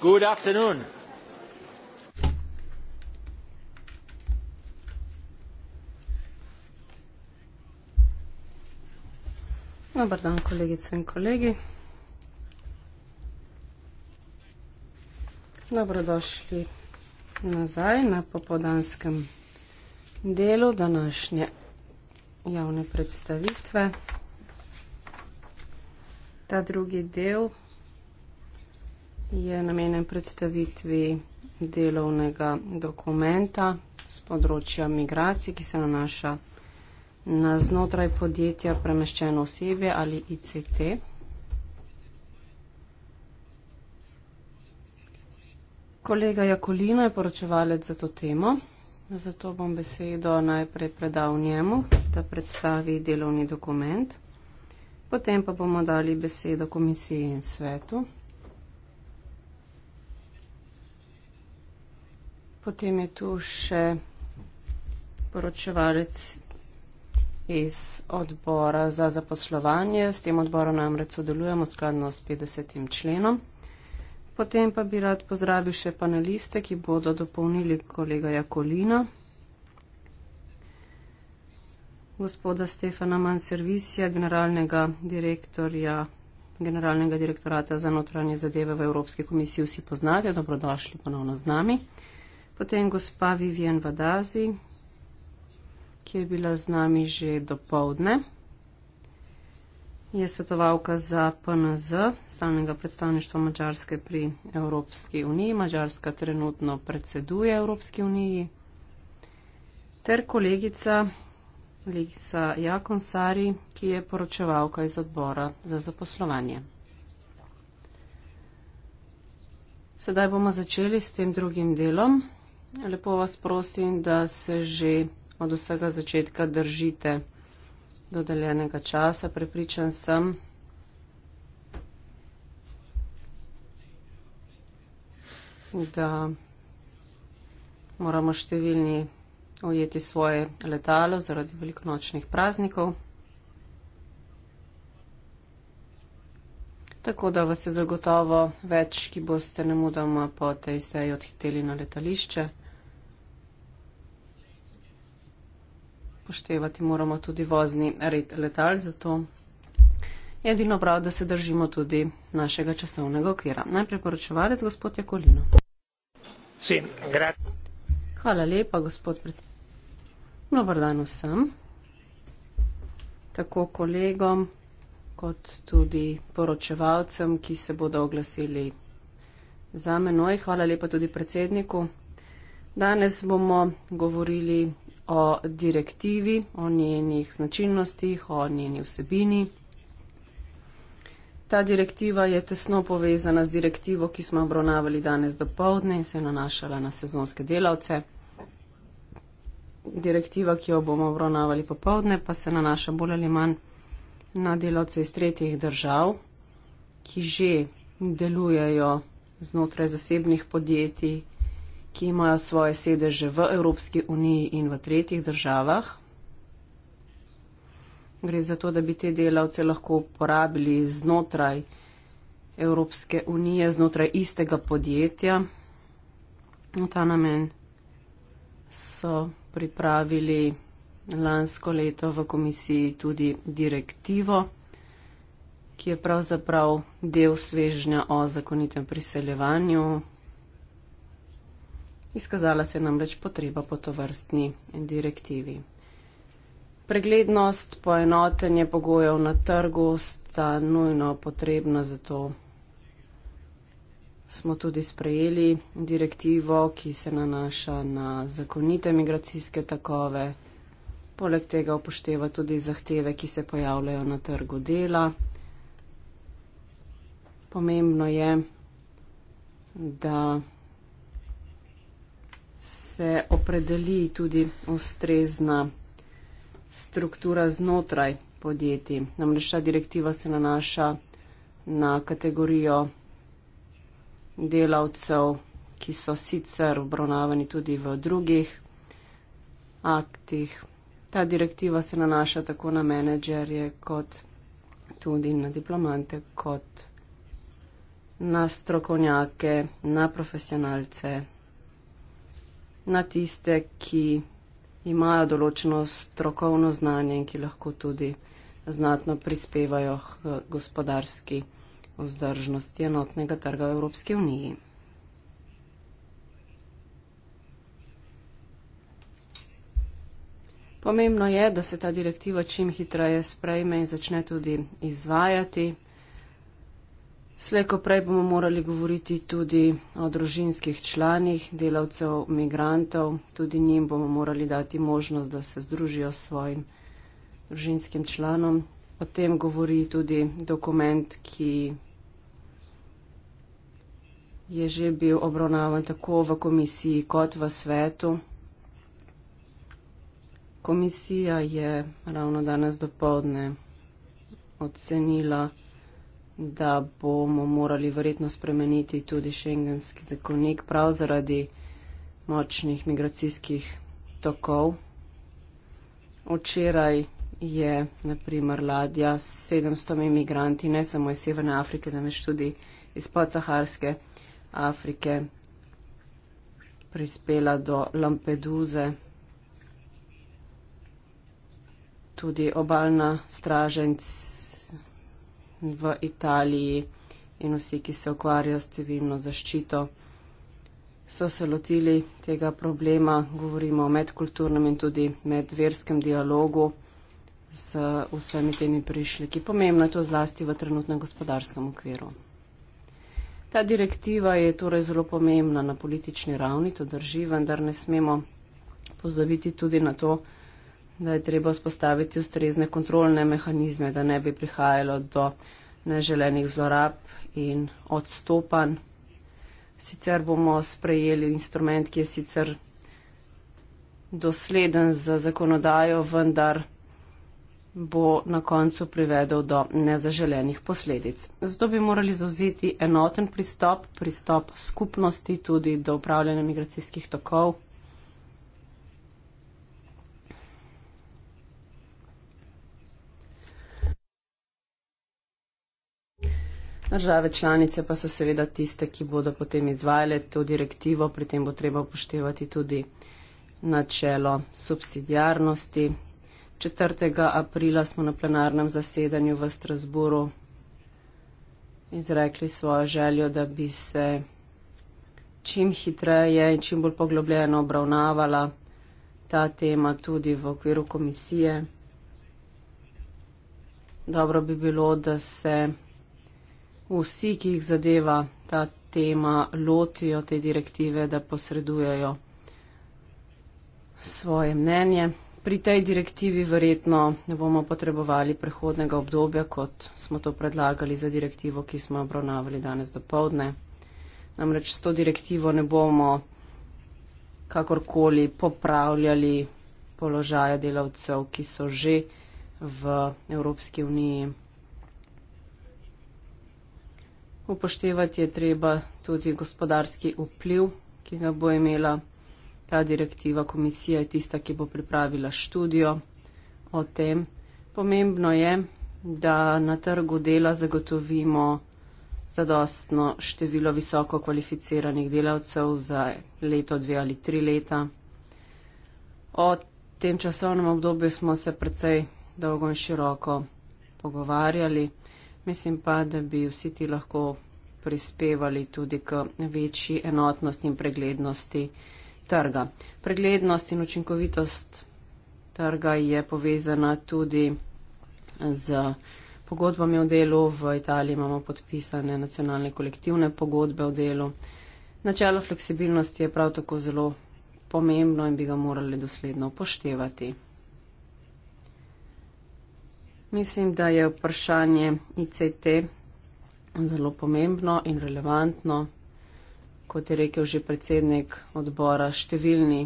good afternoon Dobar dan, kolegice in kolegi. Dobrodošli nazaj na popodanskem delu današnje javne predstavitve. Ta drugi del je namenjen predstavitvi delovnega dokumenta z področja migracij, ki se nanaša na znotraj podjetja premeščeno osebje ali ICT. Kolega Jakolino je poročevalec za to temo, zato bom besedo najprej predal njemu, da predstavi delovni dokument. Potem pa bomo dali besedo komisiji in svetu, potem je tu še poročevalec iz odbora za zaposlovanje. S tem odborom namreč sodelujemo skladno s 50. členom. Potem pa bi rad pozdravil še paneliste, ki bodo dopolnili kolega Jakolina, gospoda Stefana Manservisija, generalnega direktorja generalnega direktorata za notranje zadeve v Evropski komisiji. Vsi poznate, dobrodošli ponovno z nami. Potem gospa Vivian Vadazi, ki je bila z nami že do povdne, je svetovalka za PNZ, stalnega predstavništva Mačarske pri Evropski uniji. Mačarska trenutno predseduje Evropski uniji. Ter kolegica Lisa Jakonsari, ki je poročevalka iz odbora za zaposlovanje. Sedaj bomo začeli s tem drugim delom. Lepo vas prosim, da se že od vsega začetka držite dodeljenega časa. Prepričan sem, da moramo številni ujeti svoje letalo zaradi velikonočnih praznikov. tako da vas je zagotovo več, ki boste ne mudoma po tej seji odhiteli na letališče. Poštevati moramo tudi vozni red letal, zato je edino prav, da se držimo tudi našega časovnega okvira. Najprej poročevalec, gospod Jakolino. Sim, Hvala lepa, gospod predsednik. No, Dobar dan vsem. Tako kolegom kot tudi poročevalcem, ki se bodo oglasili za menoj. Hvala lepa tudi predsedniku. Danes bomo govorili o direktivi, o njenih značilnostih, o njeni vsebini. Ta direktiva je tesno povezana z direktivo, ki smo obravnavali danes do povdne in se je nanašala na sezonske delavce. Direktiva, ki jo bomo obravnavali popovdne, pa se nanaša bolj ali manj na delavce iz tretjih držav, ki že delujejo znotraj zasebnih podjetij, ki imajo svoje sedeže v Evropski uniji in v tretjih državah. Gre za to, da bi te delavce lahko uporabili znotraj Evropske unije, znotraj istega podjetja. V ta namen so pripravili lansko leto v komisiji tudi direktivo, ki je pravzaprav del svežnja o zakonitem priseljevanju. Izkazala se je namreč potreba po tovrstni direktivi. Preglednost, poenotenje pogojev na trgu sta nujno potrebna, zato smo tudi sprejeli direktivo, ki se nanaša na zakonite migracijske takove. Poleg tega upošteva tudi zahteve, ki se pojavljajo na trgu dela. Pomembno je, da se opredeli tudi ustrezna struktura znotraj podjetij. Namreč ta direktiva se nanaša na kategorijo delavcev, ki so sicer obravnavani tudi v drugih aktih, ta direktiva se nanaša tako na menedžerje, kot tudi na diplomante, kot na strokovnjake, na profesionalce, na tiste, ki imajo določeno strokovno znanje in ki lahko tudi znatno prispevajo k gospodarski vzdržnosti enotnega trga v Evropski uniji. Pomembno je, da se ta direktiva čim hitreje sprejme in začne tudi izvajati. Sleko prej bomo morali govoriti tudi o družinskih članih, delavcev, migrantov. Tudi njim bomo morali dati možnost, da se združijo s svojim družinskim članom. O tem govori tudi dokument, ki je že bil obravnavan tako v komisiji kot v svetu komisija je ravno danes dopoledne ocenila, da bomo morali verjetno spremeniti tudi šengenski zakonik prav zaradi močnih migracijskih tokov. Včeraj je naprimer ladja s 700 imigranti ne samo iz Severne Afrike, temveč tudi iz podsaharske Afrike prispela do Lampeduze. tudi obalna straženc v Italiji in vsi, ki se ukvarjajo s civilno zaščito, so se lotili tega problema, govorimo o medkulturnem in tudi medverskem dialogu z vsemi temi prišljiki. Pomembno je to zlasti v trenutnem gospodarskem okviru. Ta direktiva je torej zelo pomembna na politični ravni, to drži, vendar ne smemo pozaviti tudi na to, da je treba spostaviti ustrezne kontrolne mehanizme, da ne bi prihajalo do neželenih zlorab in odstopanj. Sicer bomo sprejeli instrument, ki je sicer dosleden za zakonodajo, vendar bo na koncu privedel do nezaželenih posledic. Zato bi morali zauzeti enoten pristop, pristop skupnosti tudi do upravljanja migracijskih tokov. Države članice pa so seveda tiste, ki bodo potem izvajale to direktivo, pri tem bo treba upoštevati tudi načelo subsidijarnosti. 4. aprila smo na plenarnem zasedanju v Strasburu izrekli svojo željo, da bi se čim hitreje in čim bolj poglobljeno obravnavala ta tema tudi v okviru komisije. Dobro bi bilo, da se vsi, ki jih zadeva ta tema, lotijo te direktive, da posredujejo svoje mnenje. Pri tej direktivi verjetno ne bomo potrebovali prehodnega obdobja, kot smo to predlagali za direktivo, ki smo obravnavali danes do povdne. Namreč s to direktivo ne bomo kakorkoli popravljali položaja delavcev, ki so že v Evropski uniji Upoštevati je treba tudi gospodarski vpliv, ki ga bo imela ta direktiva. Komisija je tista, ki bo pripravila študijo o tem. Pomembno je, da na trgu dela zagotovimo zadostno število visoko kvalificiranih delavcev za leto, dve ali tri leta. O tem časovnem obdobju smo se precej dolgo in široko pogovarjali. Mislim pa, da bi vsi ti lahko prispevali tudi k večji enotnosti in preglednosti trga. Preglednost in učinkovitost trga je povezana tudi z pogodbami o delu. V Italiji imamo podpisane nacionalne kolektivne pogodbe o delu. Načelo fleksibilnosti je prav tako zelo pomembno in bi ga morali dosledno upoštevati. Mislim, da je vprašanje ICT zelo pomembno in relevantno. Kot je rekel že predsednik odbora, številni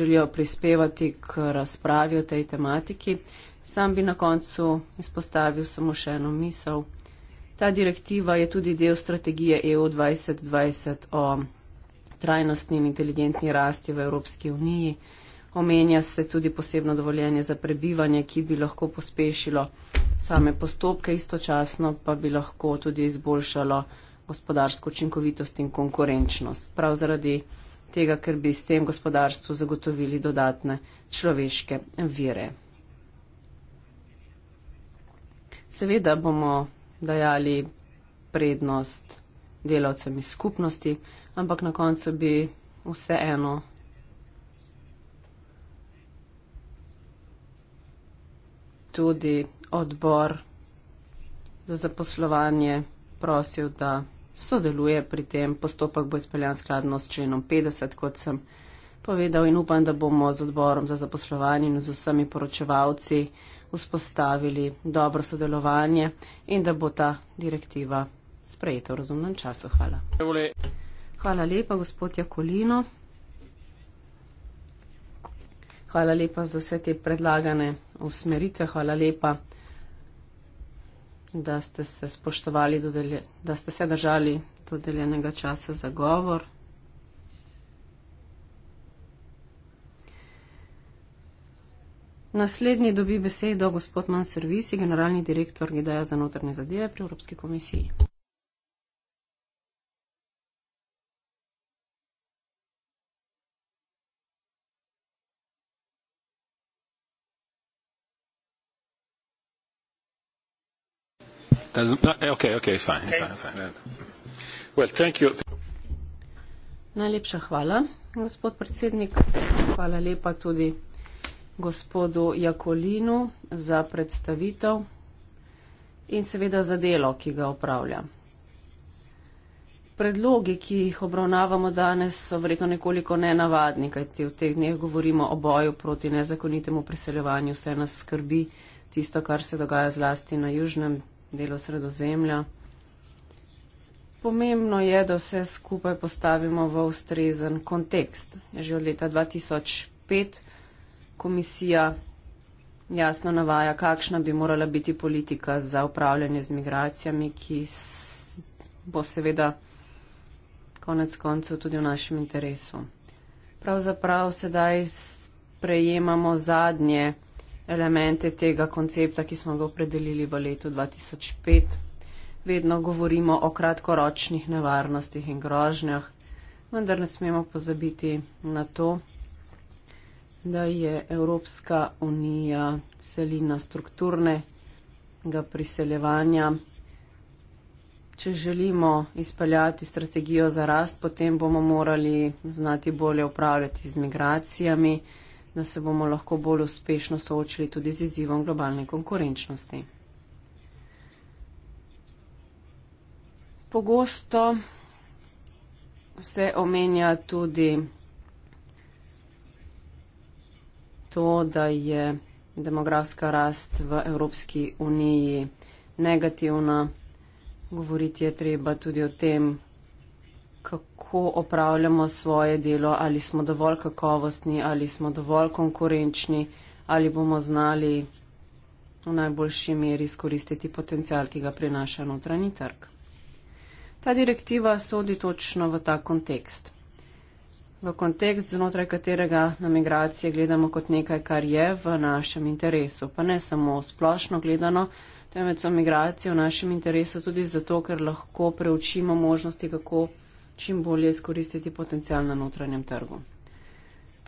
želijo prispevati k razpravi o tej tematiki. Sam bi na koncu izpostavil samo še eno misel. Ta direktiva je tudi del strategije EU 2020 o trajnostni in inteligentni rasti v Evropski uniji. Omenja se tudi posebno dovoljenje za prebivanje, ki bi lahko pospešilo same postopke, istočasno pa bi lahko tudi izboljšalo gospodarsko učinkovitost in konkurenčnost. Prav zaradi tega, ker bi s tem gospodarstvu zagotovili dodatne človeške vire. Seveda bomo dajali prednost delavcem iz skupnosti, ampak na koncu bi vseeno tudi odbor za zaposlovanje prosil, da sodeluje pri tem. Postopek bo izpeljan skladno s členom 50, kot sem povedal in upam, da bomo z odborom za zaposlovanje in z vsemi poročevalci vzpostavili dobro sodelovanje in da bo ta direktiva sprejeta v razumnem času. Hvala. Hvala lepa, gospod Jakolino. Hvala lepa za vse te predlagane usmeritve, hvala lepa, da ste se spoštovali, dodelje, da ste se držali dodeljenega časa za govor. Naslednji dobi besedo gospod Manservisi, generalni direktor GDA za notrne zadeve pri Evropski komisiji. Does, no, eh, okay, okay, fine, okay. Fine, fine. Well, thank you. Najlepša hvala, gospod predsednik. Hvala lepa tudi gospodu Jakolinu za predstavitev in seveda za delo, ki ga opravlja. Predlogi, ki jih obravnavamo danes, so verjetno nekoliko nenavadni, kajti v teh dneh govorimo o boju proti nezakonitemu priseljevanju. Vse nas skrbi tisto, kar se dogaja zlasti na južnem delo sredozemlja. Pomembno je, da vse skupaj postavimo v ustrezen kontekst. Že od leta 2005 komisija jasno navaja, kakšna bi morala biti politika za upravljanje z migracijami, ki bo seveda konec koncev tudi v našem interesu. Pravzaprav sedaj prejemamo zadnje elemente tega koncepta, ki smo ga opredelili v letu 2005. Vedno govorimo o kratkoročnih nevarnostih in grožnjah, vendar ne smemo pozabiti na to, da je Evropska unija celina strukturnega priseljevanja. Če želimo izpeljati strategijo za rast, potem bomo morali znati bolje upravljati z migracijami da se bomo lahko bolj uspešno soočili tudi z izzivom globalne konkurenčnosti. Pogosto se omenja tudi to, da je demografska rast v Evropski uniji negativna. Govoriti je treba tudi o tem, kako opravljamo svoje delo, ali smo dovolj kakovostni, ali smo dovolj konkurenčni, ali bomo znali v najboljši meri izkoristiti potencial, ki ga prinaša notranji trg. Ta direktiva sodi točno v ta kontekst. V kontekst, znotraj katerega na migracije gledamo kot nekaj, kar je v našem interesu, pa ne samo splošno gledano, temveč so migracije v našem interesu tudi zato, ker lahko preučimo možnosti, kako čim bolje izkoristiti potencijal na notranjem trgu.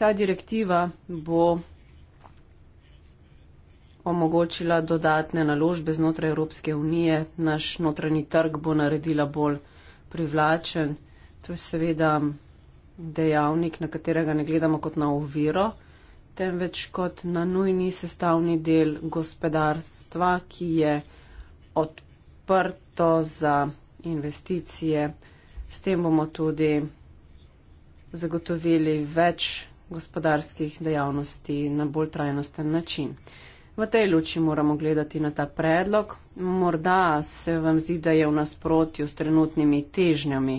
Ta direktiva bo omogočila dodatne naložbe znotraj Evropske unije, naš notranji trg bo naredila bolj privlačen. To je seveda dejavnik, na katerega ne gledamo kot na oviro, temveč kot na nujni sestavni del gospodarstva, ki je odprto za investicije. S tem bomo tudi zagotovili več gospodarskih dejavnosti na bolj trajnosten način. V tej luči moramo gledati na ta predlog. Morda se vam zdi, da je v nasprotju s trenutnimi težnjami,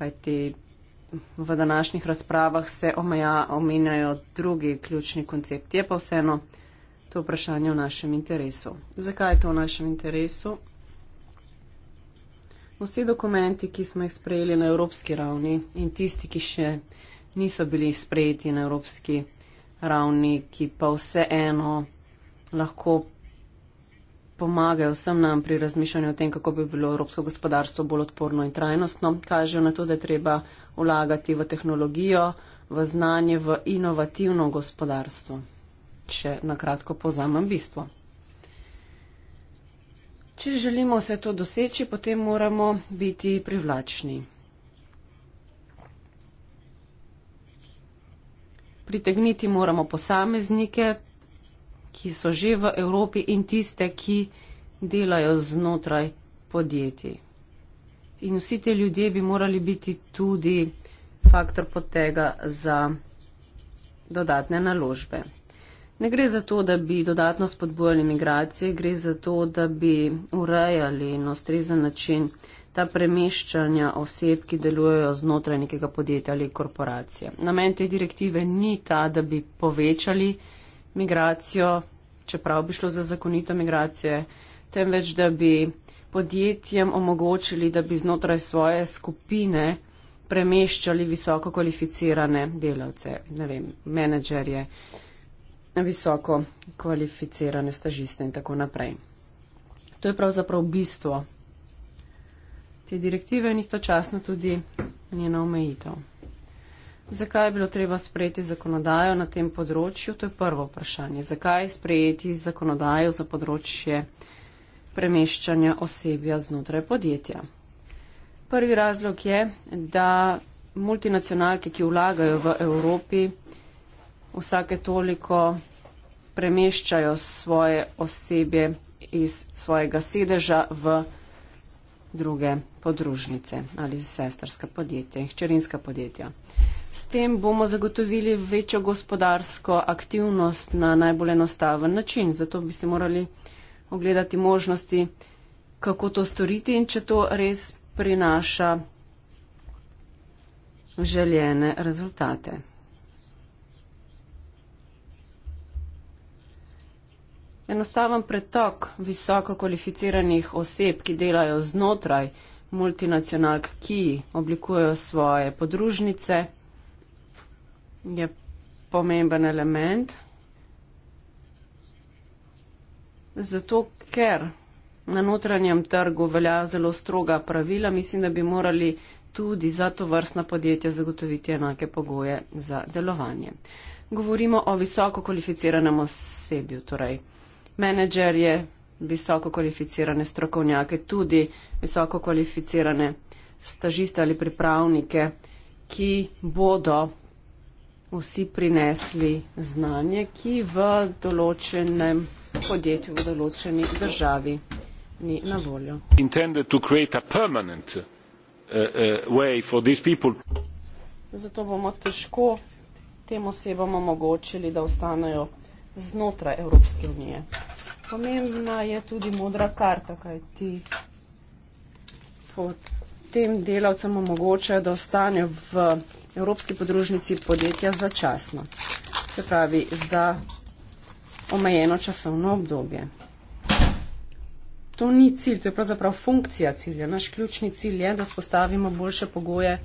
kajti v današnjih razpravah se omeja, omenjajo drugi ključni koncepti. Je pa vseeno to vprašanje v našem interesu. Zakaj je to v našem interesu? Vsi dokumenti, ki smo jih sprejeli na evropski ravni in tisti, ki še niso bili sprejeti na evropski ravni, ki pa vseeno lahko pomagajo vsem nam pri razmišljanju o tem, kako bi bilo evropsko gospodarstvo bolj odporno in trajnostno, kažejo na to, da je treba vlagati v tehnologijo, v znanje, v inovativno gospodarstvo, če na kratko povzamem bistvo. Če želimo vse to doseči, potem moramo biti privlačni. Pritegniti moramo posameznike, ki so že v Evropi in tiste, ki delajo znotraj podjetij. In vsi te ljudje bi morali biti tudi faktor potega za dodatne naložbe. Ne gre za to, da bi dodatno spodbujali migracije, gre za to, da bi urejali na ustrezen način ta premeščanja oseb, ki delujejo znotraj nekega podjetja ali korporacije. Namen te direktive ni ta, da bi povečali migracijo, čeprav bi šlo za zakonito migracijo, temveč da bi podjetjem omogočili, da bi znotraj svoje skupine premeščali visoko kvalificirane delavce, ne vem, menedžerje visoko kvalificirane stažiste in tako naprej. To je pravzaprav bistvo te direktive in istočasno tudi njena omejitev. Zakaj je bilo treba sprejeti zakonodajo na tem področju? To je prvo vprašanje. Zakaj sprejeti zakonodajo za področje premeščanja osebja znotraj podjetja? Prvi razlog je, da multinacionalke, ki vlagajo v Evropi, vsake toliko premeščajo svoje osebe iz svojega sedeža v druge podružnice ali sestrska podjetja, hčerinska podjetja. S tem bomo zagotovili večjo gospodarsko aktivnost na najbolj enostaven način. Zato bi se morali ogledati možnosti, kako to storiti in če to res prinaša želene rezultate. enostaven pretok visoko kvalificiranih oseb, ki delajo znotraj multinacionalk, ki oblikujejo svoje podružnice, je pomemben element. Zato, ker na notranjem trgu veljajo zelo stroga pravila, mislim, da bi morali tudi za to vrstna podjetja zagotoviti enake pogoje za delovanje. Govorimo o visoko kvalificiranem osebju, torej menedžerje, visoko kvalificirane strokovnjake, tudi visoko kvalificirane stažiste ali pripravnike, ki bodo vsi prinesli znanje, ki v določenem podjetju, v določeni državi ni na voljo. Uh, uh, Zato bomo težko tem osebam omogočili, da ostanejo znotraj Evropske unije. Pomembna je tudi modra karta, kaj ti tem delavcem omogočajo, da ostane v Evropski podružnici podjetja začasno, se pravi za omejeno časovno obdobje. To ni cilj, to je pravzaprav funkcija cilja. Naš ključni cilj je, da spostavimo boljše pogoje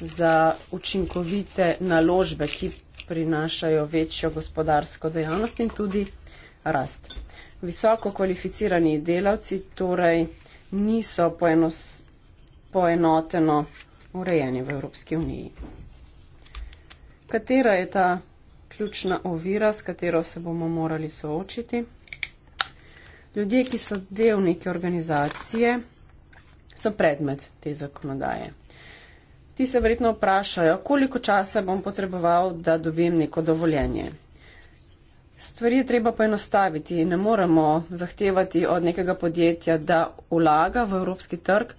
za učinkovite naložbe, ki prinašajo večjo gospodarsko dejavnost in tudi rast. Visoko kvalificirani delavci torej niso poenos, poenoteno urejeni v Evropski uniji. Katera je ta ključna ovira, s katero se bomo morali soočiti? Ljudje, ki so del neke organizacije, so predmet te zakonodaje. Ti se verjetno vprašajo, koliko časa bom potreboval, da dobim neko dovoljenje. Stvari je treba poenostaviti. Ne moremo zahtevati od nekega podjetja, da vlaga v evropski trg,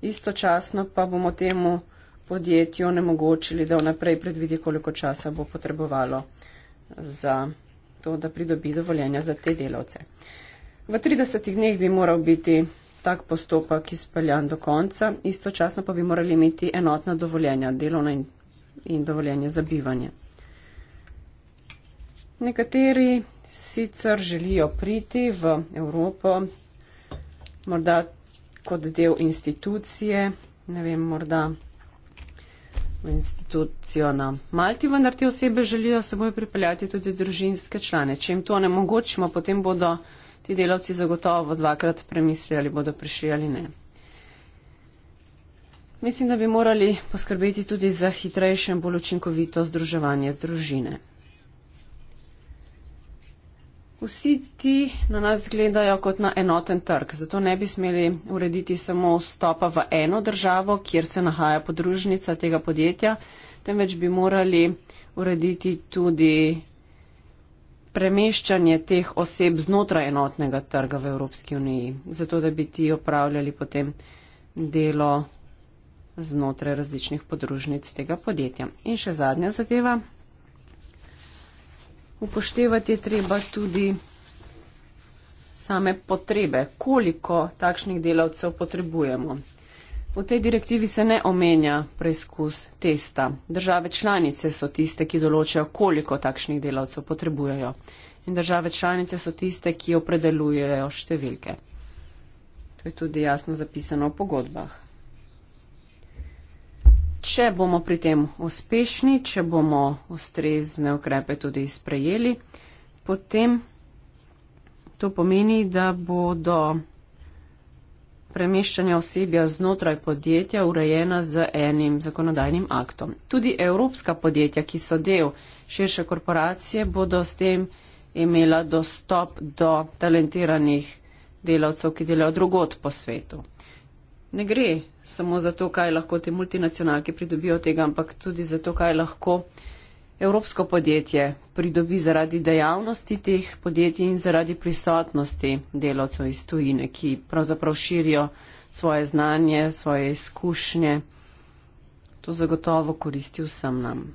istočasno pa bomo temu podjetju onemogočili, da vnaprej predvidi, koliko časa bo potrebovalo za to, da pridobi dovoljenja za te delavce. V 30 dneh bi moral biti tak postopek izpeljan do konca, istočasno pa bi morali imeti enotna dovoljenja, delovna in, in dovoljenje za bivanje. Nekateri sicer želijo priti v Evropo, morda kot del institucije, ne vem, morda v institucijo na Malti, vendar te osebe želijo seboj pripeljati tudi družinske člane. Če jim to ne mogočimo, potem bodo ti delavci zagotovo dvakrat premislijo, ali bodo prišli ali ne. Mislim, da bi morali poskrbeti tudi za hitrejše in bolj učinkovito združevanje družine. Vsi ti na nas gledajo kot na enoten trg, zato ne bi smeli urediti samo vstopa v eno državo, kjer se nahaja podružnica tega podjetja, temveč bi morali urediti tudi premeščanje teh oseb znotraj enotnega trga v Evropski uniji, zato da bi ti opravljali potem delo znotraj različnih podružnic tega podjetja. In še zadnja zadeva. Upoštevati je treba tudi same potrebe, koliko takšnih delavcev potrebujemo. V tej direktivi se ne omenja preizkus testa. Države članice so tiste, ki določajo, koliko takšnih delavcev potrebujejo. In države članice so tiste, ki opredelujejo številke. To je tudi jasno zapisano v pogodbah. Če bomo pri tem uspešni, če bomo ustrezne ukrepe tudi sprejeli, potem to pomeni, da bodo premeščanja osebja znotraj podjetja urejena z enim zakonodajnim aktom. Tudi evropska podjetja, ki so del širše korporacije, bodo s tem imela dostop do talentiranih delavcev, ki delajo drugot po svetu. Ne gre samo za to, kaj lahko te multinacionalke pridobijo tega, ampak tudi za to, kaj lahko evropsko podjetje pridobi zaradi dejavnosti teh podjetij in zaradi prisotnosti delavcev iz tujine, ki pravzaprav širijo svoje znanje, svoje izkušnje. To zagotovo koristi vsem nam.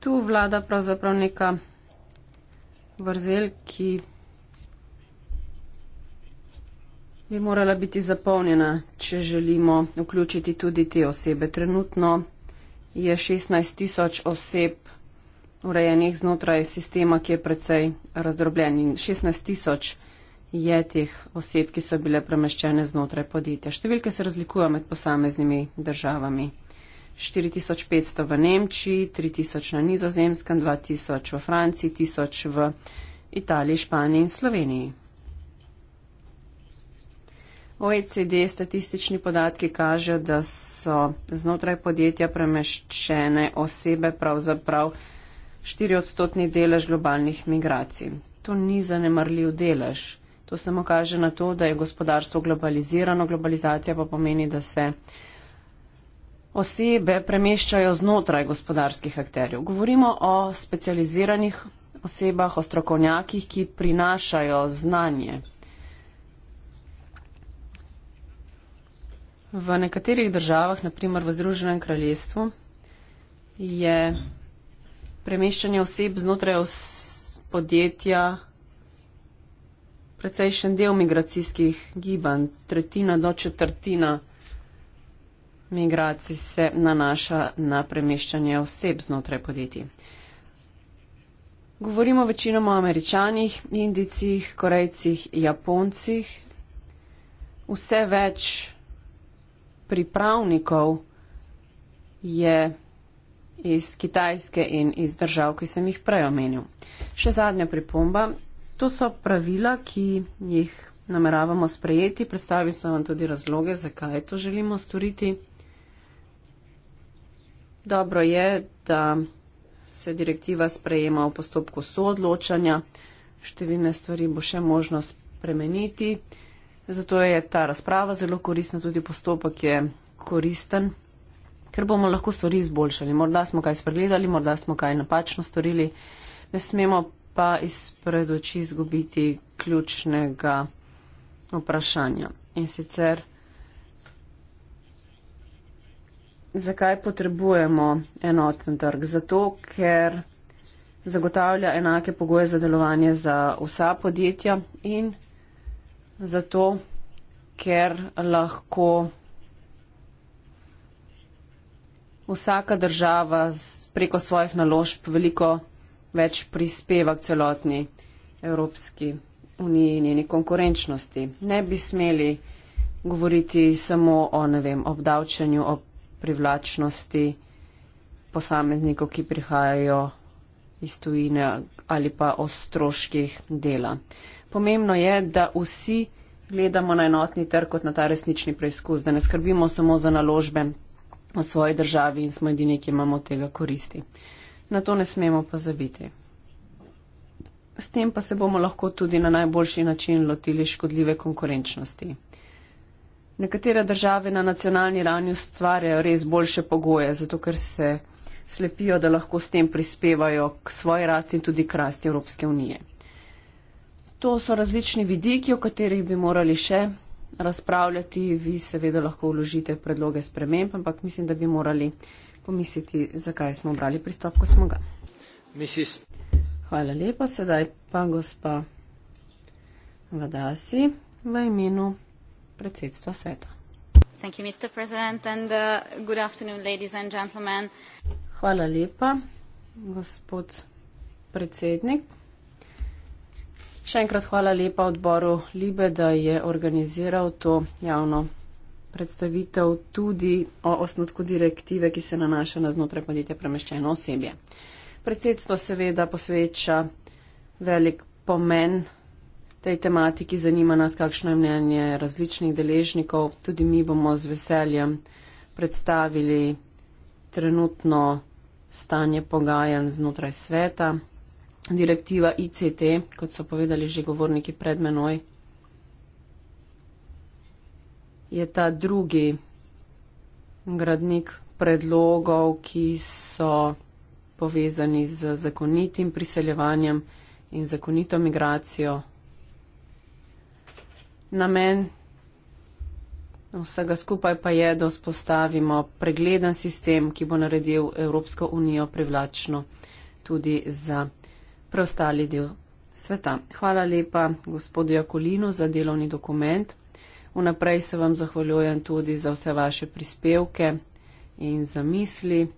Tu vlada pravzaprav neka vrzel, ki bi morala biti zapolnjena, če želimo vključiti tudi te osebe. Trenutno je 16 tisoč oseb urejenih znotraj sistema, ki je precej razdrobljen. In 16 tisoč je teh oseb, ki so bile premeščene znotraj podjetja. Številke se razlikujejo med posameznimi državami. 4500 v Nemčiji, 3000 na nizozemskem, 2000 v Franciji, 1000 v Italiji, Španiji in Sloveniji. OECD statistični podatki kažejo, da so znotraj podjetja premeščene osebe pravzaprav 4 odstotni delež globalnih migracij. To ni zanemrljiv delež. To samo kaže na to, da je gospodarstvo globalizirano. Globalizacija pa pomeni, da se osebe premeščajo znotraj gospodarskih akterjev. Govorimo o specializiranih osebah, o strokovnjakih, ki prinašajo znanje V nekaterih državah, na primer v Združenem kraljestvu, je premeščanje oseb znotraj podjetja precejšen del migracijskih gibanj. Tretjina do četrtina migracij se nanaša na premeščanje oseb znotraj podjetij. Govorimo večinoma o američanih, indicih, korejcih, japoncih. Vse več pripravnikov je iz Kitajske in iz držav, ki sem jih prej omenil. Še zadnja pripomba. To so pravila, ki jih nameravamo sprejeti. Predstavim se vam tudi razloge, zakaj to želimo storiti. Dobro je, da se direktiva sprejema v postopku soodločanja. Številne stvari bo še možno spremeniti. Zato je ta razprava zelo koristna, tudi postopek je koristen, ker bomo lahko stvari izboljšali. Morda smo kaj spregledali, morda smo kaj napačno storili, ne smemo pa izpred oči izgubiti ključnega vprašanja. In sicer, zakaj potrebujemo enoten trg? Zato, ker zagotavlja enake pogoje za delovanje za vsa podjetja in zato, ker lahko vsaka država preko svojih naložb veliko več prispeva k celotni Evropski uniji in njeni konkurenčnosti. Ne bi smeli govoriti samo o ne vem, obdavčanju, o privlačnosti posameznikov, ki prihajajo iz tujine ali pa o stroških dela pomembno je, da vsi gledamo na enotni trg kot na ta resnični preizkus, da ne skrbimo samo za naložbe v svoji državi in smo edini, ki imamo od tega koristi. Na to ne smemo pozabiti. S tem pa se bomo lahko tudi na najboljši način lotili škodljive konkurenčnosti. Nekatere države na nacionalni ravni ustvarjajo res boljše pogoje, zato ker se slepijo, da lahko s tem prispevajo k svoji rasti in tudi k rasti Evropske unije. To so različni vidiki, o katerih bi morali še razpravljati. Vi seveda lahko vložite predloge sprememb, ampak mislim, da bi morali pomisliti, zakaj smo obrali pristop, kot smo ga. Mrs. Hvala lepa. Sedaj pa gospa Vadasi v imenu predsedstva sveta. You, and, uh, Hvala lepa, gospod predsednik. Še enkrat hvala lepa odboru Libe, da je organiziral to javno predstavitev tudi o osnutku direktive, ki se nanaša na znotraj podjetja premeščeno osebje. Predsedstvo seveda posveča velik pomen tej tematiki, zanima nas, kakšno je mnenje različnih deležnikov. Tudi mi bomo z veseljem predstavili trenutno stanje pogajanj znotraj sveta direktiva ICT, kot so povedali že govorniki pred menoj, je ta drugi gradnik predlogov, ki so povezani z zakonitim priseljevanjem in zakonito migracijo. Namen vsega skupaj pa je, da vzpostavimo pregleden sistem, ki bo naredil Evropsko unijo privlačno tudi za preostali del sveta. Hvala lepa gospodu Jakolinu za delovni dokument. Vnaprej se vam zahvaljujem tudi za vse vaše prispevke in za misli.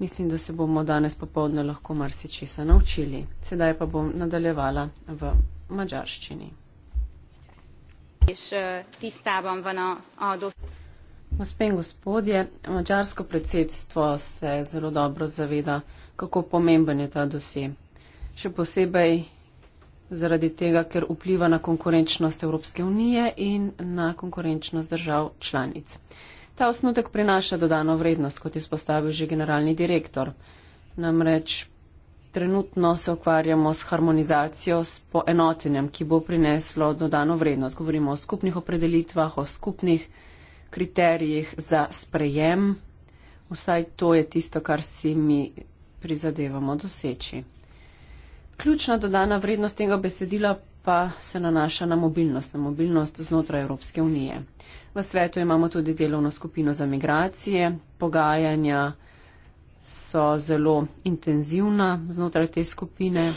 Mislim, da se bomo danes popovdne lahko marsičesa naučili. Sedaj pa bom nadaljevala v mađarščini. Gospe in gospodje, mađarsko predsedstvo se zelo dobro zaveda, kako pomemben je ta dosje še posebej zaradi tega, ker vpliva na konkurenčnost Evropske unije in na konkurenčnost držav članic. Ta osnutek prinaša dodano vrednost, kot je spostavil že generalni direktor. Namreč trenutno se okvarjamo s harmonizacijo, s poenotenjem, ki bo prineslo dodano vrednost. Govorimo o skupnih opredelitvah, o skupnih kriterijih za sprejem. Vsaj to je tisto, kar si mi prizadevamo doseči ključna dodana vrednost tega besedila pa se nanaša na mobilnost, na mobilnost znotraj Evropske unije. V svetu imamo tudi delovno skupino za migracije, pogajanja so zelo intenzivna znotraj te skupine.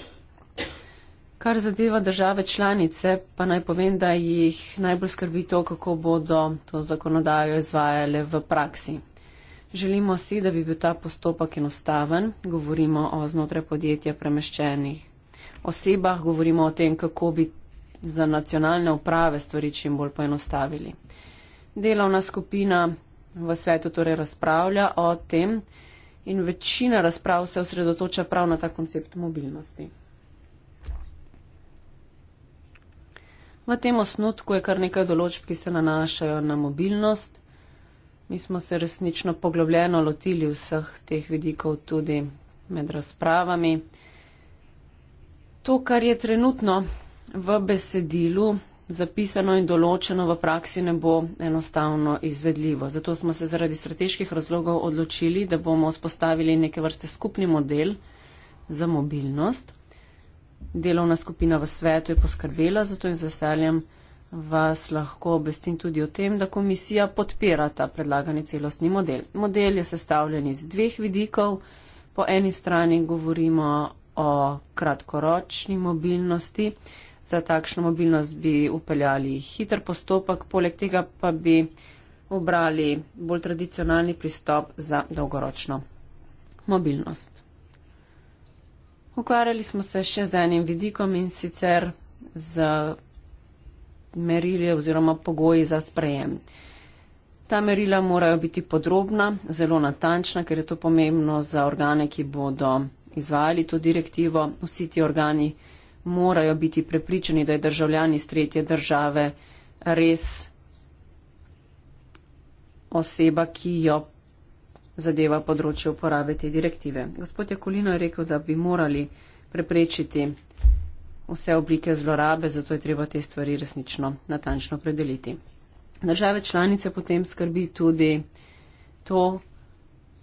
Kar zadeva države članice, pa naj povem, da jih najbolj skrbi to, kako bodo to zakonodajo izvajale v praksi. Želimo si, da bi bil ta postopek enostaven, govorimo o znotraj podjetja premeščenih osebah, govorimo o tem, kako bi za nacionalne uprave stvari čim bolj poenostavili. Delovna skupina v svetu torej razpravlja o tem in večina razprav se osredotoča prav na ta koncept mobilnosti. V tem osnutku je kar nekaj določb, ki se nanašajo na mobilnost. Mi smo se resnično poglobljeno lotili vseh teh vidikov tudi med razpravami to, kar je trenutno v besedilu zapisano in določeno v praksi, ne bo enostavno izvedljivo. Zato smo se zaradi strateških razlogov odločili, da bomo vzpostavili neke vrste skupni model za mobilnost. Delovna skupina v svetu je poskrbela, zato je z veseljem vas lahko obvestim tudi o tem, da komisija podpira ta predlagani celostni model. Model je sestavljen iz dveh vidikov. Po eni strani govorimo o kratkoročni mobilnosti. Za takšno mobilnost bi upeljali hiter postopek, poleg tega pa bi obrali bolj tradicionalni pristop za dolgoročno mobilnost. Ukvarjali smo se še z enim vidikom in sicer z merili oziroma pogoji za sprejem. Ta merila morajo biti podrobna, zelo natančna, ker je to pomembno za organe, ki bodo izvajali to direktivo, vsi ti organi morajo biti prepričani, da je državljan iz tretje države res oseba, ki jo zadeva področje uporabe te direktive. Gospod Jakolino je rekel, da bi morali preprečiti vse oblike zlorabe, zato je treba te stvari resnično natančno predeliti. Države članice potem skrbi tudi to,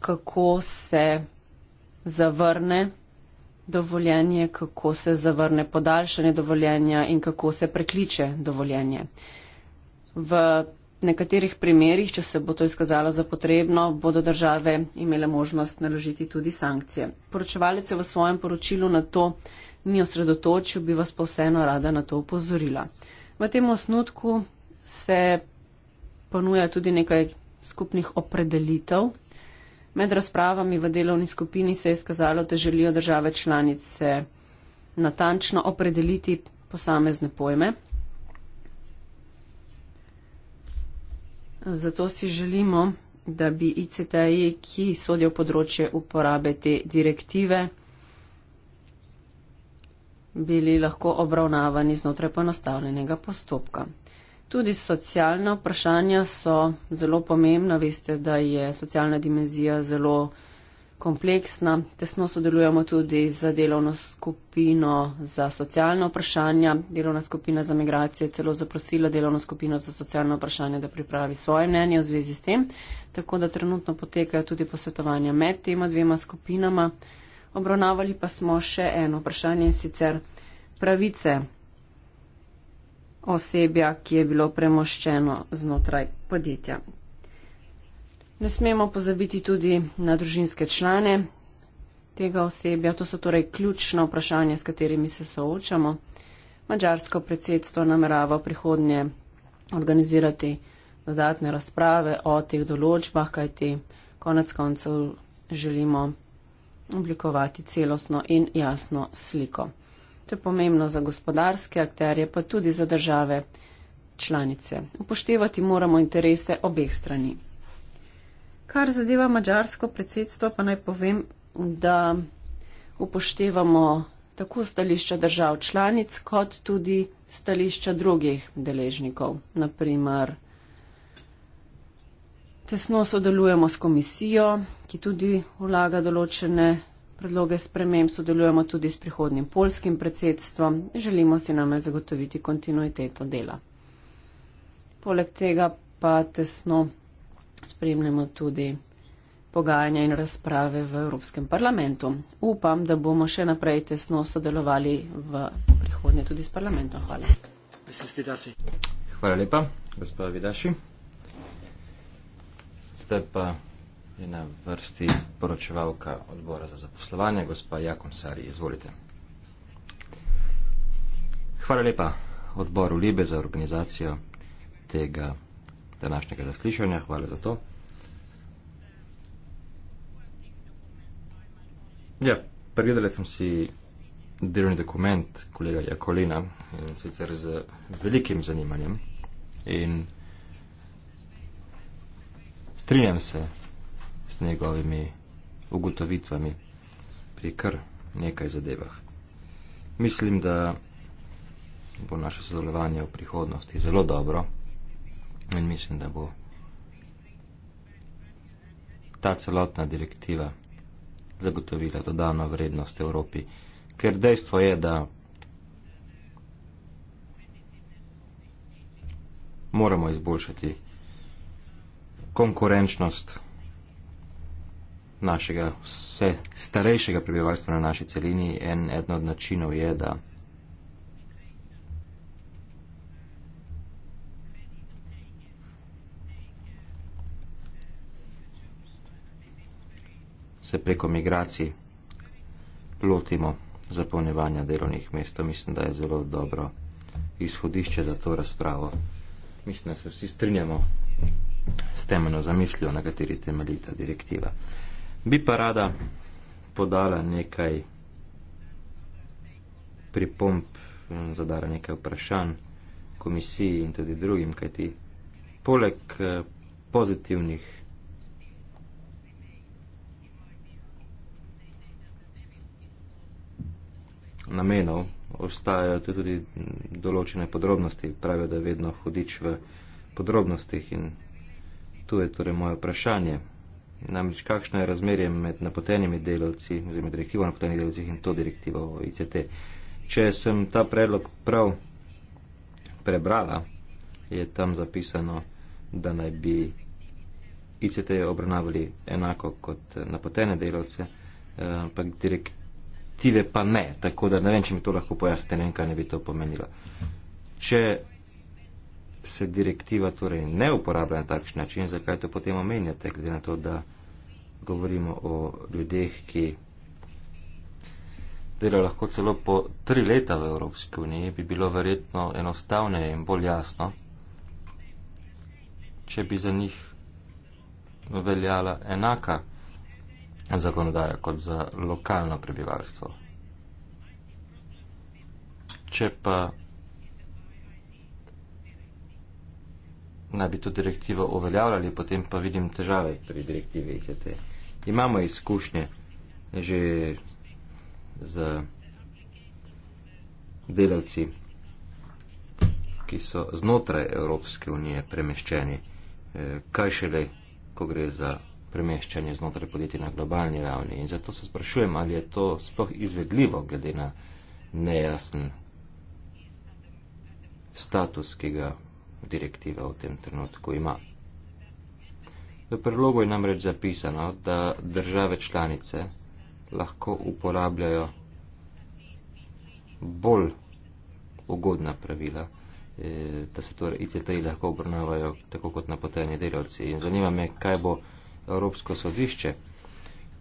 kako se zavrne dovoljenje, kako se zavrne podaljšanje dovoljenja in kako se prekliče dovoljenje. V nekaterih primerjih, če se bo to izkazalo za potrebno, bodo države imele možnost naložiti tudi sankcije. Poročevalec je v svojem poročilu na to ni osredotočil, bi vas pa vseeno rada na to upozorila. V tem osnutku se ponuja tudi nekaj skupnih opredelitev Med razpravami v delovni skupini se je skazalo, da želijo države članice natančno opredeliti posamezne pojme. Zato si želimo, da bi ICT-ji, ki sodijo področje uporabe te direktive, bili lahko obravnavani znotraj ponostavljenega postopka. Tudi socialna vprašanja so zelo pomembna. Veste, da je socialna dimenzija zelo kompleksna. Tesno sodelujemo tudi z delovno skupino za socialna vprašanja. Delovna skupina za migracije je celo zaprosila delovno skupino za socialna vprašanja, da pripravi svoje mnenje v zvezi s tem. Tako da trenutno potekajo tudi posvetovanja med tema dvema skupinama. Obravnavali pa smo še eno vprašanje in sicer pravice osebja, ki je bilo premoščeno znotraj podjetja. Ne smemo pozabiti tudi na družinske člane tega osebja. To so torej ključna vprašanja, s katerimi se soočamo. Mačarsko predsedstvo namerava prihodnje organizirati dodatne razprave o teh določbah, kajti konec koncev želimo oblikovati celostno in jasno sliko. To je pomembno za gospodarske akterje, pa tudi za države članice. Upoštevati moramo interese obeh strani. Kar zadeva mađarsko predsedstvo, pa naj povem, da upoštevamo tako stališča držav članic, kot tudi stališča drugih deležnikov. Naprimer, tesno sodelujemo s komisijo, ki tudi vlaga določene predloge sprememb, sodelujemo tudi s prihodnim polskim predsedstvom, želimo si namreč zagotoviti kontinuiteto dela. Poleg tega pa tesno spremljamo tudi pogajanja in razprave v Evropskem parlamentu. Upam, da bomo še naprej tesno sodelovali v prihodnje tudi s parlamentom. Hvala. Hvala lepa, gospod Vidaši. Ste pa je na vrsti poročevalka odbora za zaposlovanje, gospa Jakon Sari, izvolite. Hvala lepa odboru Libe za organizacijo tega današnjega zaslišanja, hvala za to. Ja, pregledal sem si delovni dokument kolega Jakolina in sicer z velikim zanimanjem in strinjam se z njegovimi ugotovitvami pri kar nekaj zadevah. Mislim, da bo naše sodelovanje v prihodnosti zelo dobro in mislim, da bo ta celotna direktiva zagotovila dodano vrednost Evropi, ker dejstvo je, da moramo izboljšati konkurenčnost Evropi našega vse starejšega prebivalstva na naši celini, en eden od načinov je, da se preko migracij lotimo zapolnevanja delovnih mest. To mislim, da je zelo dobro izhodišče za to razpravo. Mislim, da se vsi strinjamo s temeno zamišljo, na kateri temeljita direktiva. Bi pa rada podala nekaj pripomp, zadara nekaj vprašanj komisiji in tudi drugim, kajti poleg eh, pozitivnih namenov ostajajo tudi določene podrobnosti. Pravijo, da je vedno hudič v podrobnostih in tu je torej moje vprašanje. Namreč kakšno je razmerje med napotenimi delavci oziroma direktivo napotenih delavcih in to direktivo ICT. Če sem ta predlog prav prebrala, je tam zapisano, da naj bi ICT obravnavali enako kot napotene delavce, eh, ampak direktive pa ne, tako da ne vem, če mi to lahko pojasnite, ne vem, kaj ne bi to pomenilo. Če se direktiva torej ne uporablja na takšen način, zakaj to potem omenjate, glede na to, da govorimo o ljudeh, ki delajo lahko celo po tri leta v Evropski uniji, bi bilo verjetno enostavneje in bolj jasno, če bi za njih veljala enaka zakonodaja kot za lokalno prebivalstvo. Če pa naj bi to direktivo uveljavljali, potem pa vidim težave pri direktivi ICT. Imamo izkušnje že z delavci, ki so znotraj Evropske unije premeščeni, eh, kaj šele, ko gre za premeščanje znotraj podjetja na globalni ravni. In zato se sprašujem, ali je to sploh izvedljivo, glede na nejasen status, ki ga direktiva v tem trenutku ima. V predlogu je namreč zapisano, da države članice lahko uporabljajo bolj ugodna pravila, eh, da se torej ICT-ji lahko obrnavajo tako kot napoteni delavci. In zanima me, kaj bo Evropsko sodišče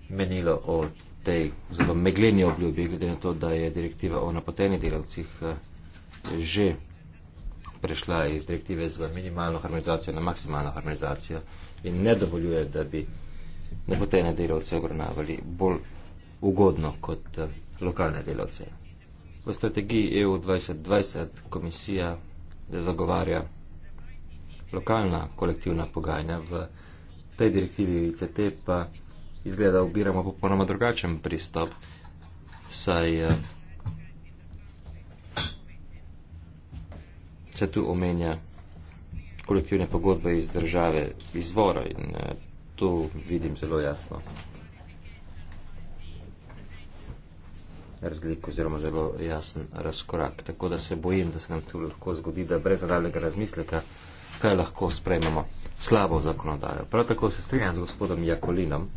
menilo o tej zelo megleni obljubi, glede na to, da je direktiva o napoteni delavcih eh, že prešla iz direktive za minimalno harmonizacijo na maksimalno harmonizacijo in ne dovoljuje, da bi nepotene delavce obravnavali bolj ugodno kot eh, lokalne delavce. V strategiji EU 2020 komisija zagovarja lokalna kolektivna pogajanja, v tej direktivi ICT pa izgleda, da obiramo popolnoma drugačen pristop, saj eh, se tu omenja kolektivne pogodbe iz države izvora in eh, to vidim zelo jasno razliko oziroma zelo jasen razkorak. Tako da se bojim, da se nam tu lahko zgodi, da brez nadaljega razmisleka, kaj lahko sprejmemo slabo zakonodajo. Prav tako se strinjam z gospodom Jakolinom,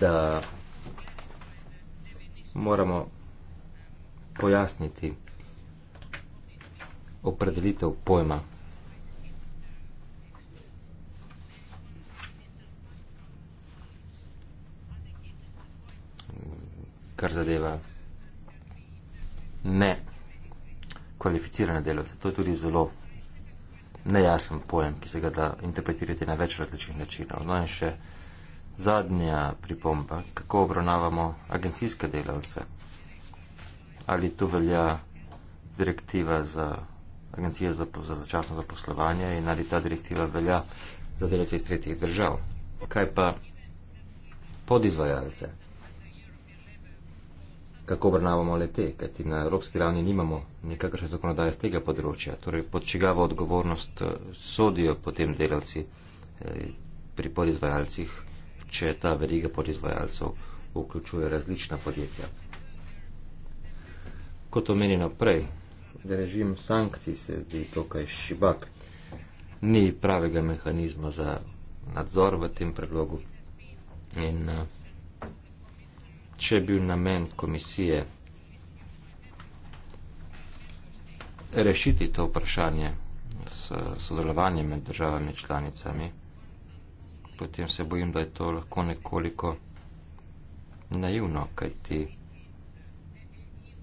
da moramo pojasniti opredelitev pojma. Kar zadeva ne kvalificirane delavce. To je tudi zelo nejasen pojem, ki se ga da interpretirati na več različnih načinov. No in še zadnja pripomba, kako obravnavamo agencijske delavce. Ali tu velja direktiva za agencije za, za začasno zaposlovanje in ali ta direktiva velja za delavce iz tretjih držav. Kaj pa podizvajalce? Kako obravnavamo le te, kajti na evropski ravni nimamo nikakršne zakonodaje z tega področja, torej pod čigavo odgovornost eh, sodijo potem delavci eh, pri podizvajalcih, če ta veriga podizvajalcev vključuje različna podjetja. Kot omenjeno prej, režim sankcij se zdi tukaj šibak. Ni pravega mehanizma za nadzor v tem predlogu. In eh, če je bil namen komisije rešiti to vprašanje s sodelovanjem med državami članicami, potem se bojim, da je to lahko nekoliko naivno, kajti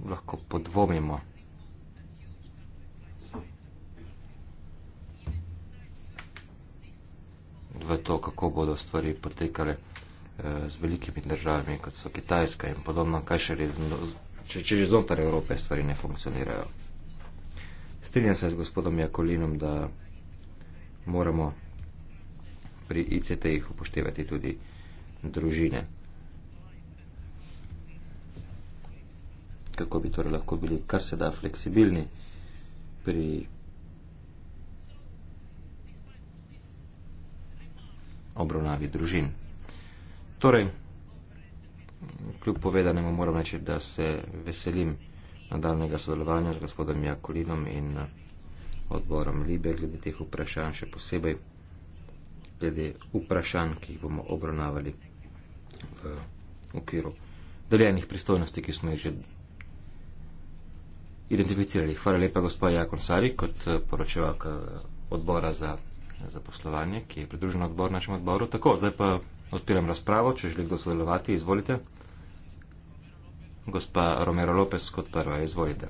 lahko podvomimo v to, kako bodo stvari potekale eh, z velikimi državami, kot so Kitajska in podobno, kaj še reči, če že znotraj Evrope stvari ne funkcionirajo. Strinjam se z gospodom Jakolinom, da moramo pri ICT-jih upoštevati tudi družine. Kako bi torej lahko bili kar se da fleksibilni pri obravnavi družin. Torej, kljub povedanemu moram reči, da se veselim nadaljnega sodelovanja z gospodom Jakolinom in eh, odborom Libe glede teh vprašanj, še posebej glede vprašanj, ki jih bomo obravnavali v okviru deljenih pristojnosti, ki smo jih že identificirali. Hvala lepa, gospod Jakon Sari, kot eh, poročevalka odbora za za poslovanje, ki je pridružen odbor našemu odboru. Tako, zdaj pa odpiram razpravo, če želite sodelovati, izvolite. Gospa Romero Lopes kot prva, izvolite.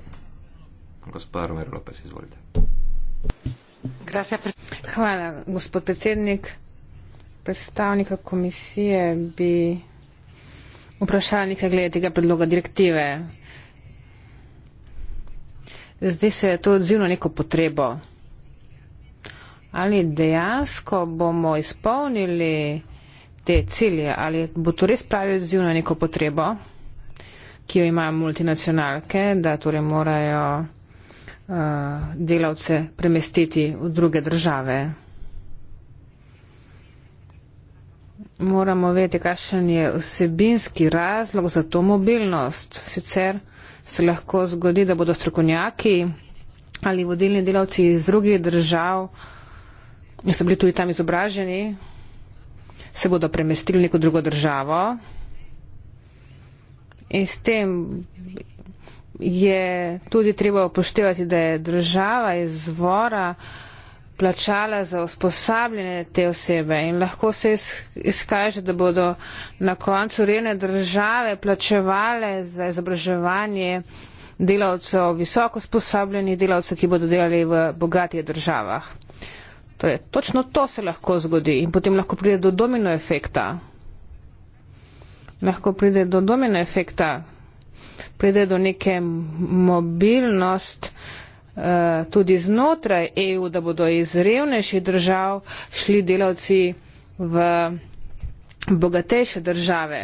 Gospa Romero Lopes, izvolite. Hvala, gospod predsednik. Predstavnika komisije bi vprašala nekaj glede tega predloga direktive. Zdi se to odzivno neko potrebo ali dejansko bomo izpolnili te cilje, ali bo to res pravi odziv na neko potrebo, ki jo imajo multinacionalke, da torej morajo uh, delavce premestiti v druge države. Moramo vedeti, kakšen je vsebinski razlog za to mobilnost. Sicer se lahko zgodi, da bodo strokovnjaki ali vodilni delavci iz drugih držav uh, in so bili tudi tam izobraženi, se bodo premestili v neko drugo državo. In s tem je tudi treba upoštevati, da je država izvora plačala za usposabljanje te osebe in lahko se izkaže, da bodo na koncu revne države plačevale za izobraževanje delavcev, visoko usposabljenih delavcev, ki bodo delali v bogatih državah. Uh, Torej, točno to se lahko zgodi in potem lahko pride do domino efekta. Lahko pride do domino efekta, pride do neke mobilnost eh, tudi znotraj EU, da bodo iz revnejših držav šli delavci v bogatejše države.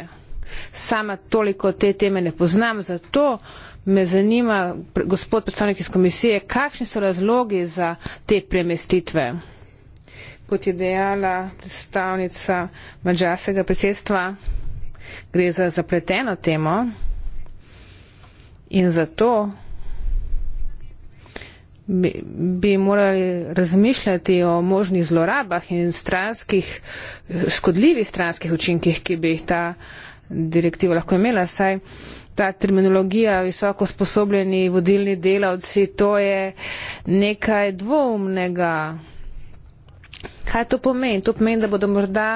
Sama toliko te teme ne poznam, zato me zanima, gospod predstavnik iz komisije, kakšni so razlogi za te premestitve kot je dejala predstavnica mađarskega predsedstva, gre za zapleteno temo in zato bi, bi morali razmišljati o možnih zlorabah in stranskih, škodljivih stranskih učinkih, ki bi jih ta direktiva lahko imela. Saj ta terminologija visoko sposobljeni vodilni delavci, to je nekaj dvoumnega. Kaj to pomeni? To pomeni, da bodo morda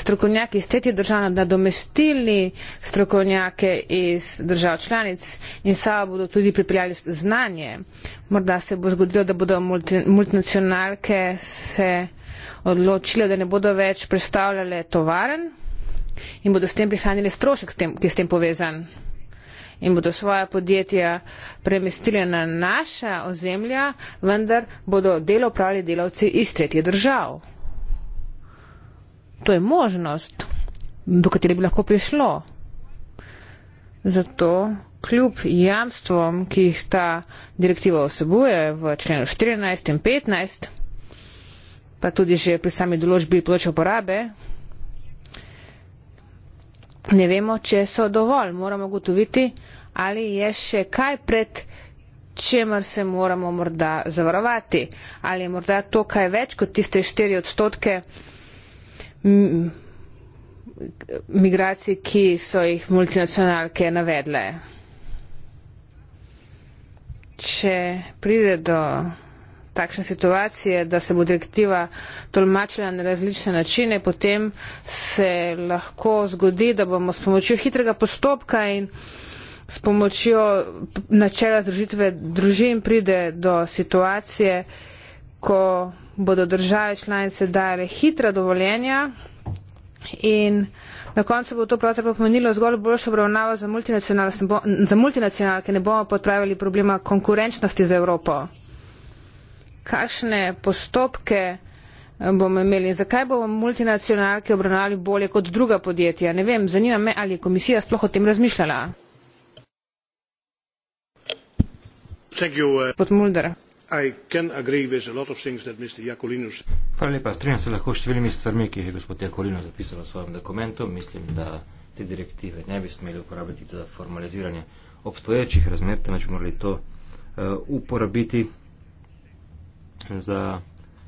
strokovnjaki iz tretje države nadomestili strokovnjake iz držav članic in sama bodo tudi pripeljali znanje. Morda se bo zgodilo, da bodo multinacionalke se odločile, da ne bodo več predstavljale tovaren in bodo s tem prihranili strošek, ki je s tem povezan in bodo svoje podjetja premestili na naša ozemlja, vendar bodo delo upravljali delavci iz tretjih držav. To je možnost, do katere bi lahko prišlo. Zato kljub jamstvom, ki jih ta direktiva osebuje v členu 14 in 15, pa tudi že pri sami določbi področja uporabe, ne vemo, če so dovolj. Moramo gotoviti, ali je še kaj pred čemer se moramo morda zavarovati? Ali je morda to kaj več kot tiste 4 odstotke migracij, ki so jih multinacionalke navedle? Če pride do takšne situacije, da se bo direktiva tolmačila na različne načine, potem se lahko zgodi, da bomo s pomočjo hitrega postopka in s pomočjo načela združitve družin pride do situacije, ko bodo države članice dale hitra dovoljenja in na koncu bo to pravzaprav pomenilo zgolj boljšo obravnavo za multinacionalke, za multinacionalke, ne bomo podpravili problema konkurenčnosti za Evropo. Kakšne postopke eh, bomo imeli in zakaj bomo multinacionalke obravnavali bolje kot druga podjetja? Ne vem, zanima me, ali je komisija sploh o tem razmišljala. Uh, Hvala lepa. Strenjam se lahko s številnimi stvarmi, ki jih je gospod Jakolino zapisal v svojem dokumentu. Mislim, da te direktive ne bi smeli uporabiti za formaliziranje obstoječih razmer, temveč morali to uh, uporabiti za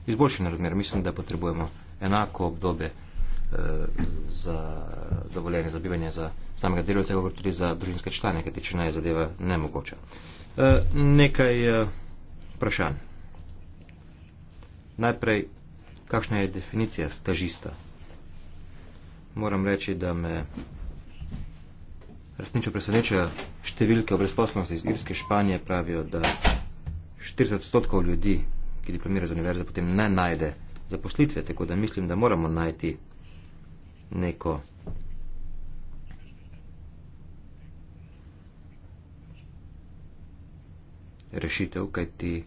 izboljšanje razmer. Mislim, da potrebujemo enako obdobje uh, za dovoljenje za bivanje za samega delovca, kot tudi za družinske člane, kajti če ne je zadeva nemogoča. Eh, nekaj eh, vprašanj. Najprej, kakšna je definicija stažista? Moram reči, da me resnično preseneča številke o brezposobnosti iz Irske, Španije pravijo, da 40 odstotkov ljudi, ki diplomirajo z univerze, potem ne najde zaposlitve, tako da mislim, da moramo najti neko rešitev, kajti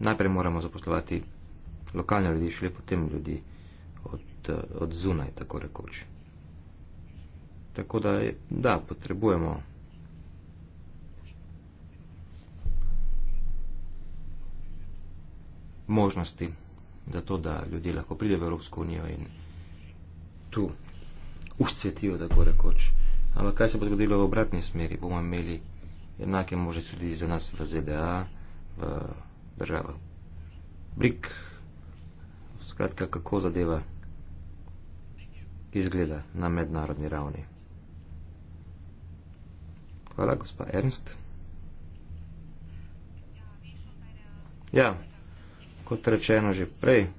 najprej moramo zaposlovati lokalne ljudi, šele potem ljudi od, od zunaj, tako rekoč. Tako da, da, potrebujemo možnosti za to, da ljudje lahko pride v Evropsko unijo in tu uscetijo, tako rekoč. Ampak kaj se bo zgodilo v obratni smeri? Bomo imeli Еднакия може следи за нас в ЗДА, в държава. Брик, в скратка, какво задева изгледа на меднародни равни? Хвала, госпа Ернст. Я, кот речено же прей,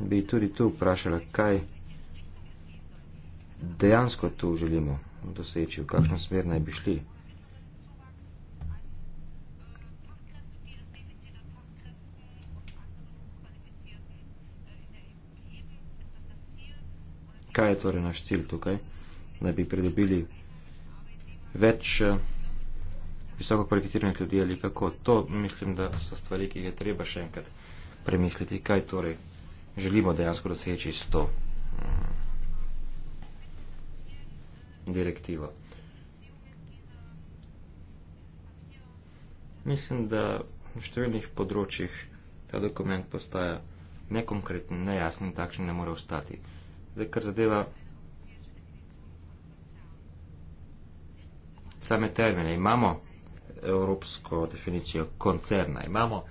би и туди ту прашала, кай дејанско ту желимо doseči, v kakšno smer naj bi šli. Kaj je torej naš cilj tukaj? Da bi pridobili več eh, visoko kvalificiranih ljudi ali kako. To mislim, da so stvari, ki jih je treba še enkrat premisliti. Kaj torej želimo dejansko doseči s to? Mm, direktivo. Mislim, da v številnih področjih ta dokument postaja nekonkreten, nejasen in takšen ne more ostati. Zdaj, kar zadeva same termine, imamo evropsko definicijo koncerna, imamo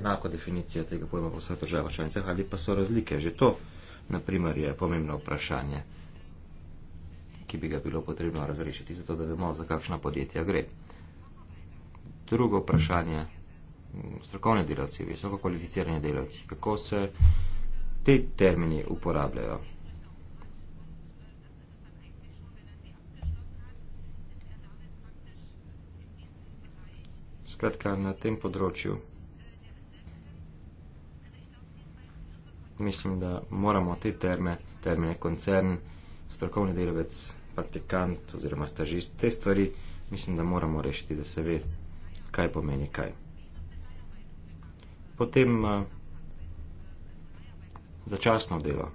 enako definicijo tega pojma po vseh državah članicah, ali pa so razlike. Že to, na primer, je pomembno vprašanje ki bi ga bilo potrebno razrešiti, zato da vemo, za kakšna podjetja gre. Drugo vprašanje, mm, strokovni delavci, visoko kvalificirani delavci, kako se te termini uporabljajo? Skratka, na tem področju mislim, da moramo te terme, termine koncern, strokovni delavec, praktikant oziroma stažist, te stvari mislim, da moramo rešiti, da se ve, kaj pomeni kaj. Potem eh, začasno delo.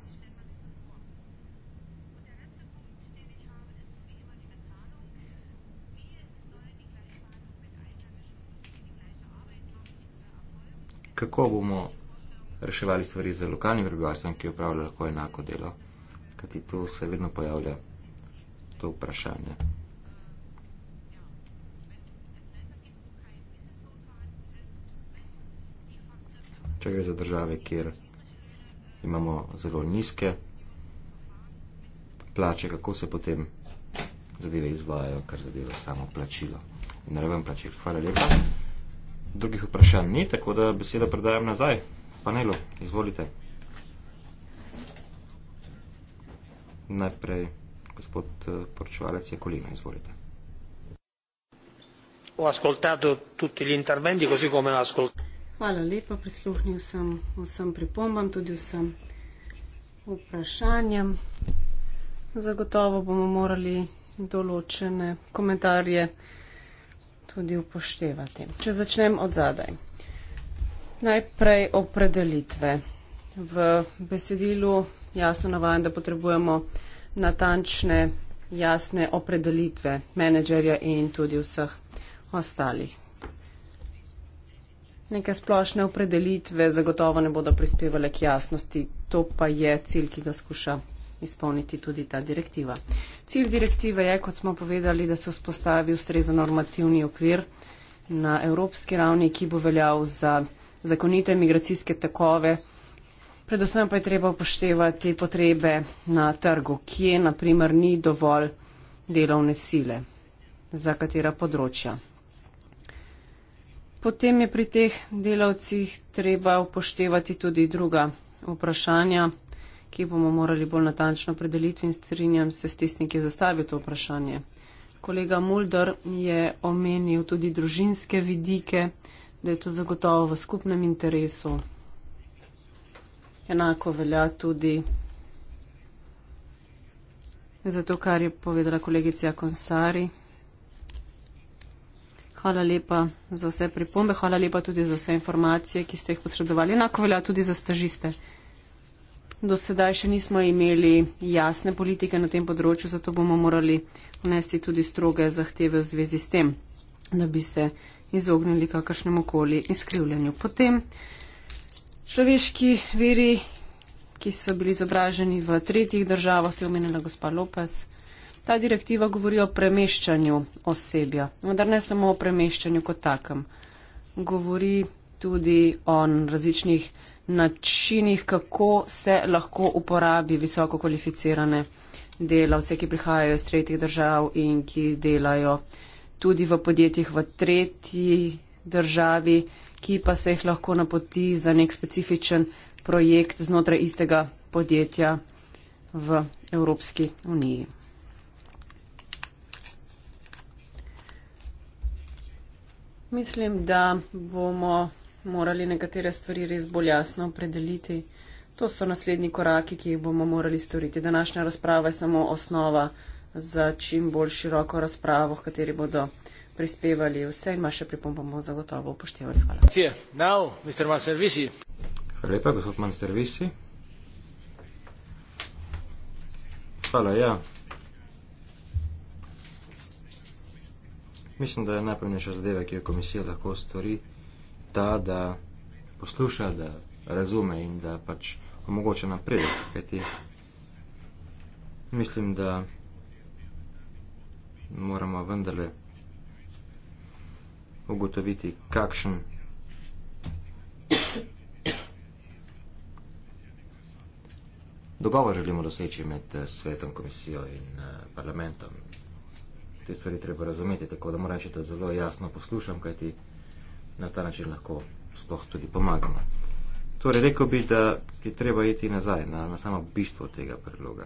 Kako bomo reševali stvari za lokalnim prebivalstvom, ki upravlja lahko enako delo, kajti tu se vedno pojavlja to vprašanje. Če gre za države, kjer imamo zelo nizke plače, kako se potem zadeve izvajajo, kar zadeva samo plačilo in raven plačil. Hvala lepa. Drugih vprašanj ni, tako da besedo predajam nazaj. Panelo, izvolite. Najprej. Gospod eh, Porčevalec je kolina, izvolite. Ho ascoltato tutti gli interventi così come ho ascoltato. Hvala lepa, prisluhnil sem vsem pripombam, tudi vsem vprašanjem. Zagotovo bomo morali določene komentarje tudi upoštevati. Če začnem od zadaj. Najprej opredelitve. V besedilu jasno navajam, da potrebujemo natančne, jasne opredelitve menedžerja in tudi vseh ostalih. Neke splošne opredelitve zagotovo ne bodo prispevale k jasnosti, to pa je cilj, ki ga skuša izpolniti tudi ta direktiva. Cilj direktive je, kot smo povedali, da se vzpostavi ustrezen normativni okvir na evropski ravni, ki bo veljal za zakonite migracijske takove. Predvsem pa je treba upoštevati potrebe na trgu, kje naprimer ni dovolj delovne sile, za katera področja. Potem je pri teh delavcih treba upoštevati tudi druga vprašanja, ki bomo morali bolj natančno predeliti in strinjam se s tistim, ki je zastavil to vprašanje. Kolega Mulder je omenil tudi družinske vidike, da je to zagotovo v skupnem interesu Enako velja tudi za to, kar je povedala kolegica Konsari. Hvala lepa za vse pripombe, hvala lepa tudi za vse informacije, ki ste jih posredovali. Enako velja tudi za stažiste. Do sedaj še nismo imeli jasne politike na tem področju, zato bomo morali vnesti tudi stroge zahteve v zvezi s tem, da bi se izognili kakršnemu koli izkrivljanju. Potem človeški veri, ki so bili izobraženi v tretjih državah, to je omenila gospa Lopes. Ta direktiva govori o premeščanju osebja, vendar ne samo o premeščanju kot takem. Govori tudi o različnih načinih, kako se lahko uporabi visoko kvalificirane delavce, ki prihajajo iz tretjih držav in ki delajo tudi v podjetjih v tretjih državi, ki pa se jih lahko napoti za nek specifičen projekt znotraj istega podjetja v Evropski uniji. Mislim, da bomo morali nekatere stvari res bolj jasno opredeliti. To so naslednji koraki, ki jih bomo morali storiti. Današnja razprava je samo osnova za čim bolj široko razpravo, v kateri bodo prispevali. Vse in vaše pripombe bomo zagotovo upoštevali. Hvala. Now, Hvala lepa, gospod Man Servisi. Hvala, ja. Mislim, da je najpomembnejša zadeva, ki jo komisija lahko stori, ta, da posluša, da razume in da pač omogoča napredek. Kajti mislim, da moramo vendarle ugotoviti, kakšen dogovor želimo doseči med eh, svetom, komisijo in eh, parlamentom. Te stvari treba razumeti, tako da moram reči, da zelo jasno poslušam, kajti na ta način lahko sploh tudi pomagamo. Torej, rekel bi, da je treba iti nazaj na, na samo bistvo tega predloga.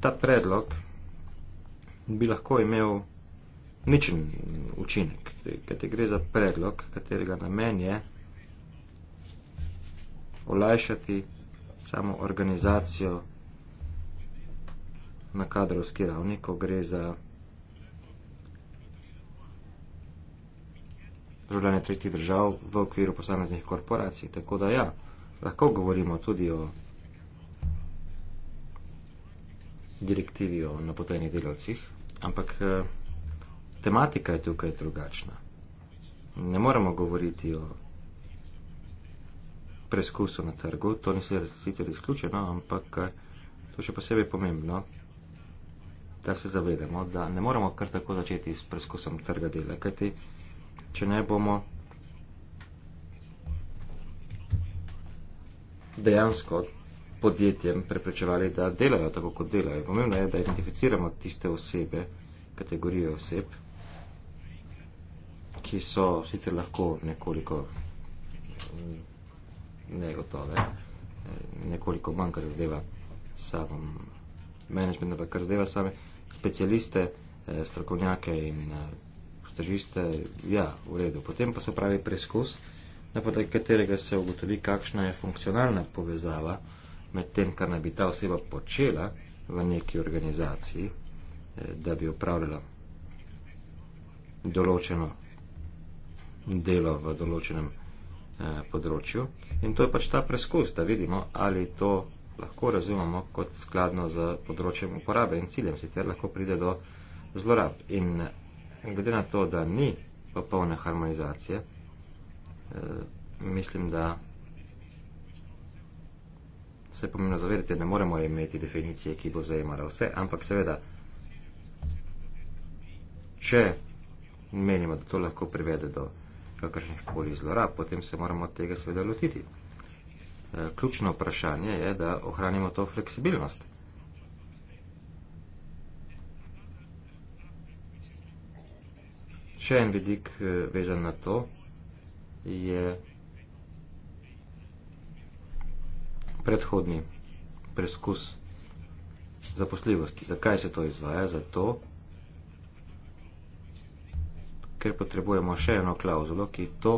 Ta predlog bi lahko imel ničen učinek, ker te gre za predlog, katerega namen je olajšati samo organizacijo na kadrovski ravni, ko gre za življenje tretjih držav v okviru posameznih korporacij. Tako da ja, lahko govorimo tudi o direktivi o napotenih delovcih, Ampak eh, tematika je tukaj drugačna. Ne moremo govoriti o preskusu na trgu, to ni sicer izključeno, ampak eh, to še posebej pomembno, da se zavedamo, da ne moremo kar tako začeti s preskusom trga dela, kajti če ne bomo dejansko podjetjem preprečevali, da delajo tako, kot delajo. Pomembno je, da identificiramo tiste osebe, kategorije oseb, ki so sicer lahko nekoliko mm, negotove, eh, nekoliko manj, kar zadeva sam management, ampak kar zadeva same specialiste, eh, strokovnjake in eh, stažiste, ja, v redu. Potem pa se pravi preskus, na podaj katerega se ugotovi, kakšna je funkcionalna povezava med tem, kar naj bi ta oseba počela v neki organizaciji, eh, da bi upravljala določeno delo v določenem eh, področju. In to je pač ta preskus, da vidimo, ali to lahko razumemo kot skladno z področjem uporabe in ciljem, sicer lahko pride do zlorab. In eh, glede na to, da ni popolne harmonizacije, mislim, da se je pomembno zavedati, da ne moremo imeti definicije, ki bo zajemala vse, ampak seveda, če menimo, da to lahko privede do kakršnih koli zlorab, potem se moramo tega seveda lotiti. Eh, ključno vprašanje je, da ohranimo to fleksibilnost. Še en vidik eh, vezan na to je predhodni preskus zaposljivosti. Zakaj se to izvaja? Zato, ker potrebujemo še eno klauzulo, ki to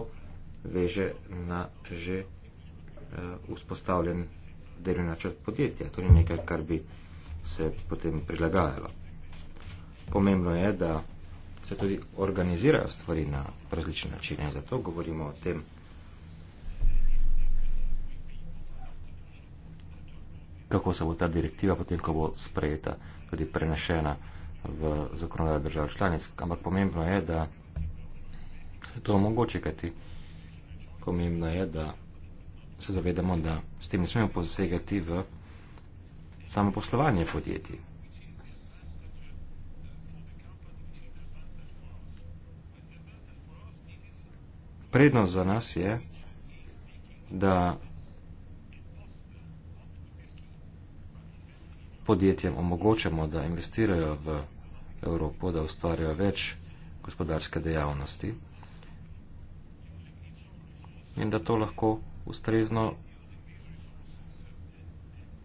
veže na že uh, vzpostavljen delni načrt podjetja. To ni nekaj, kar bi se potem prilagajalo. Pomembno je, da se tudi organizirajo stvari na različne načine. Zato govorimo o tem, kako se bo ta direktiva potem, ko bo sprejeta, tudi prenešena v zakonodajo držav članic. Ampak pomembno je, da se to omogoče, kajti pomembno je, da se zavedamo, da s tem ne smemo posegati v samo poslovanje podjetij. Prednost za nas je, da podjetjem omogočamo, da investirajo v Evropo, da ustvarjajo več gospodarske dejavnosti in da to lahko ustrezno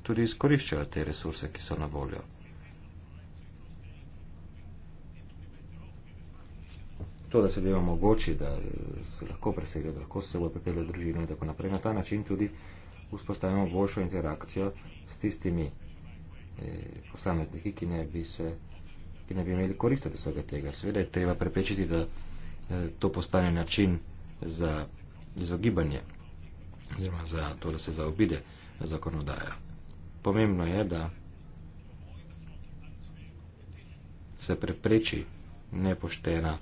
tudi izkoriščajo te resurse, ki so na voljo. To, da se bi vam mogoči, da se lahko presegajo, da lahko se bo pripeljo družino in tako naprej, na ta način tudi vzpostavimo boljšo interakcijo s tistimi, posamezniki, ki ne bi se ki ne bi imeli koristi od vsega tega. Seveda je treba preprečiti, da eh, to postane način za izogibanje oziroma za to, da se zaobide zakonodaja. Pomembno je, da se prepreči nepoštena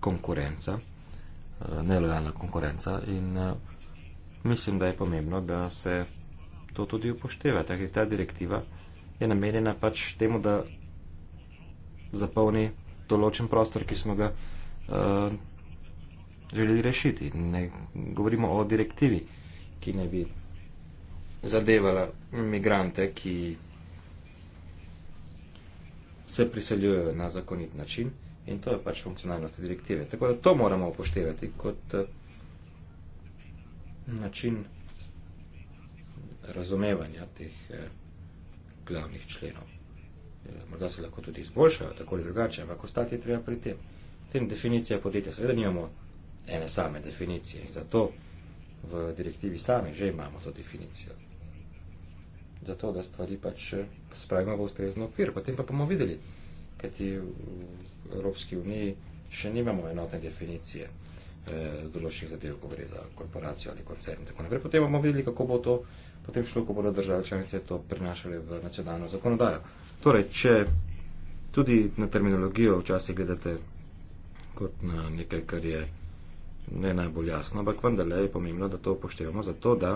konkurenca, eh, nelojalna konkurenca in eh, mislim, da je pomembno, da se to tudi upošteva. Takrat ta direktiva je namenjena pač temu, da zapolni določen prostor, ki smo ga uh, želeli rešiti. Ne govorimo o direktivi, ki ne bi zadevala imigrante, ki se priseljujejo na zakonit način in to je pač funkcionalnost direktive. Tako da to moramo upoštevati kot uh, način. Mm razumevanja teh eh, glavnih členov. Eh, morda se lahko tudi izboljšajo, tako ali drugače, ampak ostati je treba pri tem. Tem definicija podjetja, seveda nimamo ene same definicije in zato v direktivi sami že imamo to definicijo. Zato, da stvari pač eh, spravimo v ustrezno okvir, potem pa bomo videli, kajti v Evropski uniji še nimamo enotne definicije določenih zadev, ko gre za korporacijo ali koncern. Tako naprej potem bomo videli, kako bo to potem šlo, ko bodo države članice to prenašali v nacionalno zakonodajo. Torej, če tudi na terminologijo včasih gledate kot na nekaj, kar je ne najbolj jasno, ampak vendarle je pomembno, da to upoštevamo, zato da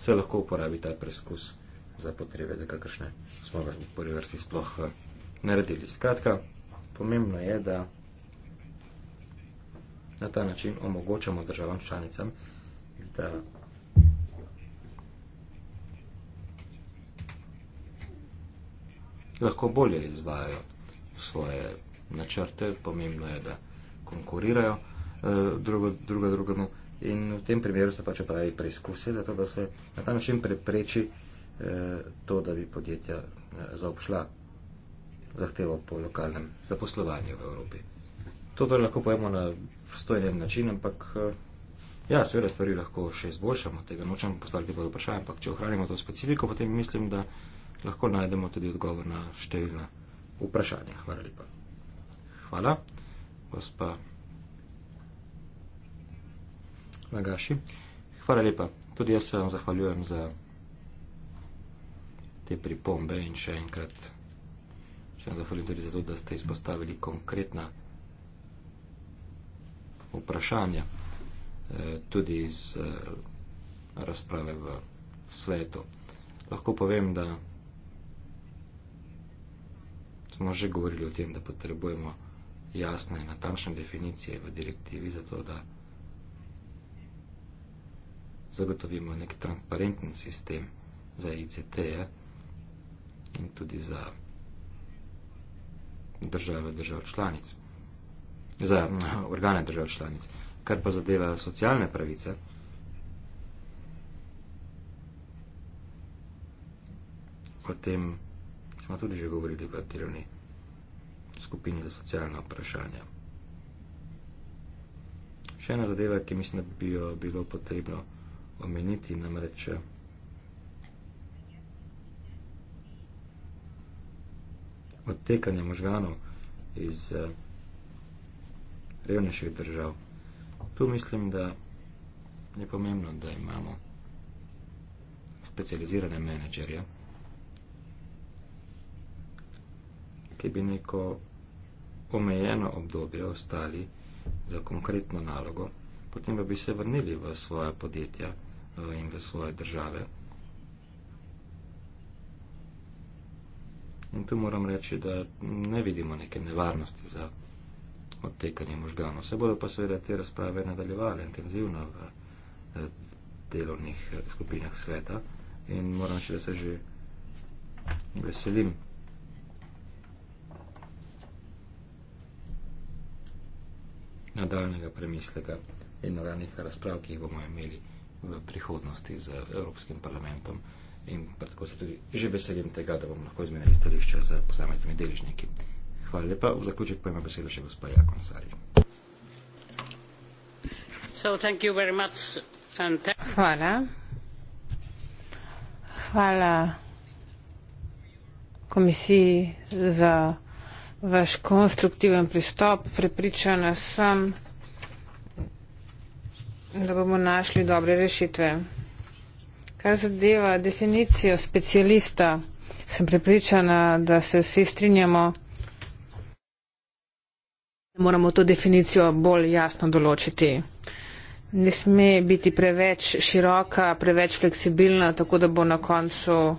se lahko uporabi ta preskus za potrebe, za kakršne smo v prvi vrsti sploh eh, naredili. Skratka, pomembno je, da Na ta način omogočamo državam članicam, da lahko bolje izvajajo svoje načrte, pomembno je, da konkurirajo eh, drugo, drugo drugemu in v tem primeru se pač pravi preizkuse, zato da se na ta način prepreči eh, to, da bi podjetja eh, zaobšla zahtevo po lokalnem zaposlovanju v Evropi. To torej lahko pojemo na stojen način, ampak eh, ja, seveda stvari lahko še izboljšamo, tega nočem postaviti pod vprašanje, ampak če ohranimo to specifiko, potem mislim, da lahko najdemo tudi odgovor na številna vprašanja. Hvala lepa. Hvala, gospa Magaši. Hvala lepa. Tudi jaz se vam zahvaljujem za te pripombe in še enkrat še vam zahvaljujem tudi za to, da ste izpostavili konkretna vprašanja vprašanja, eh, tudi iz eh, razprave v svetu. Lahko povem, da smo že govorili o tem, da potrebujemo jasne in natančne definicije v direktivi, zato da zagotovimo nek transparenten sistem za ICT -e in tudi za države držav članic za eh, organe držav članic. Kar pa zadeva socialne pravice, o tem smo tudi že govorili v delovni skupini za socialna vprašanja. Še ena zadeva, ki mislim, da bi jo bilo potrebno omeniti, namreč eh, odtekanje možganov iz eh, revnejših držav. Tu mislim, da je pomembno, da imamo specializirane menedžerje, ki bi neko omejeno obdobje ostali za konkretno nalogo, potem pa bi se vrnili v svoje podjetja eh, in v svoje države. In tu moram reči, da ne vidimo neke nevarnosti za odtekanje možganov. Se bodo pa seveda te razprave nadaljevale intenzivno v eh, delovnih eh, skupinah sveta in moram še, da se že veselim. nadaljnega premislega in nadaljnih razprav, ki jih bomo imeli v prihodnosti z Evropskim parlamentom in pa tako se tudi že veselim tega, da bomo lahko izmenili stališča z posameznimi deležniki. Hvala lepa. V zaključek pa ima besedo še gospa Jakon Sari. Hvala. Hvala komisiji za vaš konstruktiven pristop. Prepričana sem, da bomo našli dobre rešitve. Kar zadeva definicijo specialista, sem prepričana, da se vsi strinjamo, da moramo to definicijo bolj jasno določiti. Ne sme biti preveč široka, preveč fleksibilna, tako da bo na koncu uh,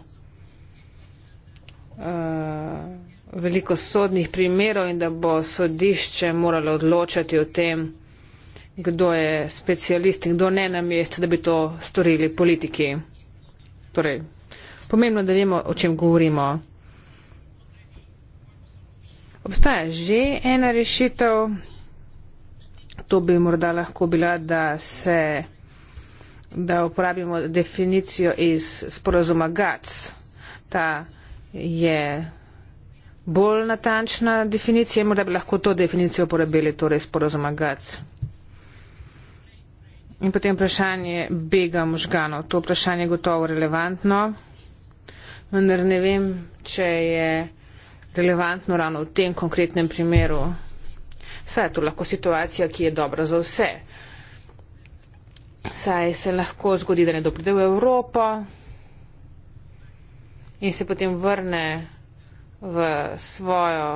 veliko sodnih primerov in da bo sodišče moralo odločati o tem, kdo je specialist in kdo ne na mestu, da bi to storili politiki. Torej, pomembno, da vemo, o čem govorimo obstaja že ena rešitev. To bi morda lahko bila, da se da uporabimo definicijo iz sporozuma GAC. Ta je bolj natančna definicija, morda bi lahko to definicijo uporabili, torej sporozuma GAC. In potem vprašanje bega možganov. To vprašanje je gotovo relevantno, vendar ne vem, če je relevantno ravno v tem konkretnem primeru. Saj je to lahko situacija, ki je dobra za vse. Saj se lahko zgodi, da ne dopride v Evropo in se potem vrne v svojo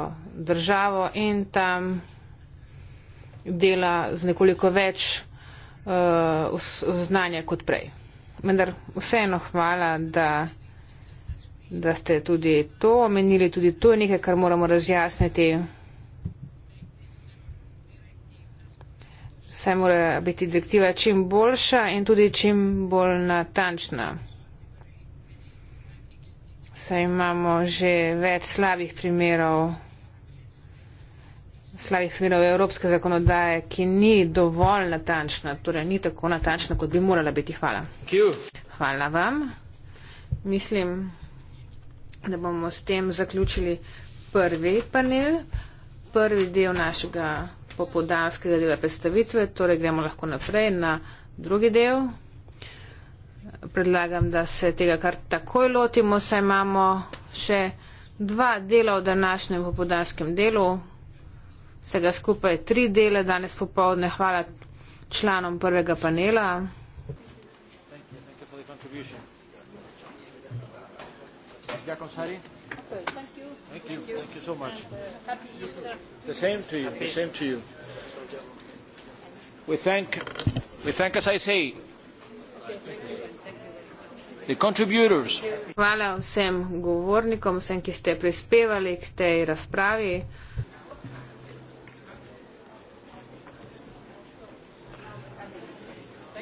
državo in tam dela z nekoliko več uh, znanja kot prej. Vendar vseeno hvala, da da ste tudi to omenili, tudi to je nekaj, kar moramo razjasniti. Saj mora biti direktiva čim boljša in tudi čim bolj natančna. Saj imamo že več slabih primerov, slabih primerov evropske zakonodaje, ki ni dovolj natančna, torej ni tako natančna, kot bi morala biti. Hvala. Hvala vam. Mislim da bomo s tem zaključili prvi panel, prvi del našega popodanskega dela predstavitve, torej gremo lahko naprej na drugi del. Predlagam, da se tega kar takoj lotimo, saj imamo še dva dela v današnjem popodanskem delu, vsega skupaj tri dele danes popovdne. Hvala članom prvega panela. Thank you. Thank you Mr. Ja, Commissary. Good. Thank you. Thank you. Thank you so much. And, uh, happy Easter. The same to you. The same to you. We thank, we thank, as I say, the contributors. Hvala vsem govornikom, vsem, ki ste prispevali k tej razpravi.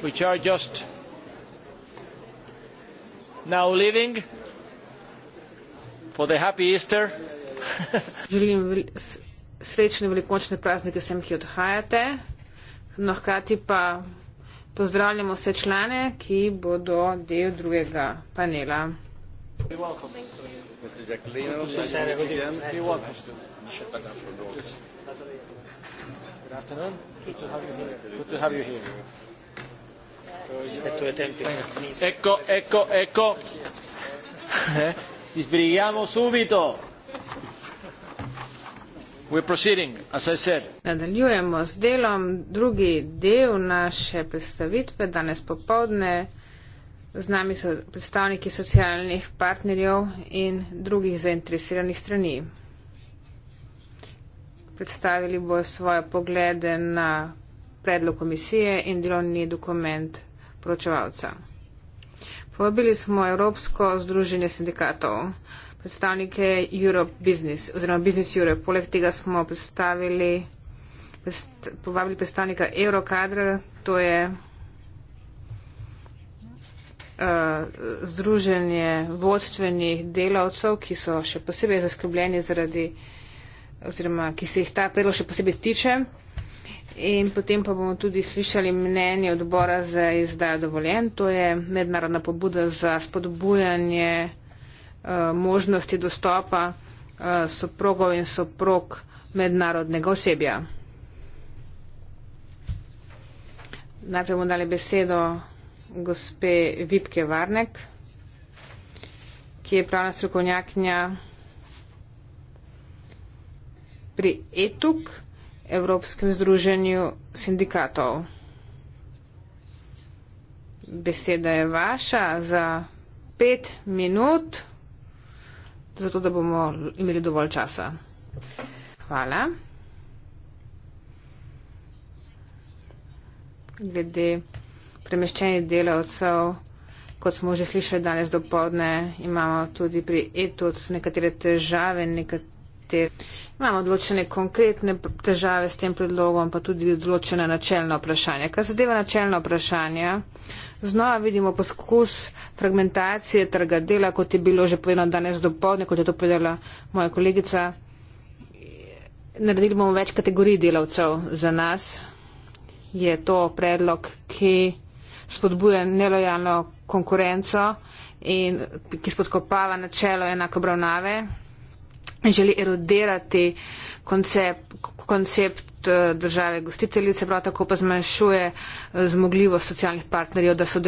Which are just now living for the happy Easter. Želim srečne velikončne praznike vsem, ki odhajate. No, hkrati pa pozdravljamo vse člane, ki bodo del drugega panela. Ecco, ecco, ecco. Ci sbrighiamo subito. Nadaljujemo z delom. Drugi del naše predstavitve danes popovdne. Z nami so predstavniki socialnih partnerjev in drugih zainteresiranih strani. Predstavili bo svoje poglede na predlog komisije in delovni dokument poročevalca. Povabili smo Evropsko združenje sindikatov, predstavnike Europe Business oziroma Business Europe. Poleg tega smo predstavili, povabili predstavnika Eurokadre, to je uh, združenje vodstvenih delavcev, ki so še posebej zaskrbljeni zaradi oziroma ki se jih ta predlog še posebej tiče. In potem pa bomo tudi slišali mnenje odbora za izdajo dovoljen. To je mednarodna pobuda za spodbujanje eh, možnosti dostopa eh, soprogov in soprog mednarodnega osebja. Najprej bomo dali besedo gospe Vipke Varnek, ki je pravna strokovnjaknja pri ETUK, Evropskem združenju sindikatov. Beseda je vaša za pet minut, zato da bomo imeli dovolj časa. Hvala. Glede premeščenih delavcev, kot smo že slišali danes do povdne, imamo tudi pri ETUC nekatere težave, nekatere te. Imamo določene konkretne težave s tem predlogom, pa tudi določene načelne vprašanja. Kar zadeva načelne vprašanja, znova vidimo poskus fragmentacije trga dela, kot je bilo že povedano danes do povdne, kot je to povedala moja kolegica. Naredili bomo več kategorij delavcev za nas. Je to predlog, ki spodbuja nelojalno konkurenco in ki spodkopava načelo enakobravnave. obravnave želi erodirati koncept, koncept eh, države gostiteljice, prav tako pa zmanjšuje eh, zmogljivost socialnih partnerjev, da so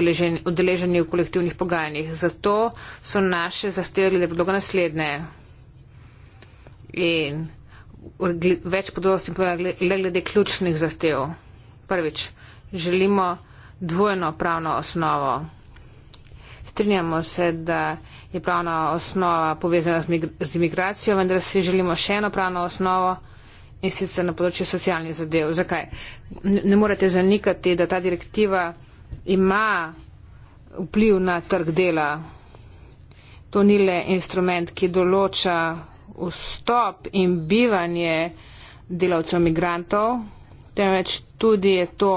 odeleženi v kolektivnih pogajanjih. Zato so naše zahteve glede predloga naslednje in več podrobnosti le glede ključnih zahtev. Prvič, želimo dvojno pravno osnovo. Strinjamo se, da je pravna osnova povezana z imigracijo, vendar si želimo še eno pravno osnovo in sicer na področju socialnih zadev. Zakaj? Ne morete zanikati, da ta direktiva ima vpliv na trg dela. To ni le instrument, ki določa vstop in bivanje delavcev migrantov, temveč tudi je to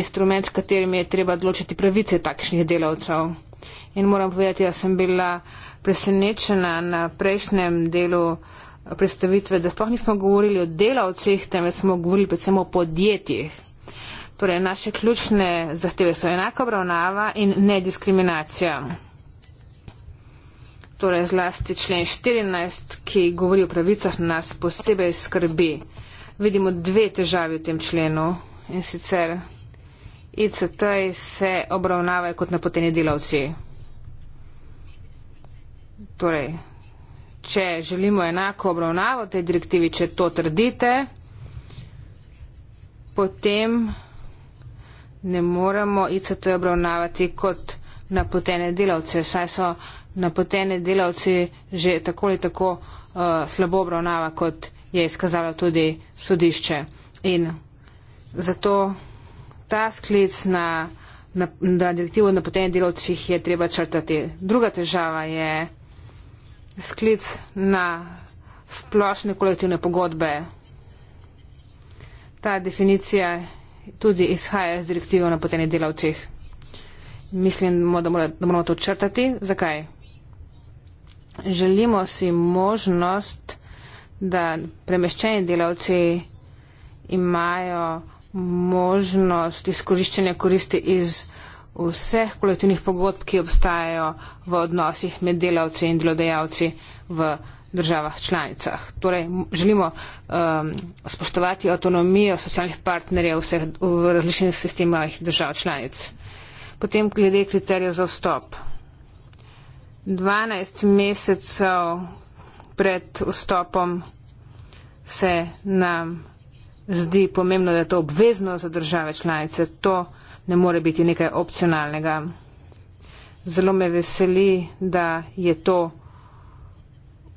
instrument, s katerim je treba določiti pravice takšnih delavcev. In moram povedati, da sem bila presenečena na prejšnjem delu eh, predstavitve, da sploh nismo govorili o delavcih, temveč smo govorili predvsem o podjetjih. Torej, naše ključne zahteve so enaka obravnava in nediskriminacija. Torej, zlasti člen 14, ki govori o pravicah, nas posebej skrbi. Vidimo dve težavi v tem členu in sicer ICT se obravnava kot napoteni delavci torej, če želimo enako obravnavo tej direktivi, če to trdite, potem ne moramo ICT obravnavati kot napotene delavce, saj so napotene delavci že tako ali tako uh, slabo obravnava, kot je izkazalo tudi sodišče. In zato ta sklic na, na, na direktivo napotenih delavcih je treba črtati. Druga težava je, sklic na splošne kolektivne pogodbe. Ta definicija tudi izhaja z direktive o napotenih delavcih. Mislimo, da moramo to črtati. Zakaj? Želimo si možnost, da premeščeni delavci imajo možnost izkoriščanja koristi iz vseh kolektivnih pogodb, ki obstajajo v odnosih med delavci in delodajalci v državah članicah. Torej, želimo um, spoštovati avtonomijo socialnih partnerjev vseh, v različnih sistemah držav članic. Potem glede kriterijev za vstop. 12 mesecev pred vstopom se nam zdi pomembno, da je to obvezno za države članice. To ne more biti nekaj opcionalnega. Zelo me veseli, da je to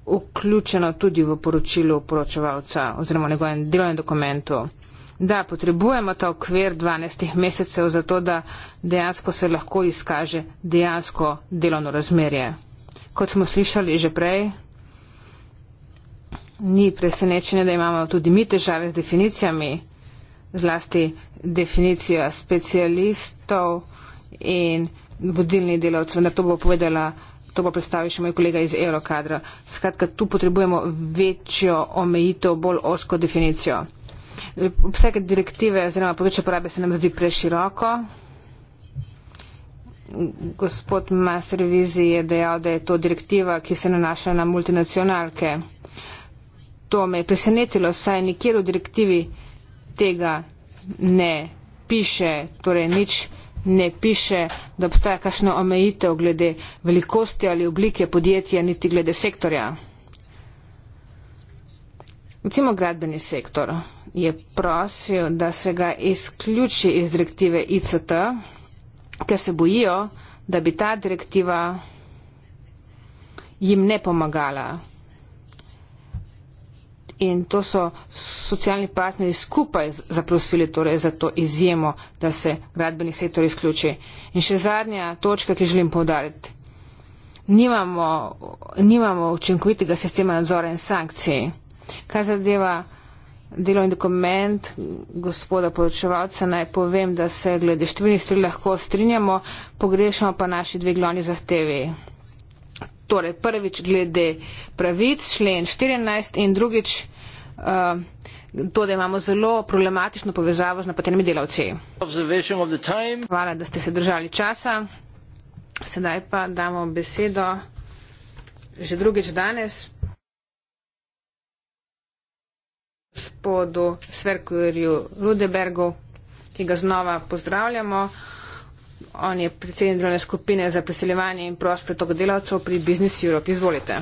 vključeno tudi v poročilu poročevalca oziroma v njegovem delovnem dokumentu. Da, potrebujemo ta okvir 12 mesecev za to, da dejansko se lahko izkaže dejansko delovno razmerje. Kot smo slišali že prej, ni presenečenje, da imamo tudi mi težave z definicijami zlasti definicija specialistov in vodilnih delavcev. Na to bo povedala, to bo predstavil še moj kolega iz Eurokadra. Skratka, tu potrebujemo večjo omejitev, bolj osko definicijo. Vsake direktive oziroma poveče porabe se nam zdi preširoko. Gospod Masrevizi je dejal, da je to direktiva, ki se nanaša na multinacionalke. To me je presenetilo, saj nikjer v direktivi tega ne piše, torej nič ne piše, da obstaja kakšna omejitev glede velikosti ali oblike podjetja, niti glede sektorja. Recimo gradbeni sektor je prosil, da se ga izključi iz direktive ICT, ker se bojijo, da bi ta direktiva jim ne pomagala in to so socialni partneri skupaj zaprosili torej za to izjemo, da se gradbeni sektor izključi. In še zadnja točka, ki želim povdariti. Nimamo, nimamo učinkovitega sistema nadzora in sankcij. Kar zadeva delovni dokument gospoda poročevalca, naj povem, da se glede številnih stvari lahko strinjamo, pogrešamo pa naši dve glavni zahtevi torej prvič glede pravic, člen 14 in drugič eh, to, da imamo zelo problematično povezavo z napotenimi delavci. Hvala, da ste se držali časa. Sedaj pa damo besedo že drugič danes gospodu Sverkurju Rudebergu, ki ga znova pozdravljamo on je predsednik delovne skupine za priseljevanje in prost pretok delavcev pri Business Europe. Izvolite.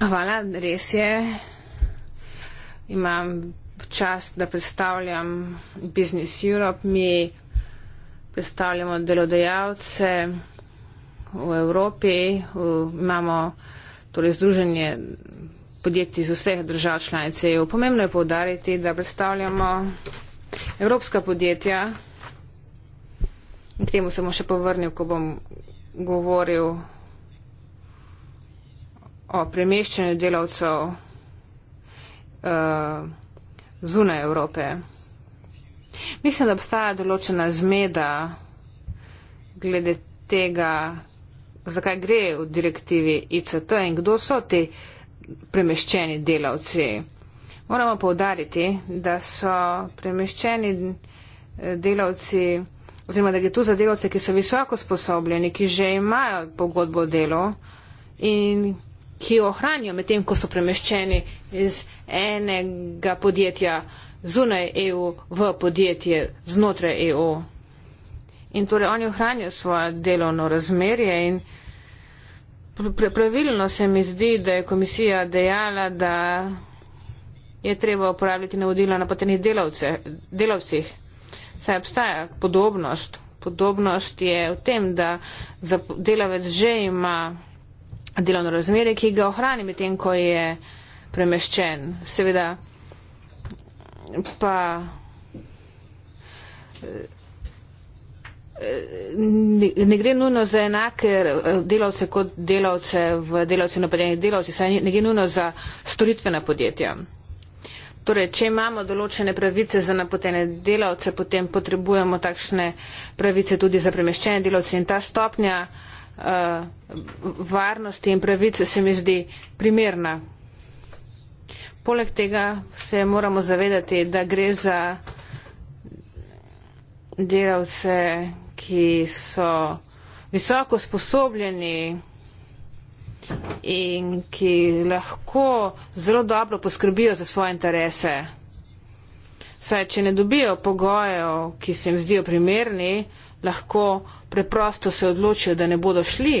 Hvala, res je. Imam čas, da predstavljam Business Europe. Mi predstavljamo delodajalce v Evropi. V, imamo torej združenje podjetij iz vseh držav članice EU. Pomembno je povdariti, da predstavljamo Evropska podjetja, in k temu se bom še povrnil, ko bom govoril o premeščanju delavcev uh, zunaj Evrope. Mislim, da obstaja določena zmeda glede tega, zakaj gre v direktivi ICT in kdo so ti premeščeni delavci. Moramo povdariti, da so premeščeni eh, delavci, oziroma da je to za delavce, ki so visoko sposobljeni, ki že imajo pogodbo o delu in ki jo ohranijo med tem, ko so premeščeni iz enega podjetja zunaj EU v podjetje znotraj EU. In torej oni ohranijo svoje delovno razmerje in pravilno se mi zdi, da je komisija dejala, da je treba uporabljati navodila na patenih delavce, delavcih. Saj obstaja podobnost. Podobnost je v tem, da delavec že ima delovno razmerje, ki ga ohrani med tem, ko je premeščen. Seveda pa ne gre nujno za enake delavce kot delavce v delavce napadenih delavci, saj ne gre nujno za storitvena podjetja. Torej, če imamo določene pravice za napotene delavce, potem potrebujemo takšne pravice tudi za premeščene delavce in ta stopnja uh, varnosti in pravice se mi zdi primerna. Poleg tega se moramo zavedati, da gre za delavce, ki so visoko sposobljeni in ki lahko zelo dobro poskrbijo za svoje interese. Saj, če ne dobijo pogojev, ki se jim zdijo primerni, lahko preprosto se odločijo, da ne bodo šli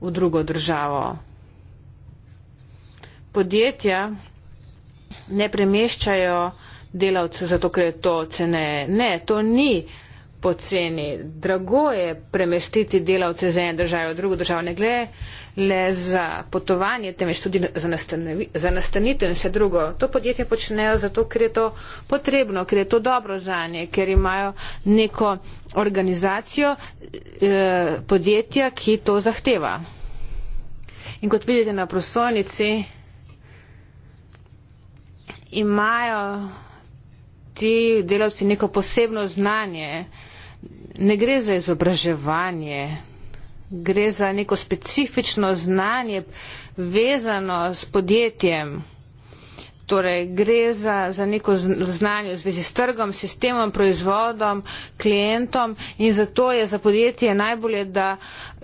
v drugo državo. Podjetja ne premeščajo delavcev zato, ker je to cene. Ne, to ni poceni. Drago je premestiti delavce z ene države v drugo državo. Ne gre le za potovanje, temveč tudi za nastanitev in vse drugo. To podjetje počnejo zato, ker je to potrebno, ker je to dobro za nje, ker imajo neko organizacijo eh, podjetja, ki to zahteva. In kot vidite na prosojnici, imajo ti delavci neko posebno znanje, ne gre za izobraževanje, gre za neko specifično znanje vezano s podjetjem. Torej, gre za, za neko znanje v zvezi s trgom, sistemom, proizvodom, klientom in zato je za podjetje najbolje, da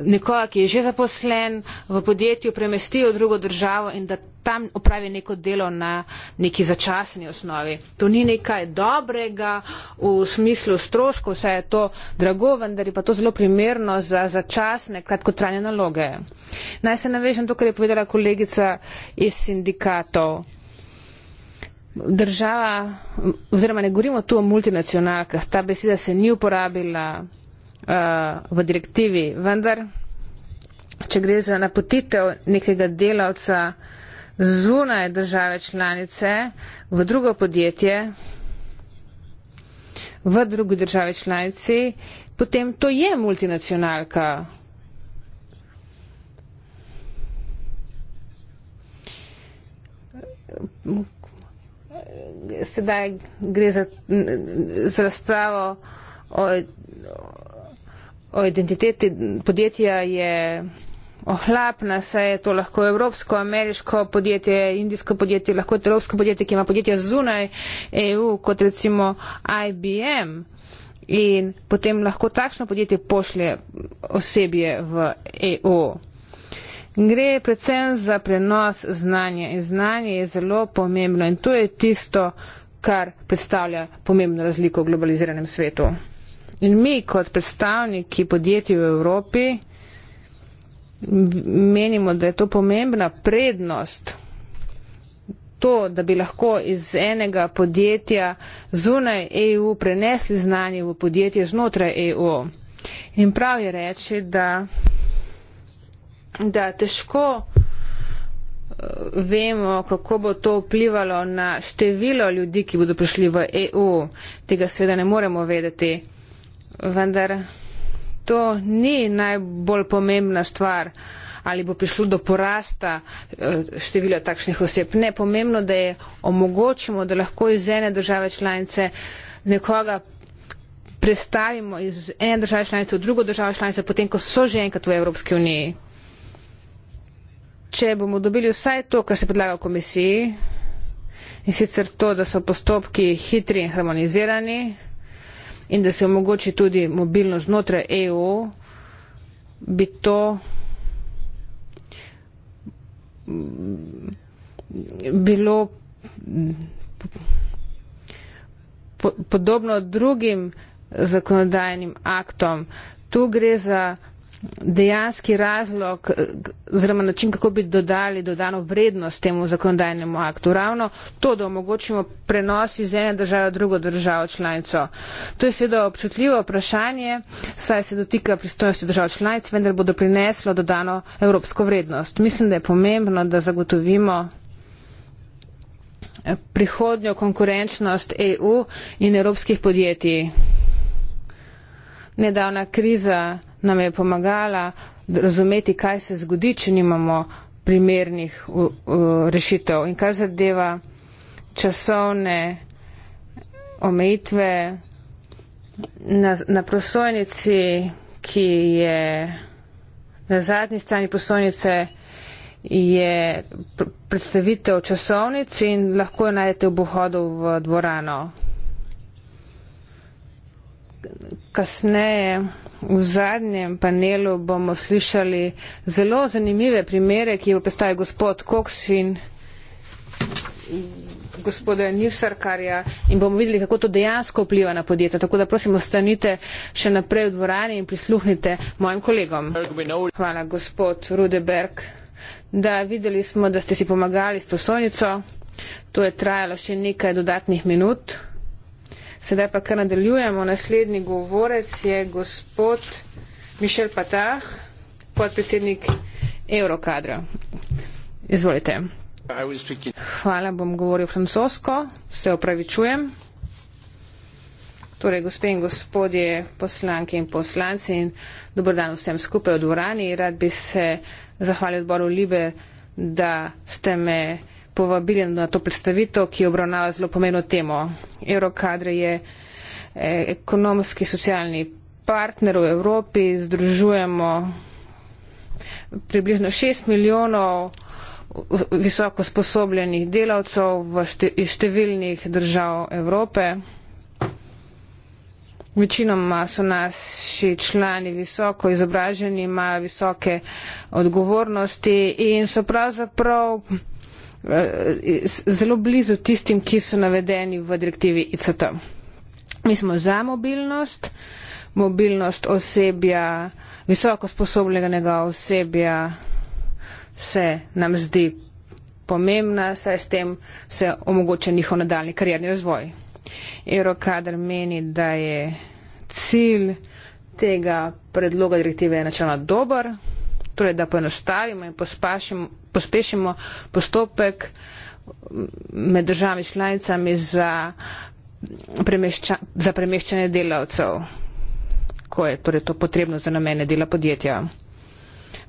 nekoga, ki je že zaposlen v podjetju, premesti v drugo državo in da tam opravi neko delo na neki začasni osnovi. To ni nekaj dobrega v smislu stroškov, vse je to drago, vendar je pa to zelo primerno za začasne kratkotranje naloge. Naj se navežem to, kar je povedala kolegica iz sindikatov država, oziroma ne govorimo tu o multinacionalkah, ta beseda se ni uporabila uh, v direktivi, vendar, če gre za napotitev nekega delavca zunaj države članice v drugo podjetje, v drugi državi članici, potem to je multinacionalka. Uh, sedaj gre za, za razpravo o, o identiteti podjetja je ohlapna, saj je to lahko evropsko, ameriško podjetje, indijsko podjetje, lahko je evropsko podjetje, ki ima podjetja zunaj EU, kot recimo IBM. In potem lahko takšno podjetje pošlje osebje v EU. Gre predvsem za prenos znanja in znanje je zelo pomembno in to je tisto, kar predstavlja pomembno razliko v globaliziranem svetu. In mi kot predstavniki podjetij v Evropi menimo, da je to pomembna prednost. To, da bi lahko iz enega podjetja zunaj EU prenesli znanje v podjetje znotraj EU. In prav je reči, da da težko eh, vemo, kako bo to vplivalo na število ljudi, ki bodo prišli v EU. Tega seveda ne moremo vedeti. Vendar to ni najbolj pomembna stvar, ali bo prišlo do porasta eh, števila takšnih oseb. Ne pomembno, da je omogočimo, da lahko iz ene države članice nekoga predstavimo iz ene države članice v drugo državo članice, potem ko so že enkrat v Evropski uniji če bomo dobili vsaj to, kar se predlaga v komisiji, in sicer to, da so postopki hitri in harmonizirani in da se omogoči tudi mobilnost znotraj EU, bi to mm, bilo podobno drugim zakonodajnim aktom. Tu gre za dejanski razlog oziroma način, kako bi dodali dodano vrednost temu zakonodajnemu aktu. Ravno to, da omogočimo prenos iz ene države v drugo državo članico. To je seveda občutljivo vprašanje, saj se dotika pristojnosti držav članic, vendar bo doprineslo dodano evropsko vrednost. Mislim, da je pomembno, da zagotovimo eh, prihodnjo konkurenčnost EU in evropskih podjetij. Nedavna kriza nam je pomagala razumeti, kaj se zgodi, če nimamo primernih uh, rešitev. In kar zadeva časovne omejitve na, na prosojnici, ki je na zadnji strani prosojnice, je predstavitev časovnic in lahko jo najdete v pohodu v dvorano. Kasneje. V zadnjem panelu bomo slišali zelo zanimive primere, ki jih predstavlja gospod Koks in gospoda Nivsarkarja in bomo videli, kako to dejansko vpliva na podjetja. Tako da prosim, ostanite še naprej v dvorani in prisluhnite mojim kolegom. Hvala, gospod Rudeberg. Da, videli smo, da ste si pomagali s poslovnico. To je trajalo še nekaj dodatnih minut. Sedaj pa kar nadaljujemo. Naslednji govorec je gospod Mišel Patah, podpredsednik Eurokadra. Izvolite. Hvala, bom govoril francosko, se opravičujem. Torej, gospe in gospodje, poslanke in poslanci in dobrodan vsem skupaj v dvorani. Rad bi se zahvalil odboru Libe, da ste me povabili na to predstavitev, ki obravnava zelo pomeno temo. Eurokadre je eh, ekonomski, socialni partner v Evropi, združujemo približno 6 milijonov visoko sposobljenih delavcev iz številnih držav Evrope. Večinoma so naši člani visoko izobraženi, imajo visoke odgovornosti in so pravzaprav Eh, zelo blizu tistim, ki so navedeni v direktivi ICT. Mi smo za mobilnost, mobilnost osebja, visoko sposobljenega osebja se nam zdi pomembna, saj s tem se omogoča njihov nadaljni karjerni razvoj. Eurokader meni, da je cilj tega predloga direktive načelno dober torej da poenostavimo in pospešimo postopek med državami članicami za, premešča, za premeščanje delavcev, ko je torej to potrebno za namene dela podjetja.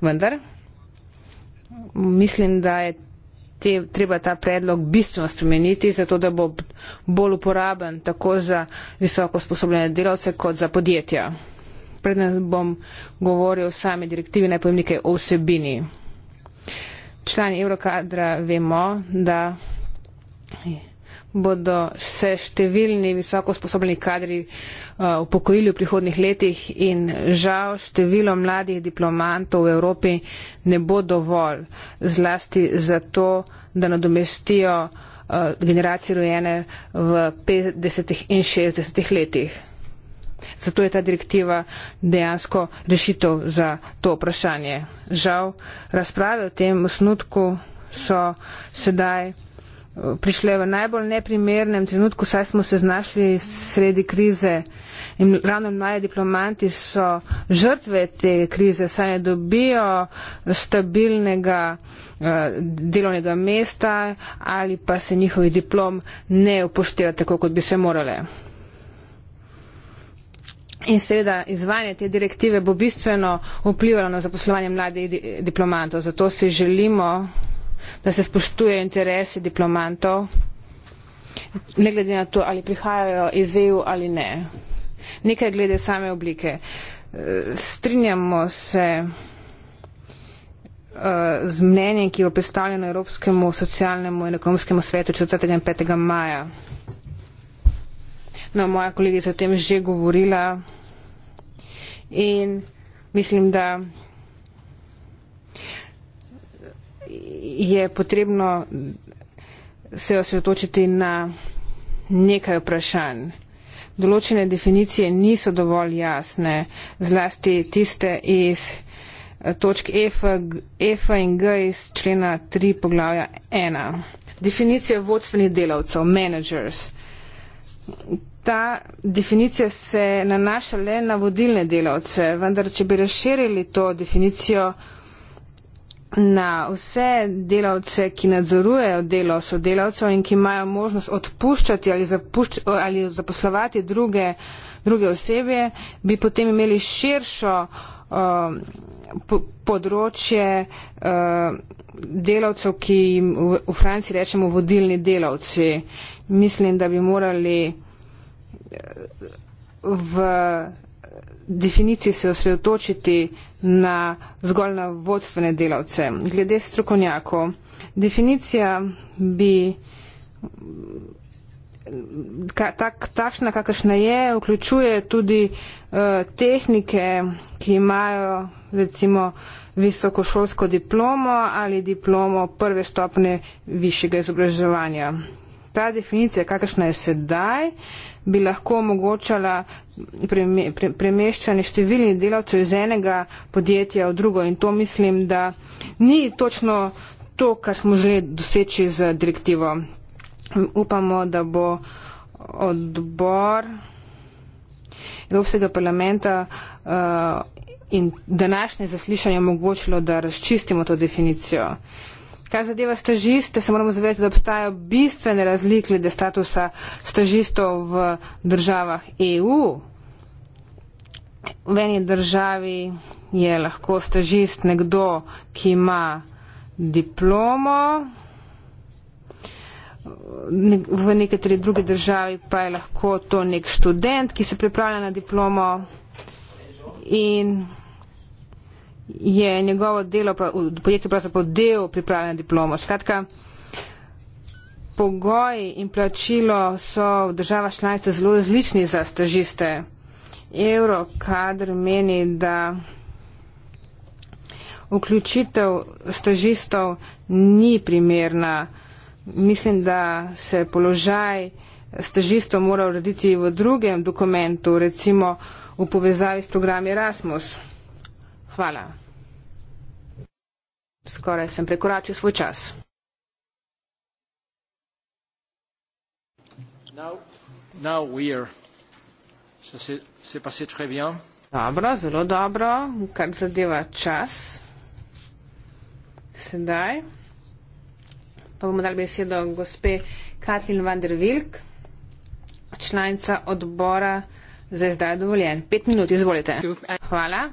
Vendar mislim, da je te, treba ta predlog bistveno spremeniti, zato da bo bolj uporaben tako za visoko sposobljene delavce kot za podjetja predem bom govoril o sami direktivi, naj povem nekaj o vsebini. Člani Eurokadra vemo, da bodo se številni visoko sposobni kadri uh, upokojili v prihodnih letih in žal število mladih diplomantov v Evropi ne bo dovolj zlasti za to, da nadomestijo uh, generacije rojene v 50 in 60 letih. Zato je ta direktiva dejansko rešitev za to vprašanje. Žal, razprave o tem osnutku so sedaj eh, prišle v najbolj neprimernem trenutku, saj smo se znašli sredi krize in ravno mladi diplomanti so žrtve te krize, saj ne dobijo stabilnega uh, delovnega mesta ali pa se njihovi diplom ne upošteva tako, kot bi se morale. In seveda izvanje te direktive bo bistveno vplivalo na zaposlovanje mladih di diplomantov. Zato si želimo, da se spoštuje interese diplomantov, ne glede na to, ali prihajajo iz EU ali ne. Nekaj glede same oblike. E, strinjamo se e, z mnenjem, ki je predstavljeno Evropskemu socialnemu in ekonomskemu svetu 4. in 5. maja. No, moja kolegica o tem že govorila in mislim, da je potrebno se osvetočiti na nekaj vprašanj. Določene definicije niso dovolj jasne, zlasti tiste iz eh, točk F, F in G iz člena 3 poglavja 1. Definicija vodstvenih delavcev, managers ta definicija se nanaša le na vodilne delavce, vendar če bi razširili to definicijo na vse delavce, ki nadzorujejo delo sodelavcev in ki imajo možnost odpuščati ali, zapušč, ali zaposlovati druge, druge osebe, bi potem imeli širšo. Um, področje eh, delavcev, ki jim v Franciji rečemo vodilni delavci. Mislim, da bi morali eh, v definiciji se osredotočiti na zgolj na vodstvene delavce. Glede strokovnjakov, definicija bi tak, takšna, kakršna je, vključuje tudi eh, tehnike, ki imajo recimo visokošolsko diplomo ali diplomo prve stopne višjega izobraževanja. Ta definicija, kakršna je sedaj, bi lahko omogočala premeščanje številnih delavcev iz enega podjetja v drugo in to mislim, da ni točno to, kar smo želeli doseči z direktivo upamo, da bo odbor Evropskega parlamenta uh, in današnje zaslišanje omogočilo, da razčistimo to definicijo. Kar zadeva stažiste, se moramo zavedati, da obstajajo bistvene razlike glede statusa stažistov v državah EU. V eni državi je lahko stažist nekdo, ki ima diplomo, v nekateri drugi državi pa je lahko to nek študent, ki se pripravlja na diplomo in je njegovo delo, podjetje pravzaprav del priprave na diplomo. Skratka, pogoji in plačilo so v država članice zelo različni za stažiste. Euro kadr meni, da vključitev stažistov ni primerna mislim, da se položaj stažistov mora urediti v drugem dokumentu, recimo v povezavi s programi Erasmus. Hvala. Skoraj sem prekoračil svoj čas. Now, now we are. Se, se pa se trebijo. Dobro, zelo dobro, kar zadeva čas. Sedaj pa bomo dali besedo gospe Katlin van der Wilk, članica odbora za izdaj dovoljen. Pet minut, izvolite. Hvala,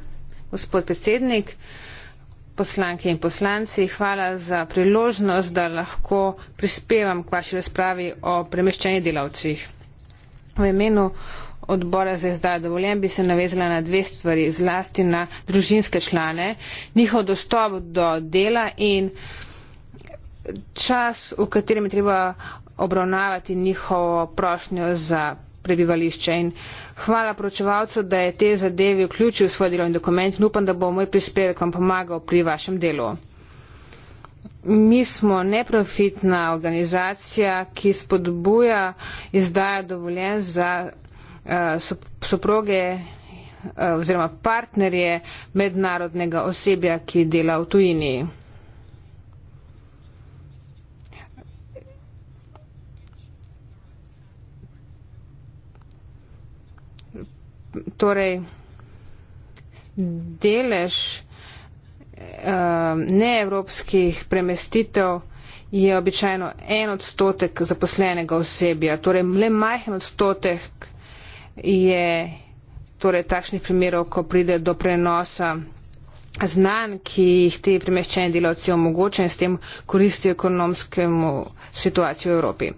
gospod predsednik, poslanke in poslanci, hvala za priložnost, da lahko prispevam k vaši razpravi o premeščeni delavcih. V imenu odbora za izdaj dovoljen bi se navezala na dve stvari, zlasti na družinske člane, njihov dostop do dela in čas, v katerem je treba obravnavati njihovo prošnjo za prebivališče. In hvala poročevalcu, da je te zadeve vključil v svoj delovni dokument in upam, da bo moj prispevek vam pomagal pri vašem delu. Mi smo neprofitna organizacija, ki spodbuja izdajo dovoljen za uh, soproge uh, oziroma partnerje mednarodnega osebja, ki dela v tujini. torej delež eh, neevropskih premestitev je običajno en odstotek zaposlenega osebja, torej le majhen odstotek je torej, takšnih primerov, ko pride do prenosa znan, ki jih ti premeščeni delavci omogočajo in s tem koristijo ekonomskemu situaciju v Evropi.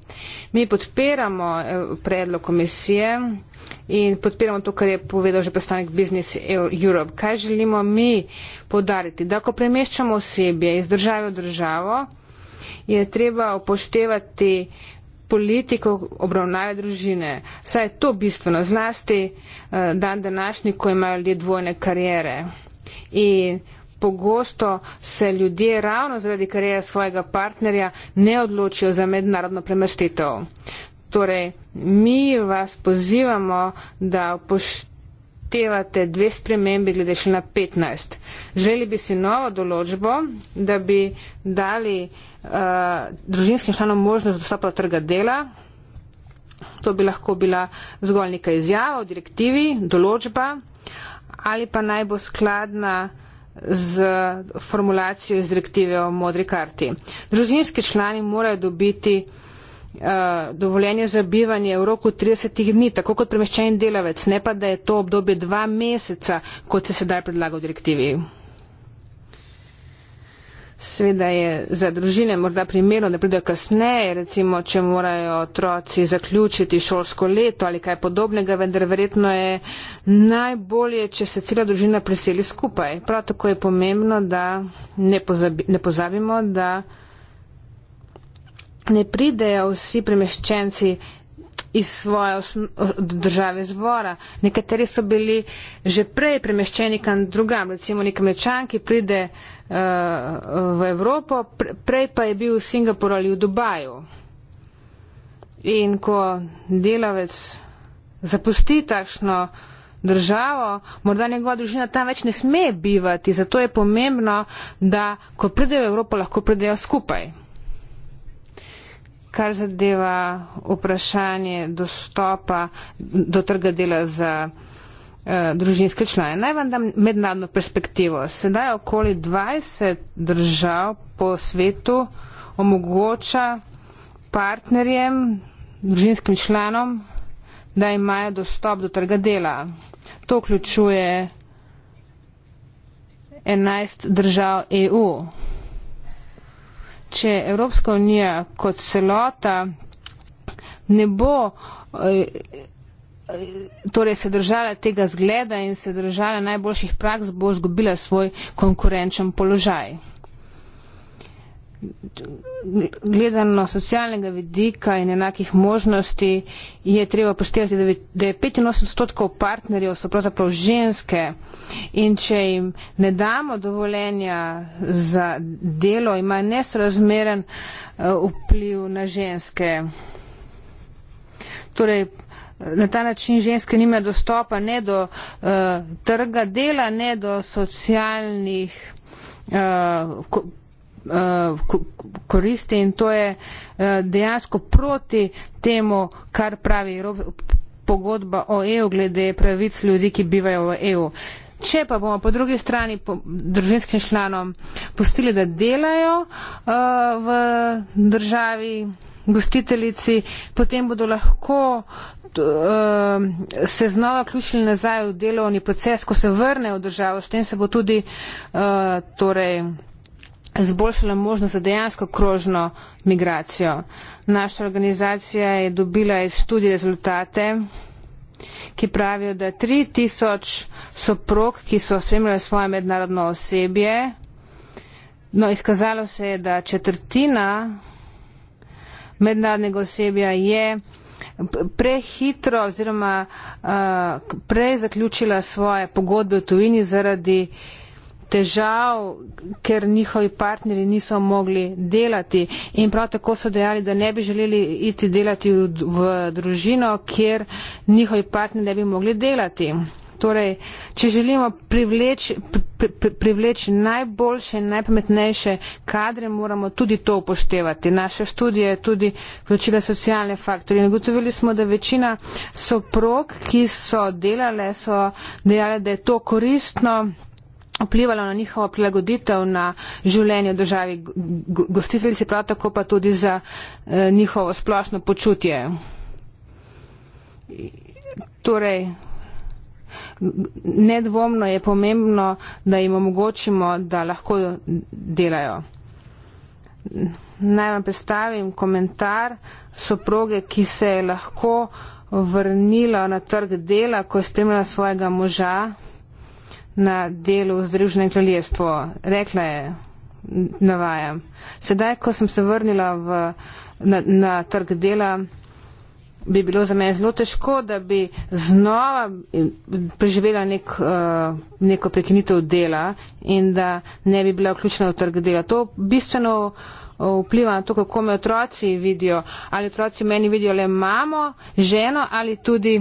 Mi podpiramo eh, predlog komisije in podpiramo to, kar je povedal že predstavnik Business Europe. Kaj želimo mi podariti? Da, ko premeščamo osebje iz države v državo, je treba upoštevati politiko obravnave družine. Saj je to bistveno, zlasti eh, dan današnji, ko imajo ljudje dvojne karijere. In pogosto se ljudje ravno zaradi karijere svojega partnerja ne odločijo za mednarodno premestitev. Torej, mi vas pozivamo, da upoštevate dve spremembe glede še na 15. Želeli bi si novo določbo, da bi dali uh, družinskim članom možnost dostopa do trga dela. To bi lahko bila zgolj neka izjava o direktivi, določba. Uh, ali pa naj bo skladna z formulacijo iz direktive o modri karti. Družinski člani morajo dobiti uh, dovoljenje za bivanje v roku 30 dni, tako kot premeščen delavec, ne pa da je to obdobje dva meseca, kot se sedaj predlaga v direktivi. Sveda je za družine morda primerno, da pridejo kasneje, recimo, če morajo otroci zaključiti šolsko leto ali kaj podobnega, vendar verjetno je najbolje, če se cela družina priseli skupaj. Prav tako je pomembno, da ne, pozabi, ne pozabimo, da ne pridejo vsi premeščenci iz svoje države zbora. Nekateri so bili že prej premeščeni kam drugam, recimo nek mečan, ki pride uh, v Evropo, pre, prej pa je bil v Singapuru ali v Dubaju. In ko delavec zapusti takšno državo, morda njegova družina tam več ne sme bivati, zato je pomembno, da ko pridejo v Evropo, lahko pridejo skupaj kar zadeva vprašanje dostopa do trga dela za eh, družinske člane. Naj vam dam mednarodno perspektivo. Sedaj okoli 20 držav po svetu omogoča partnerjem, družinskim članom, da imajo dostop do trga dela. To vključuje 11 držav EU če Evropska unija kot celota ne bo eh, torej se držala tega zgleda in se držala najboljših praks, bo izgubila svoj konkurenčen položaj gledano socialnega vidika in enakih možnosti, je treba poštevati, da je 85% partnerjev so pravzaprav ženske in če jim ne damo dovoljenja za delo, ima nesrazmeren eh, vpliv na ženske. Torej, Na ta način ženske nimajo dostopa ne do uh, trga dela, ne do socialnih uh, Eh, koristi in to je eh, dejansko proti temu, kar pravi pogodba o EU glede pravic ljudi, ki bivajo v EU. Če pa bomo po drugi strani po družinskim članom pustili, da delajo uh, v državi gostiteljici, potem bodo lahko t, uh, se znova ključili nazaj v delovni proces, ko se vrne v državo, s tem se bo tudi uh, torej zboljšala možnost za dejansko krožno migracijo. Naša organizacija je dobila iz študije rezultate, ki pravijo, da 3000 soprog, ki so spremljali svoje mednarodno osebje, no izkazalo se je, da četrtina mednarodnega osebja je prehitro oziroma uh, eh, prezaključila svoje pogodbe v tujini zaradi uh, težav, ker njihovi partnerji niso mogli delati. In prav tako so dejali, da ne bi želeli iti delati v, v družino, kjer njihovi partnerji ne bi mogli delati. Torej, če želimo privleči pri, pri, privleč najboljše in najpametnejše kadre, moramo tudi to upoštevati. Naša študija je tudi vključila socialne faktorje. In gotovili smo, da večina soprog, ki so delale, so dejale, da je to koristno vplivalo na njihovo prilagoditev na življenje v državi gostiteljice, prav tako pa tudi za eh, njihovo splošno počutje. Torej, nedvomno je pomembno, da jim omogočimo, da lahko delajo. Naj vam predstavim komentar soproge, ki se je lahko vrnila na trg dela, ko je spremljala svojega moža na delu v Združenem kraljestvu. Rekla je, navajam, sedaj, ko sem se vrnila v, na, na trg dela, bi bilo za mene zelo težko, da bi znova preživela nek, uh, neko prekinitev dela in da ne bi bila vključena v trg dela. To bistveno eh, vpliva na to, kako me otroci vidijo. Ali otroci meni vidijo le mamo, ženo ali tudi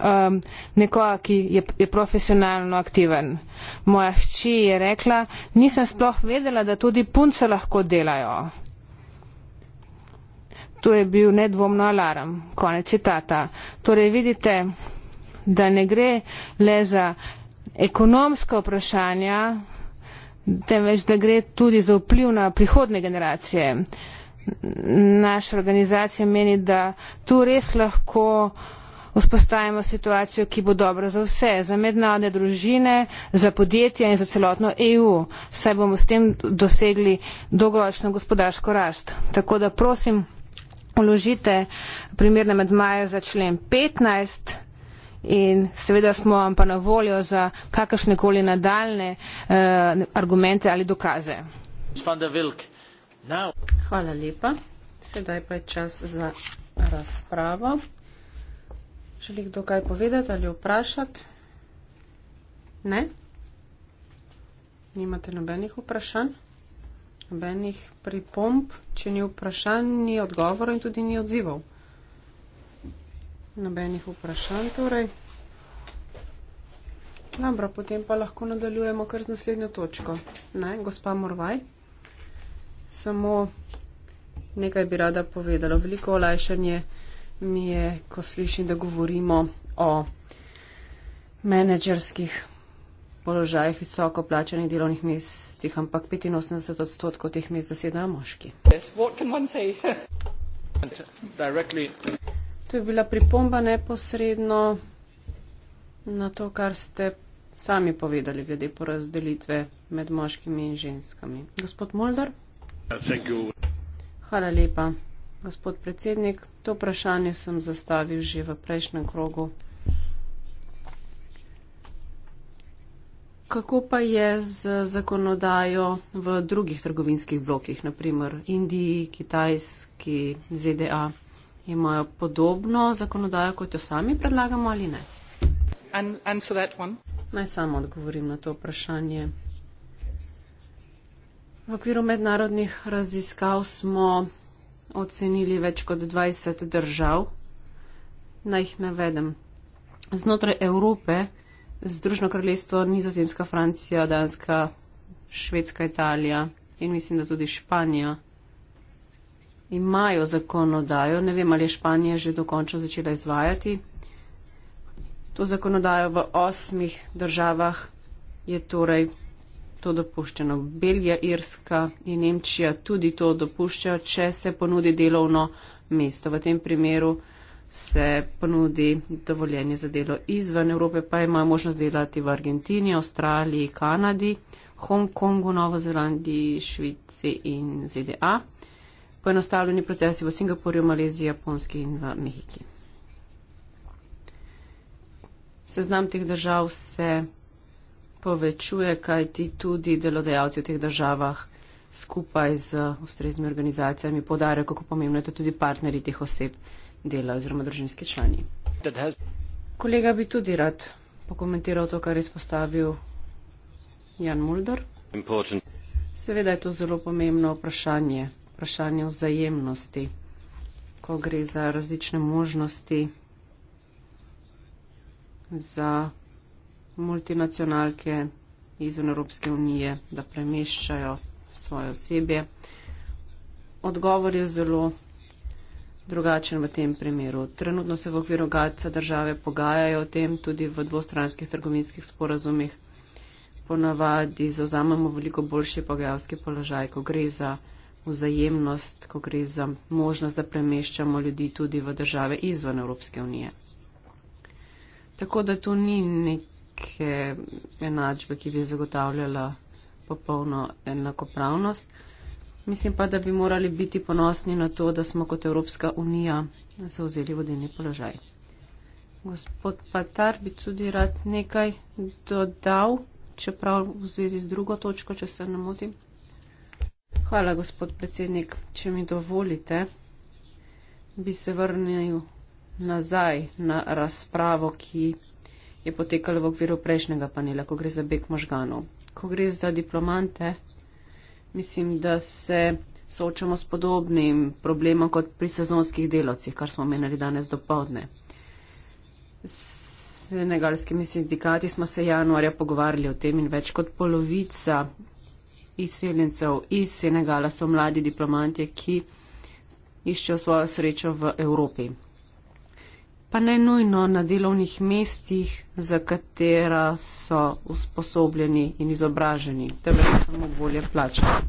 um, nekoga, ki je, je profesionalno aktiven. Moja hči je rekla, nisem sploh vedela, da tudi punce lahko delajo. To je bil nedvomno alarm. Konec citata. Torej vidite, da ne gre le za ekonomska vprašanja, temveč da gre tudi za vpliv na prihodne generacije. Naša organizacija meni, da tu res lahko vzpostavimo situacijo ki bo dobra za vse za mednarodne družine za podjetja in za celotno eu saj bomo s tem dosegli dolgoročno gospodarsko rast tako da prosim vložite primerne medmaje za člen 15 in seveda smo vam pa na voljo za kakršnekoli nadaljne eh, argumente ali dokaze. Hvala lepa. Sedaj pa je čas za razpravo. Želi kdo kaj povedati ali vprašati? Ne? Nimate nobenih vprašanj? Nobenih pripomb, če ni vprašanj, ni odgovor in tudi ni odzival. Nobenih vprašanj torej. Dobro, potem pa lahko nadaljujemo kar z naslednjo točko. Ne, gospa Morvaj, samo nekaj bi rada povedala. Veliko olajšanje mi je, ko slišim, da govorimo o menedžerskih položajih visoko plačanih delovnih mestih, ampak 85 odstotkov teh mest zasedajo moški. To je bila pripomba neposredno na to, kar ste sami povedali glede porazdelitve med moškimi in ženskami. Gospod Mulder? Hvala lepa. Gospod predsednik, to vprašanje sem zastavil že v prejšnjem krogu. Kako pa je z zakonodajo v drugih trgovinskih blokih, naprimer Indiji, Kitajski, ZDA? Imajo podobno zakonodajo, kot jo sami predlagamo ali ne? Naj samo odgovorim na to vprašanje. V okviru mednarodnih raziskav smo ocenili več kot 20 držav. Naj jih navedem. Znotraj Evrope, Združeno kraljestvo, Nizozemska, Francija, Danska, Švedska, Italija in mislim, da tudi Španija imajo zakonodajo. Ne vem, ali je Španija že dokončno začela izvajati. To zakonodajo v osmih državah je torej to dopuščeno. Belgija, Irska in Nemčija tudi to dopuščajo, če se ponudi delovno mesto. V tem primeru se ponudi dovoljenje za delo izven Evrope, pa imajo možnost delati v Argentini, Avstraliji, Kanadi, Hongkongu, Novo Zelandiji, Švici in ZDA. Poenostavljeni procesi v Singapurju, Maleziji, Japonski in v Mehiki. Seznam teh držav se povečuje, kaj ti tudi delodajalci v teh državah skupaj z ustreznimi organizacijami podarijo, kako pomembno je to tudi partneri teh oseb dela oziroma družinski člani. Kolega bi tudi rad pokomentiral to, kar je izpostavil Jan Mulder. Important. Seveda je to zelo pomembno vprašanje, vprašanje vzajemnosti, ko gre za različne možnosti za multinacionalke izven Evropske unije, da premeščajo svoje osebje. Odgovor je zelo drugačen v tem primeru. Trenutno se v okviru GATS-a države pogajajo o tem tudi v dvostranskih trgovinskih sporazumih. Ponavadi zauzamemo veliko boljši pogajalski položaj, ko gre za vzajemnost, ko gre za možnost, da premeščamo ljudi tudi v države izven Evropske unije. Tako da tu ni nekaj neke enačbe, ki bi zagotavljala popolno enakopravnost. Mislim pa, da bi morali biti ponosni na to, da smo kot Evropska unija zauzeli vodilni položaj. Gospod Patar bi tudi rad nekaj dodal, čeprav v zvezi z drugo točko, če se ne motim. Hvala, gospod predsednik. Če mi dovolite, bi se vrnil nazaj na razpravo, ki je potekalo v okviru prejšnjega panela, ko gre za beg možganov. Ko gre za diplomante, mislim, da se soočamo s podobnim problemom kot pri sezonskih delovcih, kar smo menili danes do povdne. S senegalskimi sindikati smo se januarja pogovarjali o tem in več kot polovica izseljencev iz Senegala so mladi diplomanti, ki iščejo svojo srečo v Evropi pa ne nujno na delovnih mestih, za katera so usposobljeni in izobraženi, temveč samo bolje plačani.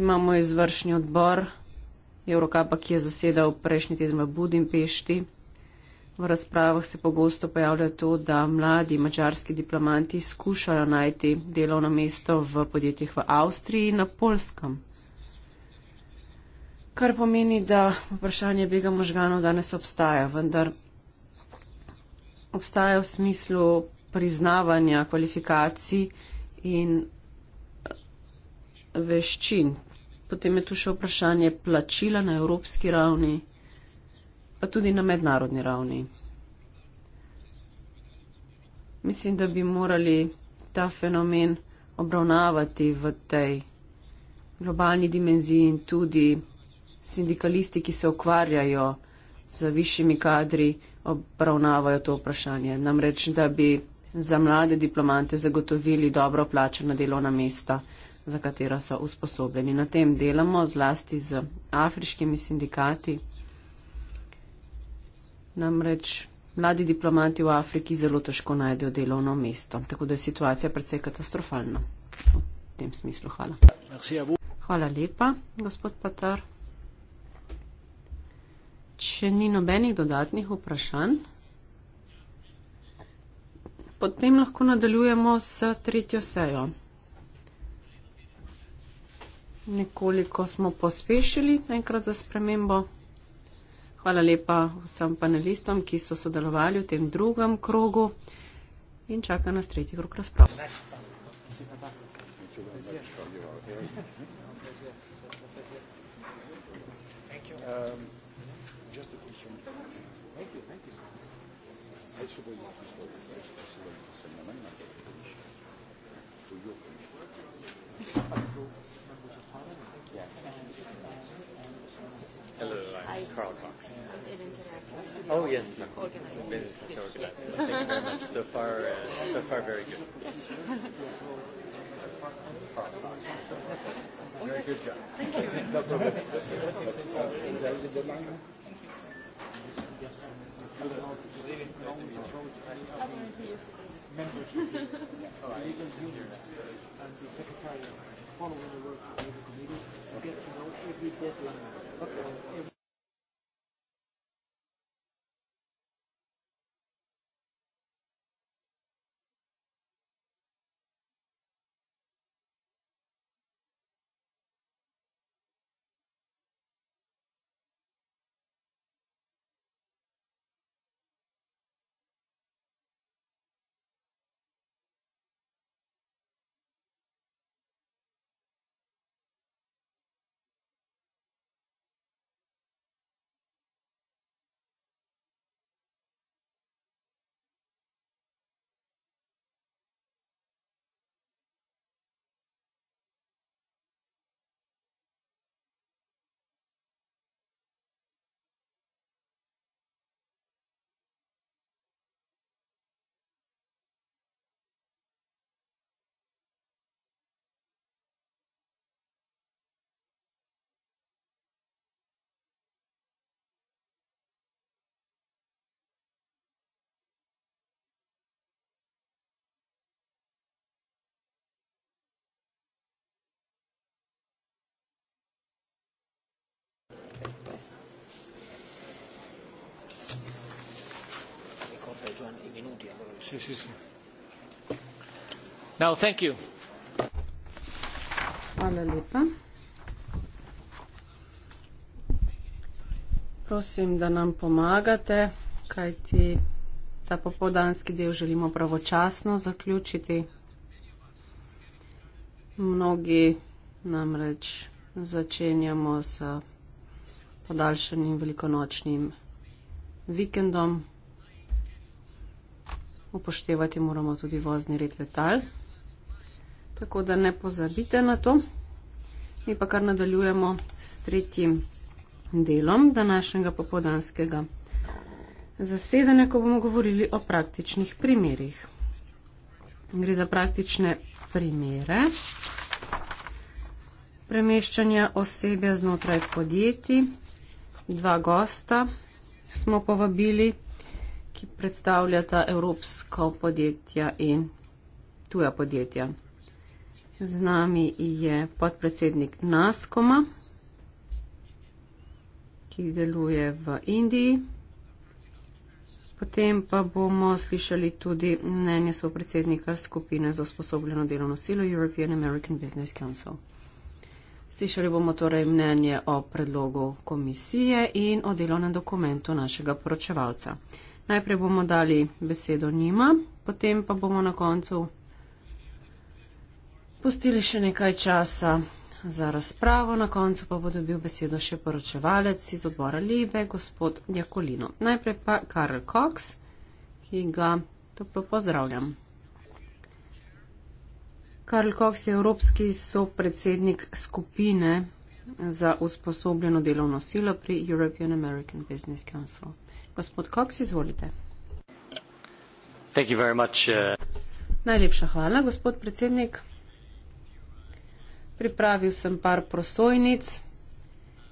Imamo izvršni odbor Eurokapa, ki je zasedal prejšnji teden v Budimpešti. V razpravah se pogosto pojavlja to, da mladi mačarski diplomanti skušajo najti delovno mesto v podjetjih v Avstriji in na Polskem kar pomeni, da vprašanje bega možganov danes obstaja, vendar obstaja v smislu priznavanja kvalifikacij in veščin. Potem je tu še vprašanje plačila na evropski ravni, pa tudi na mednarodni ravni. Mislim, da bi morali ta fenomen obravnavati v tej globalni dimenziji in tudi sindikalisti, ki se ukvarjajo z višjimi kadri, obravnavajo to vprašanje. Namreč, da bi za mlade diplomante zagotovili dobro plačena delovna mesta, za katera so usposobljeni. Na tem delamo zlasti z afriškimi sindikati. Namreč mladi diplomanti v Afriki zelo težko najdejo delovno mesto, tako da je situacija precej katastrofalna. V tem smislu hvala. Hvala lepa, gospod Patar. Če ni nobenih dodatnih vprašanj, potem lahko nadaljujemo s tretjo sejo. Nekoliko smo pospešili enkrat za spremembo. Hvala lepa vsem panelistom, ki so sodelovali v tem drugem krogu in čaka nas tretji krog razprav. Um, se bo isti Hello, I'm Carl Cox. Oh yes, Nicole. Thank you very much. So far, uh, so far, very good. Yes. Carl Cox. Very good job. Thank you. No problem. Is that the deadline? Thank you. Secretary, following the work of the committee, to get to know every deadline. Okay. Every sí, sí, sí. Now, thank you. Hvala lepa. Prosim, da nam pomagate, kajti ta popodanski del želimo pravočasno zaključiti. Mnogi namreč začenjamo s podaljšanim velikonočnim vikendom upoštevati moramo tudi vozni red letal. Tako da ne pozabite na to. Mi pa kar nadaljujemo s tretjim delom današnjega popodanskega zasedanja, ko bomo govorili o praktičnih primerih. Gre za praktične primere premeščanja osebe znotraj podjetij. Dva gosta smo povabili ki predstavljata evropsko podjetja in tuja podjetja. Z nami je podpredsednik Naskoma, ki deluje v Indiji. Potem pa bomo slišali tudi mnenje svojega predsednika skupine za usposobljeno delovno silo European American Business Council. Slišali bomo torej mnenje o predlogu komisije in o delovnem dokumentu našega poročevalca. Najprej bomo dali besedo njima, potem pa bomo na koncu pustili še nekaj časa za razpravo, na koncu pa bo dobil besedo še poročevalec iz odbora Libe, gospod Jakolino. Najprej pa Karl Cox, ki ga toplo pozdravljam. Karl Cox je evropski sopredsednik skupine za usposobljeno delovno silo pri European American Business Council. Gospod Cox, izvolite. Much, uh... Najlepša hvala, gospod predsednik. Pripravil sem par prosojnic,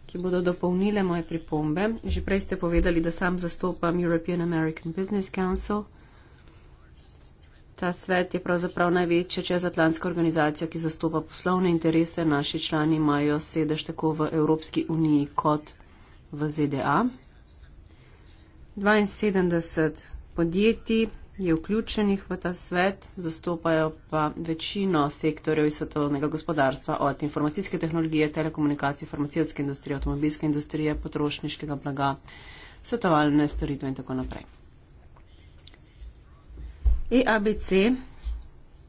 ki bodo dopolnile moje pripombe. Že prej ste povedali, da sam zastopam European American Business Council. Ta svet je pravzaprav največja čezatlantska organizacija, ki zastopa poslovne interese. Naši člani imajo sedež tako v Evropski uniji kot v ZDA. 72 podjetij je vključenih v ta svet, zastopajo pa večino sektorjev iz svetovnega gospodarstva, od informacijske tehnologije, telekomunikacij, farmacijske industrije, avtomobilske industrije, potrošniškega blaga, svetovalne storitve in tako naprej. EABC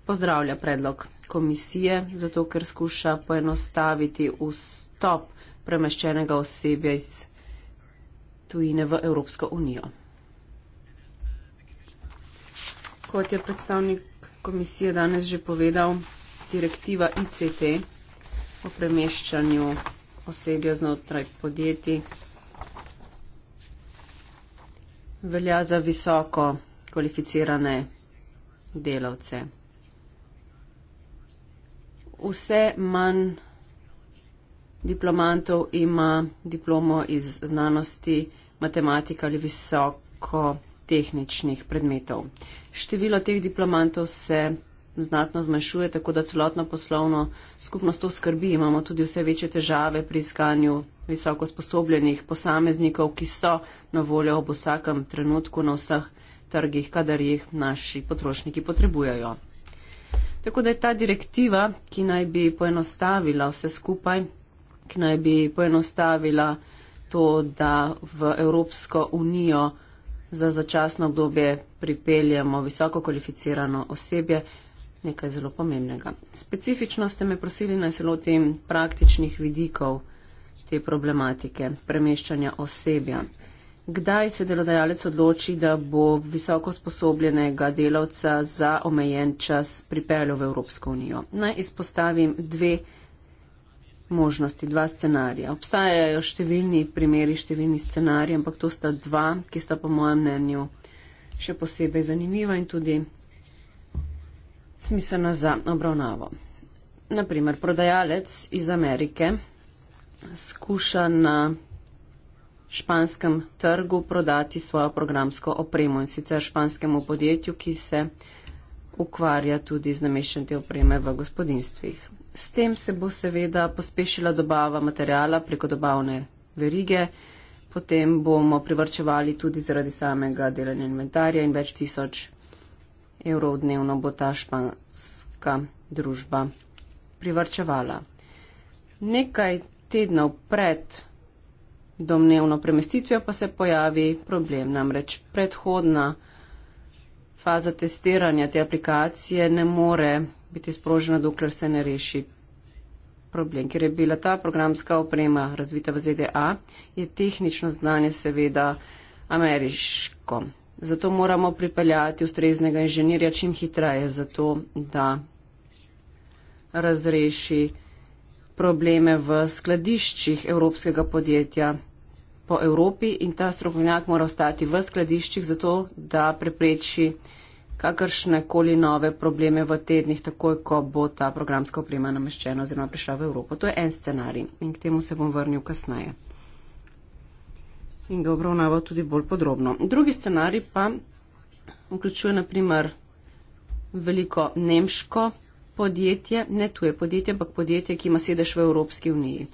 pozdravlja predlog komisije, zato ker skuša poenostaviti vstop premeščenega osebja iz tujine v Evropsko unijo. Kot je predstavnik komisije danes že povedal, direktiva ICT o premeščanju osebja znotraj podjetij velja za visoko kvalificirane delavce. Vse manj diplomantov ima diplomo iz znanosti matematika ali visoko tehničnih predmetov. Število teh diplomantov se znatno zmanjšuje, tako da celotno poslovno skupnost to skrbi. Imamo tudi vse večje težave pri iskanju visoko sposobljenih posameznikov, ki so na voljo ob vsakem trenutku na vseh trgih, kadar jih naši potrošniki potrebujejo. Tako da je ta direktiva, ki naj bi poenostavila vse skupaj, ki naj bi poenostavila to, da v Evropsko unijo za začasno obdobje pripeljamo visoko kvalificirano osebje, nekaj zelo pomembnega. Specifično ste me prosili naj se lotim praktičnih vidikov te problematike premeščanja osebja. Kdaj se delodajalec odloči, da bo visoko sposobljenega delavca za omejen čas pripeljal v Evropsko unijo? Naj izpostavim dve možnosti, dva scenarija. Obstajajo številni primeri, številni scenariji, ampak to sta dva, ki sta po mojem mnenju še posebej zanimiva in tudi smiselna za obravnavo. Naprimer, prodajalec iz Amerike skuša na španskem trgu prodati svojo programsko opremo in sicer španskemu podjetju, ki se ukvarja tudi z nameščanjem te opreme v gospodinstvih. S tem se bo seveda pospešila dobava materijala preko dobavne verige, potem bomo privrčevali tudi zaradi samega delanja inventarja in več tisoč evrov dnevno bo ta španska družba privrčevala. Nekaj tednov pred domnevno premestitvijo pa se pojavi problem, namreč predhodna faza testiranja te aplikacije ne more biti sprožena, dokler se ne reši problem. Ker je bila ta programska oprema razvita v ZDA, je tehnično znanje seveda ameriško. Zato moramo pripeljati ustreznega inženirja čim hitreje, zato da razreši probleme v skladiščih evropskega podjetja po Evropi in ta strokovnjak mora ostati v skladiščih, zato da prepreči kakršne koli nove probleme v tednih, takoj ko bo ta programska oprema nameščena oziroma prišla v Evropo. To je en scenarij in k temu se bom vrnil kasneje in ga obravnaval tudi bolj podrobno. Drugi scenarij pa vključuje naprimer veliko nemško podjetje, ne tuje podjetje, ampak podjetje, ki ima sedež v Evropski uniji.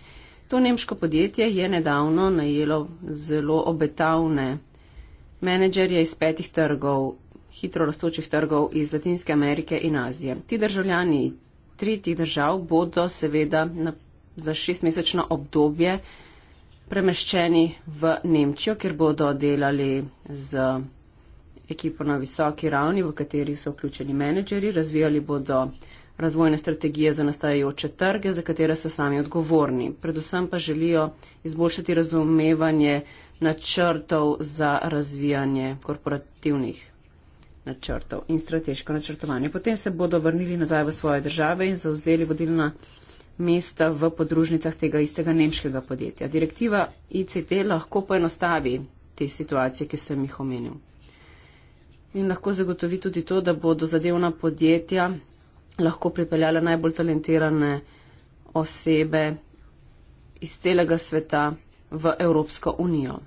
To nemško podjetje je nedavno najelo zelo obetavne menedžerje iz petih trgov hitro rastočih trgov iz Latinske Amerike in Azije. Ti državljani tretjih držav bodo seveda na, za šestmesečno obdobje premeščeni v Nemčijo, kjer bodo delali z ekipo na visoki ravni, v kateri so vključeni menedžeri, razvijali bodo razvojne strategije za nastajajoče trge, za katere so sami odgovorni. Predvsem pa želijo izboljšati razumevanje načrtov za razvijanje korporativnih načrtov in strateško načrtovanje. Potem se bodo vrnili nazaj v svoje države in zauzeli vodilna mesta v podružnicah tega istega nemškega podjetja. Direktiva ICT lahko poenostavi te situacije, ki sem jih omenil. In lahko zagotovi tudi to, da bodo zadevna podjetja lahko pripeljala najbolj talentirane osebe iz celega sveta v Evropsko unijo.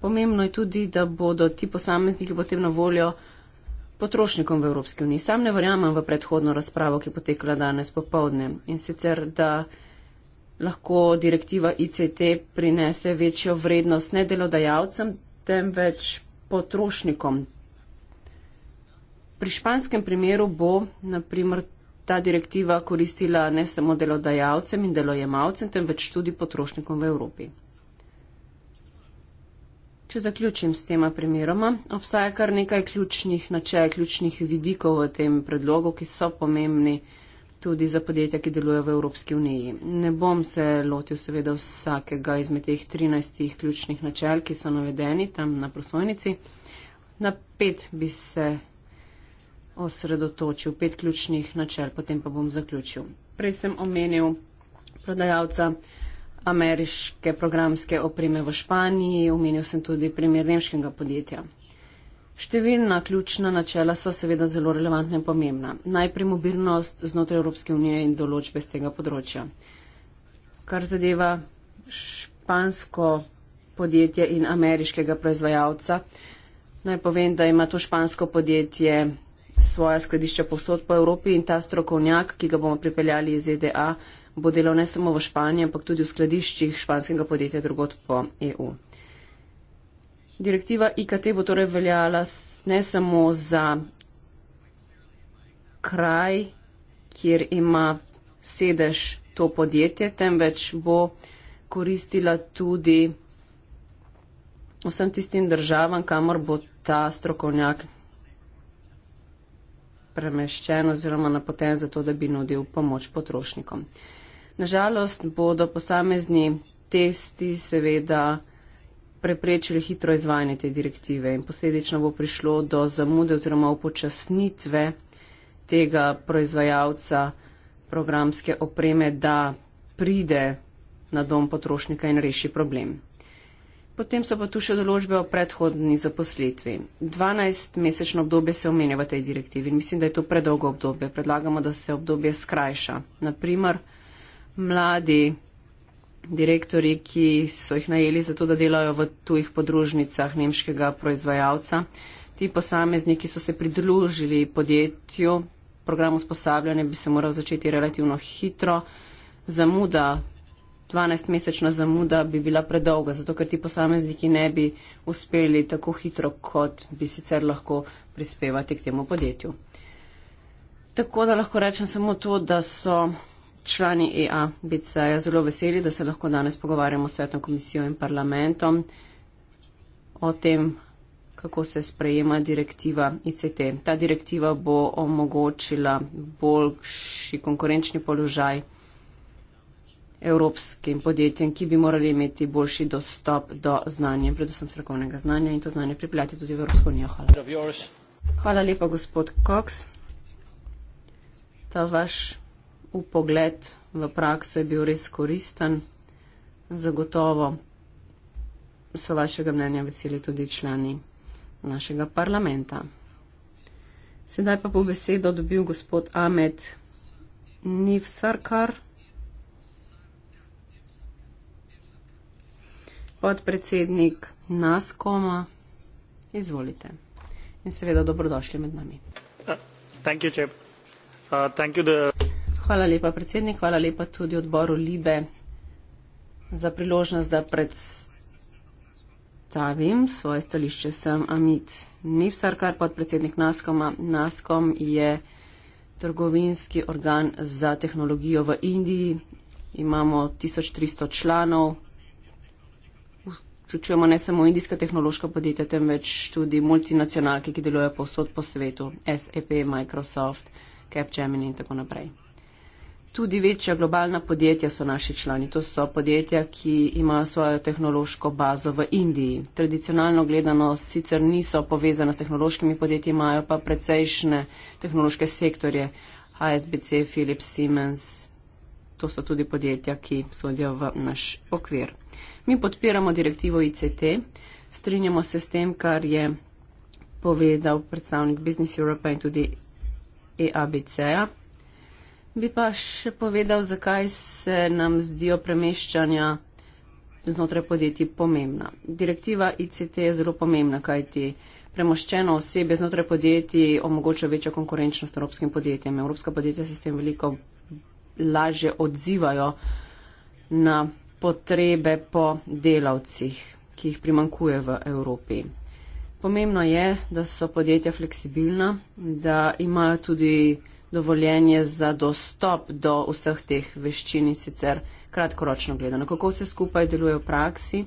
Pomembno je tudi, da bodo ti posamezniki potem na voljo potrošnikom v Evropski uniji. Sam ne verjamem v predhodno razpravo, ki je potekala danes popovdne in sicer, da lahko direktiva ICT prinese večjo vrednost ne delodajalcem, temveč potrošnikom. Pri španskem primeru bo, naprimer, ta direktiva koristila ne samo delodajalcem in delojemalcem, temveč tudi potrošnikom v Evropi če zaključim s tema primeroma, obstaja kar nekaj ključnih načel, ključnih vidikov v tem predlogu, ki so pomembni tudi za podjetja, ki delujejo v Evropski uniji. Ne bom se lotil seveda vsakega izmed teh 13 ključnih načel, ki so navedeni tam na prosojnici. Na pet bi se osredotočil, pet ključnih načel, potem pa bom zaključil. Prej sem omenil prodajalca ameriške programske opreme v Španiji, omenil sem tudi primer nemškega podjetja. Številna ključna načela so seveda zelo relevantna in pomembna. Najprej mobilnost znotraj Evropske unije in določbe z tega področja. Kar zadeva špansko podjetje in ameriškega proizvajalca, naj povem, da ima to špansko podjetje svoja skladišča posod po Evropi in ta strokovnjak, ki ga bomo pripeljali iz ZDA, bo delal ne samo v Španiji, ampak tudi v skladiščih španskega podjetja drugot po EU. Direktiva IKT bo torej veljala ne samo za kraj, kjer ima sedež to podjetje, temveč bo koristila tudi vsem tistim državam, kamor bo ta strokovnjak premeščen oziroma napoten za to, da bi nudil pomoč potrošnikom. Nažalost bodo posamezni testi seveda preprečili hitro izvajanje te direktive in posledično bo prišlo do zamude oziroma upočasnitve tega proizvajalca programske opreme, da pride na dom potrošnika in reši problem. Potem so pa tu še določbe o predhodni zaposlitvi. 12-mesečno obdobje se omenja v tej direktivi in mislim, da je to predolgo obdobje. Predlagamo, da se obdobje skrajša. Naprimer, mladi direktori, ki so jih najeli za to, da delajo v tujih podružnicah nemškega proizvajalca. Ti posamezniki so se pridružili podjetju, program usposabljanja bi se moral začeti relativno hitro. Zamuda, 12-mesečna zamuda bi bila predolga, zato ker ti posamezniki ne bi uspeli tako hitro, kot bi sicer lahko prispevati k temu podjetju. Tako da lahko rečem samo to, da so člani EA BCA zelo veseli, da se lahko danes pogovarjamo s svetom komisijo in parlamentom o tem, kako se sprejema direktiva ICT. Ta direktiva bo omogočila boljši konkurenčni položaj evropskim podjetjem, ki bi morali imeti boljši dostop do znanja, predvsem strokovnega znanja in to znanje pripeljati tudi v Evropsko unijo. Hvala. Hvala lepa, gospod Cox. Ta vaš upogled v prakso je bil res koristen. Zagotovo so vašega mnenja veseli tudi člani našega parlamenta. Sedaj pa bo besedo dobil gospod Ahmed Nivsarkar, podpredsednik NASKOMA. Izvolite. In seveda dobrodošli med nami. Uh, thank you, Hvala lepa, predsednik. Hvala lepa tudi odboru Libe za priložnost, da predstavim svoje stališče. Sem Amit Nifsar, kar podpredsednik NASKOM. NASKOM je trgovinski organ za tehnologijo v Indiji. Imamo 1300 članov. Vključujemo ne samo indijska tehnološka podjetja, temveč tudi multinacionalke, ki delujejo povsod po svetu. SAP, e Microsoft, Capgemini in tako naprej. Tudi večja globalna podjetja so naši člani. To so podjetja, ki imajo svojo tehnološko bazo v Indiji. Tradicionalno gledano sicer niso povezane s tehnološkimi podjetji, imajo pa precejšnje tehnološke sektorje. HSBC, Philips, Siemens. To so tudi podjetja, ki sodijo v naš okvir. Mi podpiramo direktivo ICT. Strinjamo se s tem, kar je povedal predstavnik Business Europe in tudi EABC-a. Bi pa še povedal, zakaj se nam zdijo premeščanja znotraj podjetij pomembna. Direktiva ICT je zelo pomembna, kajti premoščeno osebe znotraj podjetij omogoča večjo konkurenčnost evropskim podjetjem. Evropska podjetja se s tem veliko lažje odzivajo na potrebe po delavcih, ki jih primankuje v Evropi. Pomembno je, da so podjetja fleksibilna, da imajo tudi dovoljenje za dostop do vseh teh veščin in sicer kratkoročno gledano. Kako se skupaj deluje v praksi?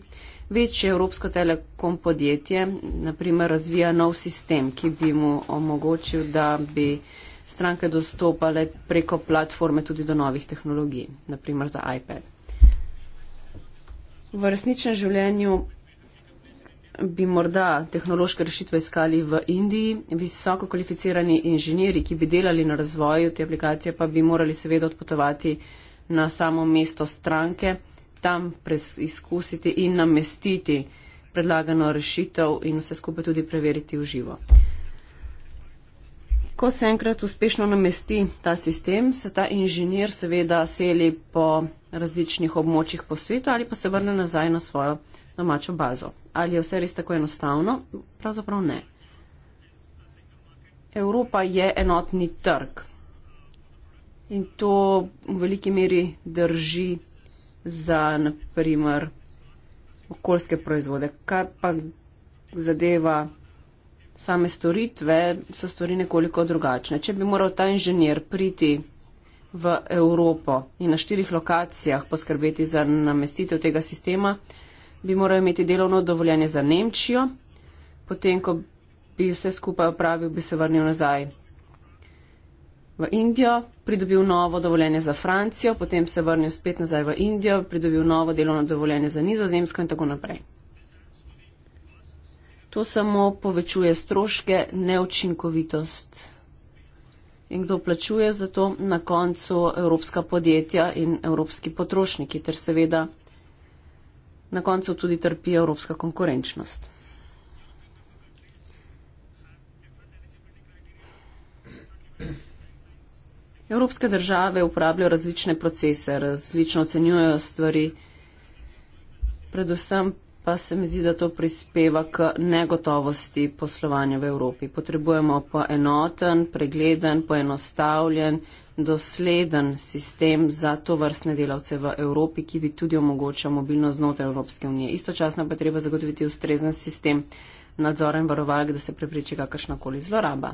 Večje evropsko telekom podjetje, naprimer, razvija nov sistem, ki bi mu omogočil, da bi stranke dostopale preko platforme tudi do novih tehnologij, naprimer za iPad. V resničnem življenju bi morda tehnološke rešitve iskali v Indiji, visoko kvalificirani inženiri, ki bi delali na razvoju te aplikacije, pa bi morali seveda odpotovati na samo mesto stranke, tam preizkusiti in namestiti predlagano rešitev in vse skupaj tudi preveriti v živo. Ko se enkrat uspešno namesti ta sistem, se ta inženir seveda seli po različnih območjih po svetu ali pa se vrne nazaj na svojo domačo bazo. Ali je vse res tako enostavno? Pravzaprav ne. Evropa je enotni trg in to v veliki meri drži za naprimer okoljske proizvode. Kar pa zadeva same storitve, so stvari nekoliko drugačne. Če bi moral ta inženir priti v Evropo in na štirih lokacijah poskrbeti za namestitev tega sistema, bi moral imeti delovno dovoljenje za Nemčijo, potem, ko bi vse skupaj opravil, bi se vrnil nazaj v Indijo, pridobil novo dovoljenje za Francijo, potem se vrnil spet nazaj v Indijo, pridobil novo delovno dovoljenje za Nizozemsko in tako naprej. To samo povečuje stroške, neučinkovitost. In kdo plačuje za to? Na koncu evropska podjetja in evropski potrošniki, ter seveda na koncu tudi trpi evropska konkurenčnost. Evropske države uporabljajo različne procese, različno ocenjujejo stvari, predvsem pa se mi zdi, da to prispeva k negotovosti poslovanja v Evropi. Potrebujemo poenoten, pregleden, poenostavljen dosleden sistem za to vrstne delavce v Evropi, ki bi tudi omogočal mobilnost znotraj Evropske unije. Istočasno pa treba zagotoviti ustrezen sistem nadzora in varovalk, da se prepriči kakršnakoli zloraba.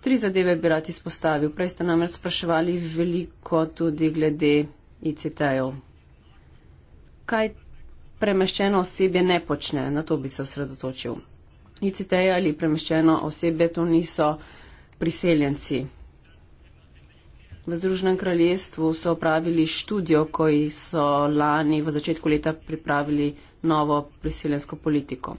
Tri zadeve bi rad izpostavil. Prej ste namreč spraševali veliko tudi glede ICT-jev. Kaj premeščeno osebje ne počne, na to bi se osredotočil. ICT-je ali premeščeno osebje to niso priseljenci. V Združenem kraljestvu so opravili študijo, ko so lani v začetku leta pripravili novo priseljensko politiko.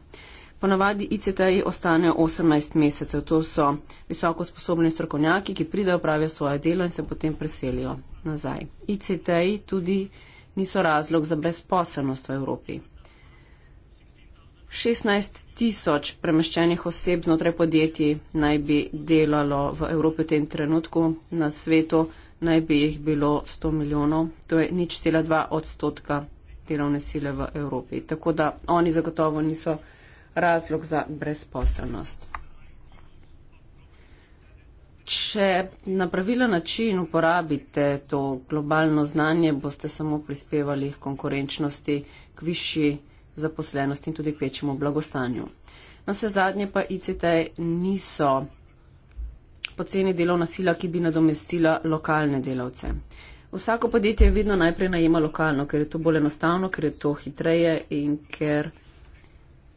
Ponavadi ICT-ji ostanejo 18 mesecev. To so visoko sposobni strokovnjaki, ki pridejo, pravijo svoje delo in se potem preselijo nazaj. ICT-ji tudi niso razlog za brezposelnost v Evropi. 16 tisoč premeščenih oseb znotraj podjetij naj bi delalo v Evropi v tem trenutku, na svetu naj bi jih bilo 100 milijonov, to je nič cela dva odstotka delovne sile v Evropi. Tako da oni zagotovo niso razlog za brezposelnost. Če na pravilen način uporabite to globalno znanje, boste samo prispevali konkurenčnosti k višji zaposlenosti in tudi k večjemu blagostanju. No, vse zadnje pa ICT niso poceni delovna sila, ki bi nadomestila lokalne delavce. Vsako podjetje vedno najprej najema lokalno, ker je to bolj enostavno, ker je to hitreje in ker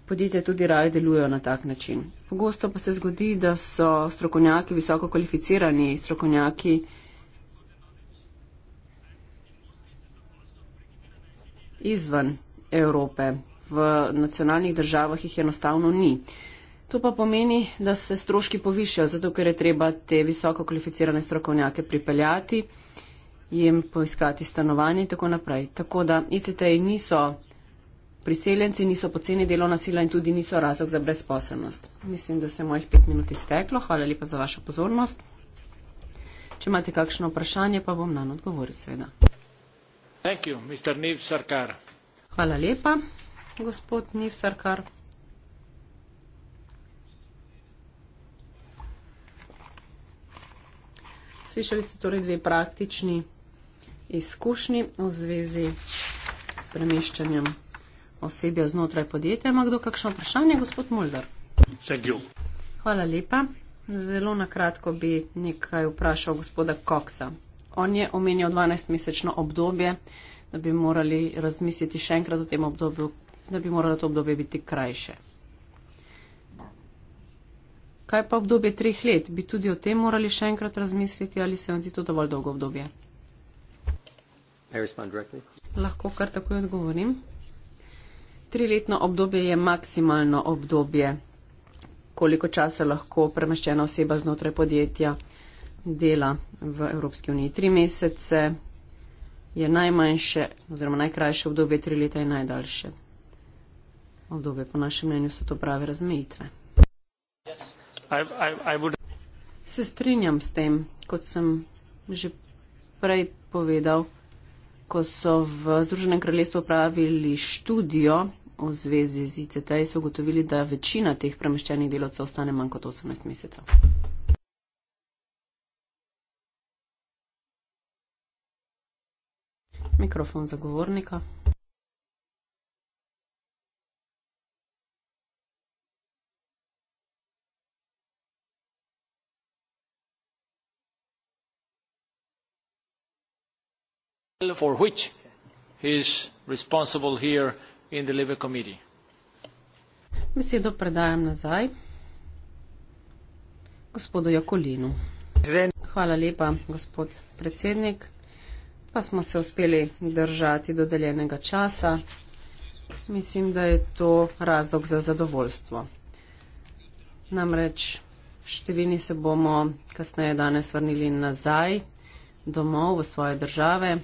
podjetje tudi raje delujejo na tak način. Pogosto pa se zgodi, da so strokovnjaki, visoko kvalificirani strokovnjaki, izven Evrope, v nacionalnih državah jih enostavno ni. To pa pomeni, da se stroški povišajo, zato ker je treba te visoko kvalificirane strokovnjake pripeljati, jim poiskati stanovanje in tako naprej. Tako da ICT-ji niso priseljenci, niso poceni delovna sila in tudi niso razlog za brezposobnost. Mislim, da se mojih pet minut izteklo. Hvala lepa za vašo pozornost. Če imate kakšno vprašanje, pa bom na odgovoril, seveda. Hvala lepa gospod Nifsarkar. Slišali ste torej dve praktični izkušnji v zvezi s premeščanjem osebja znotraj podjetja. Ima kdo kakšno vprašanje, gospod Mulder? Hvala lepa. Zelo na kratko bi nekaj vprašal gospoda Koksa. On je omenjal 12-mesečno obdobje, da bi morali razmisliti še enkrat o tem obdobju, da bi moralo to obdobje biti krajše. Kaj pa obdobje treh let? Bi tudi o tem morali še enkrat razmisliti ali se vam zdi to dovolj dolgo obdobje? Lahko kar takoj odgovorim. Triletno obdobje je maksimalno obdobje, koliko časa lahko premeščena oseba znotraj podjetja dela v Evropski uniji. Tri mesece je najmanjše oziroma najkrajše obdobje, tri leta je najdaljše obdobje. Po našem mnenju so to prave razmejitve. Se strinjam s tem, kot sem že prej povedal, ko so v Združenem kraljestvu pravili študijo v zvezi z ICT, so ugotovili, da večina teh premeščenih delovcev ostane manj kot 18 mesecev. Mikrofon zagovornika. for which he is responsible here in the Libre Committee. Besedo predajam nazaj gospodu Jakolinu. Hvala lepa, gospod predsednik. Pa smo se uspeli držati dodeljenega časa. Mislim, da je to razlog za zadovoljstvo. Namreč številni se bomo kasneje danes vrnili nazaj domov v svoje države.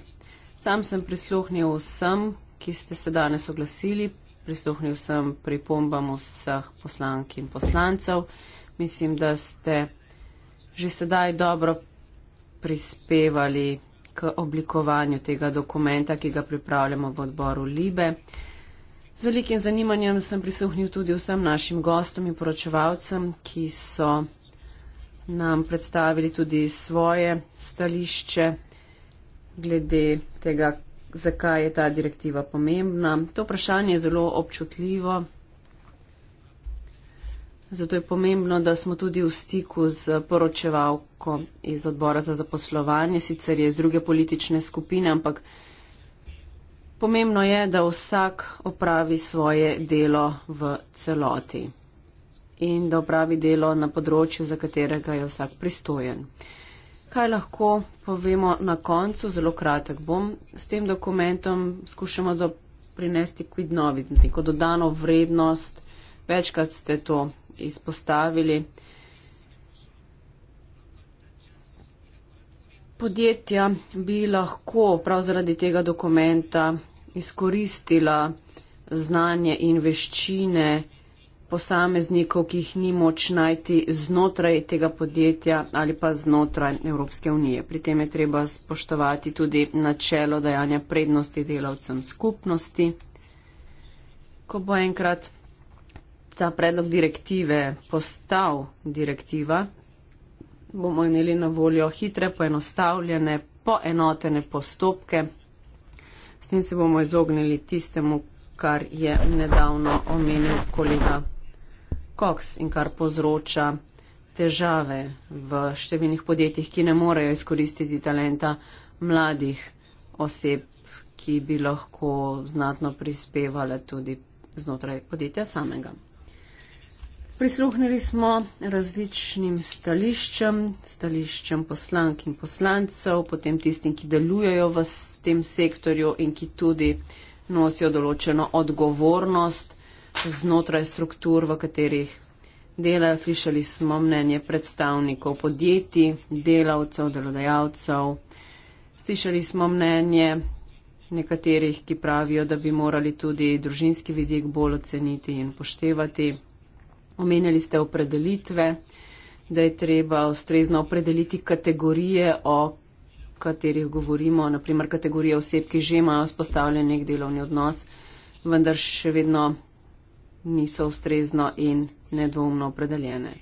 Sam sem prisluhnil vsem, ki ste se danes oglasili, prisluhnil sem pripombam vseh poslank in poslancev. Mislim, da ste že sedaj dobro prispevali k oblikovanju tega dokumenta, ki ga pripravljamo v odboru Libe. Z velikim zanimanjem sem prisluhnil tudi vsem našim gostom in poročevalcem, ki so nam predstavili tudi svoje stališče glede tega, zakaj je ta direktiva pomembna. To vprašanje je zelo občutljivo. Zato je pomembno, da smo tudi v stiku z poročevalko iz odbora za zaposlovanje, sicer je iz druge politične skupine, ampak pomembno je, da vsak opravi svoje delo v celoti in da opravi delo na področju, za katerega je vsak pristojen. Kaj lahko povemo na koncu, zelo kratek bom, s tem dokumentom skušamo do prinesti kvid novit, neko dodano vrednost, večkrat ste to izpostavili. Podjetja bi lahko prav zaradi tega dokumenta izkoristila znanje in veščine, posameznikov, ki jih ni moč najti znotraj tega podjetja ali pa znotraj Evropske unije. Pri tem je treba spoštovati tudi načelo dajanja prednosti delavcem skupnosti. Ko bo enkrat ta predlog direktive postal direktiva, bomo imeli na voljo hitre, poenostavljene, poenotene postopke. S tem se bomo izognili tistemu, kar je nedavno omenil kolega koks in kar povzroča težave v številnih podjetjih, ki ne morejo izkoristiti talenta mladih oseb, ki bi lahko znatno prispevale tudi znotraj podjetja samega. Prisluhnili smo različnim stališčem, stališčem poslank in poslancev, potem tistim, ki delujejo v tem sektorju in ki tudi nosijo določeno odgovornost znotraj struktur, v katerih delajo. Slišali smo mnenje predstavnikov podjetij, delavcev, delodajalcev. Slišali smo mnenje nekaterih, ki pravijo, da bi morali tudi družinski vidik bolj oceniti in poštevati. Omenjali ste opredelitve, da je treba ustrezno opredeliti kategorije, o katerih govorimo, naprimer kategorije oseb, ki že imajo spostavljen nek delovni odnos, vendar še vedno niso ustrezno in nedvomno opredeljene.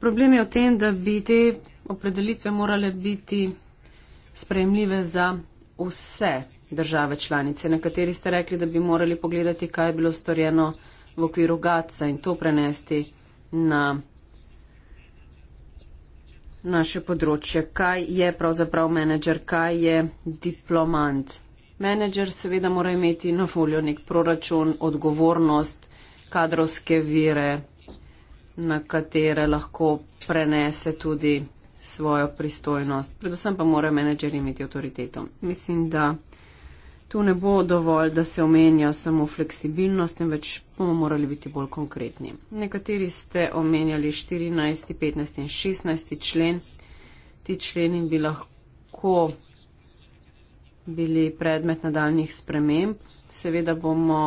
Problem je v tem, da bi te opredelitve morale biti sprejemljive za vse države članice. Nekateri ste rekli, da bi morali pogledati, kaj je bilo storjeno v okviru GATS-a in to prenesti na naše področje. Kaj je pravzaprav menedžer, kaj je diplomant? Menedžer seveda mora imeti na voljo nek proračun, odgovornost, kadrovske vire, na katere lahko prenese tudi svojo pristojnost. Predvsem pa mora menedžer imeti avtoriteto. Mislim, da tu ne bo dovolj, da se omenja samo fleksibilnost, temveč bomo morali biti bolj konkretni. Nekateri ste omenjali 14., 15. in 16. člen. Ti členi bi lahko bili predmet nadaljnih sprememb. Seveda bomo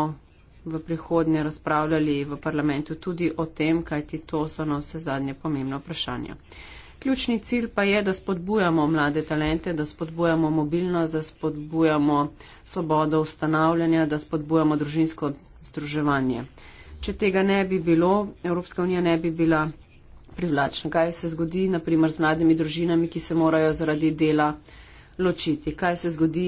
v prihodnje razpravljali v parlamentu tudi o tem, kajti to so na vse zadnje pomembno vprašanje. Ključni cilj pa je, da spodbujamo mlade talente, da spodbujamo mobilnost, da spodbujamo svobodo ustanavljanja, da spodbujamo družinsko združevanje. Če tega ne bi bilo, Evropska unija ne bi bila privlačna. Kaj se zgodi naprimer z mladimi družinami, ki se morajo zaradi dela ločiti. Kaj se zgodi,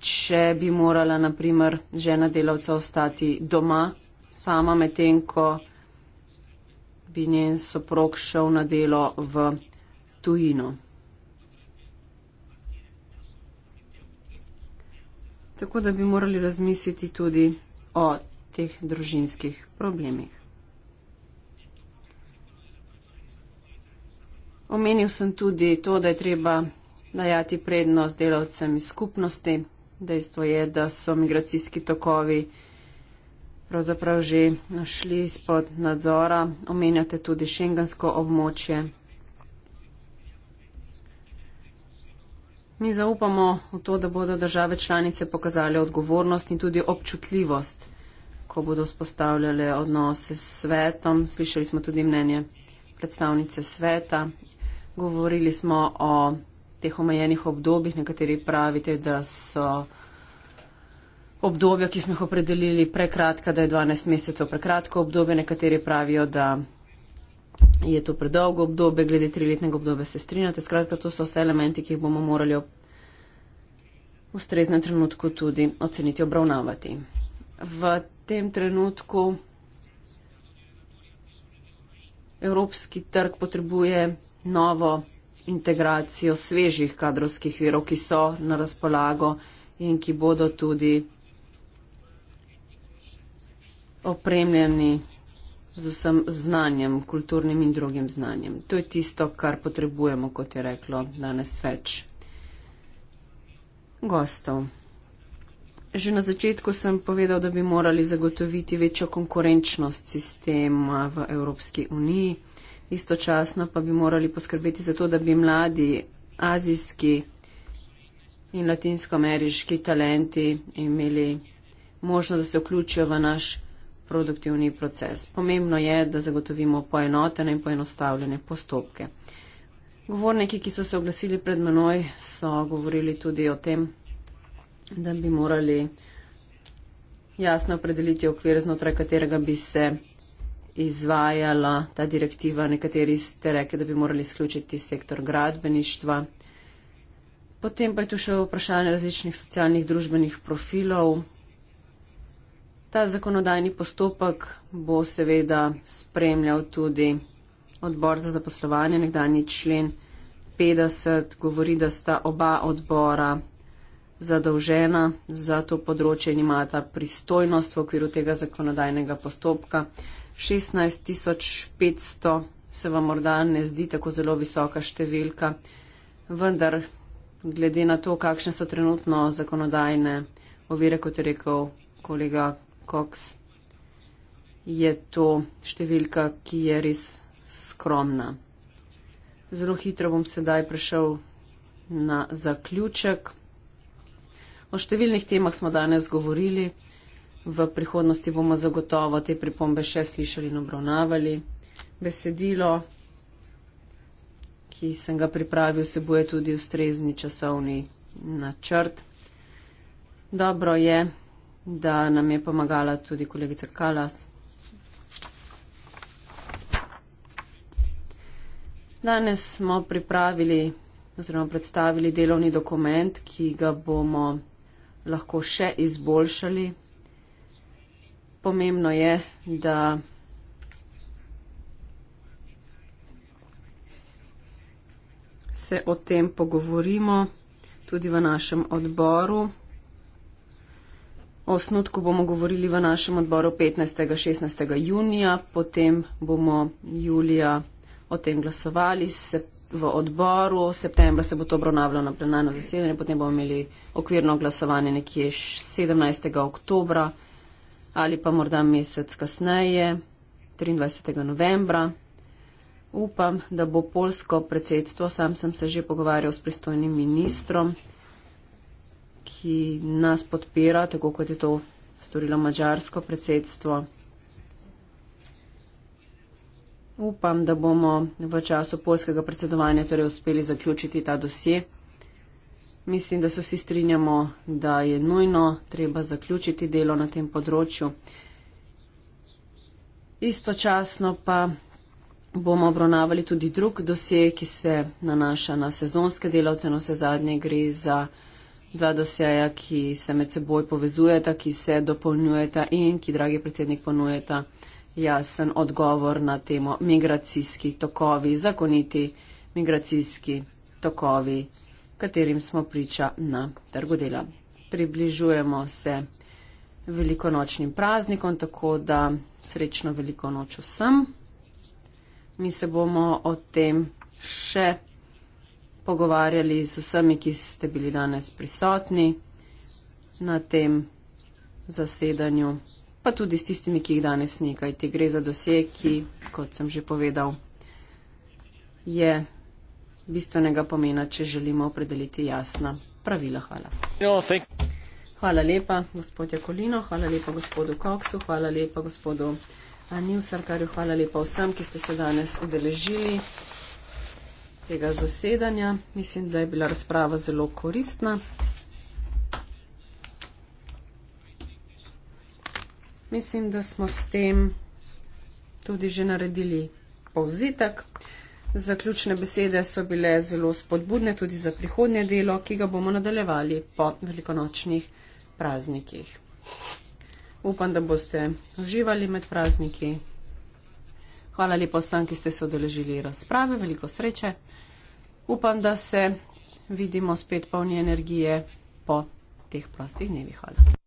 če bi morala, naprimer, žena delavca ostati doma sama, medtem ko bi njen soprok šel na delo v tujino. Tako da bi morali razmisliti tudi o teh družinskih problemih. Omenil sem tudi to, da je treba dajati prednost delavcem iz skupnosti. Dejstvo je, da so migracijski tokovi pravzaprav že šli izpod nadzora. Omenjate tudi šengansko območje. Mi zaupamo v to, da bodo države članice pokazali odgovornost in tudi občutljivost, ko bodo spostavljale odnose s svetom. Slišali smo tudi mnenje predstavnice sveta. Govorili smo o teh omejenih obdobjih. Nekateri pravite, da so obdobja, ki smo jih opredelili, prekratka, da je 12 mesecev prekratko obdobje. Nekateri pravijo, da je to predolgo obdobje, glede triletnega obdobja se strinjate. Skratka, to so vse elementi, ki jih bomo morali ob ustreznem trenutku tudi oceniti, obravnavati. V tem trenutku evropski trg potrebuje novo integracijo svežih kadrovskih virov, ki so na razpolago in ki bodo tudi opremljeni z vsem znanjem, kulturnim in drugim znanjem. To je tisto, kar potrebujemo, kot je reklo danes več gostov. Že na začetku sem povedal, da bi morali zagotoviti večjo konkurenčnost sistema v Evropski uniji istočasno pa bi morali poskrbeti za to, da bi mladi azijski in latinskoameriški talenti imeli možnost, da se vključijo v naš produktivni proces. Pomembno je, da zagotovimo poenotene in poenostavljene postopke. Govorniki, ki so se oglasili pred menoj, so govorili tudi o tem, da bi morali jasno opredeliti okvir, znotraj katerega bi se izvajala ta direktiva. Nekateri ste rekli, da bi morali izključiti sektor gradbeništva. Potem pa je tu še vprašanje različnih socialnih družbenih profilov. Ta zakonodajni postopek bo seveda spremljal tudi odbor za zaposlovanje, nekdani člen 50, govori, da sta oba odbora zadolžena za to področje in imata pristojnost v okviru tega zakonodajnega postopka. 16500 se vam morda ne zdi tako zelo visoka številka, vendar glede na to, kakšne so trenutno zakonodajne ovire, kot je rekel kolega Cox, je to številka, ki je res skromna. Zelo hitro bom sedaj prešel na zaključek. O številnih temah smo danes govorili. V prihodnosti bomo zagotovo te pripombe še slišali in obravnavali. Besedilo, ki sem ga pripravil, se boje tudi ustrezni časovni načrt. Dobro je, da nam je pomagala tudi kolegica Kala. Danes smo pripravili oziroma predstavili delovni dokument, ki ga bomo lahko še izboljšali pomembno je, da se o tem pogovorimo tudi v našem odboru. O osnutku bomo govorili v našem odboru 15. in 16. junija, potem bomo julija o tem glasovali v odboru, septembra se bo to obravnavalo na plenarno zasedanje, potem bomo imeli okvirno glasovanje nekje 17. oktobra ali pa morda mesec kasneje, 23. novembra. Upam, da bo polsko predsedstvo, sam sem se že pogovarjal s pristojnim ministrom, ki nas podpira, tako kot je to storilo mačarsko predsedstvo. Upam, da bomo v času polskega predsedovanja torej uspeli zaključiti ta dosje. Mislim, da se vsi strinjamo, da je nujno treba zaključiti delo na tem področju. Istočasno pa bomo obravnavali tudi drug dosje, ki se nanaša na sezonske delavce. Na vse zadnje gre za dva doseja, ki se med seboj povezujeta, ki se dopolnjujeta in ki, dragi predsednik, ponujeta jasen odgovor na temo migracijski tokovi, zakoniti migracijski tokovi katerim smo priča na trgu dela. Približujemo se velikonočnim praznikom, tako da srečno veliko noč vsem. Mi se bomo o tem še pogovarjali z vsemi, ki ste bili danes prisotni na tem zasedanju, pa tudi s tistimi, ki jih danes nekaj. Ti gre za dosje, ki, kot sem že povedal, je bistvenega pomena, če želimo opredeliti jasna pravila. Hvala. No, hvala lepa, gospod Jakolino, hvala lepa gospodu Koksu, hvala lepa gospodu Nilsarkarju, hvala lepa vsem, ki ste se danes udeležili tega zasedanja. Mislim, da je bila razprava zelo koristna. Mislim, da smo s tem tudi že naredili povzetek. Zaključne besede so bile zelo spodbudne tudi za prihodnje delo, ki ga bomo nadaljevali po velikonočnih praznikih. Upam, da boste uživali med prazniki. Hvala lepo vsem, ki ste se odeležili razprave. Veliko sreče. Upam, da se vidimo spet polni energije po teh prostih dnevih. Hvala.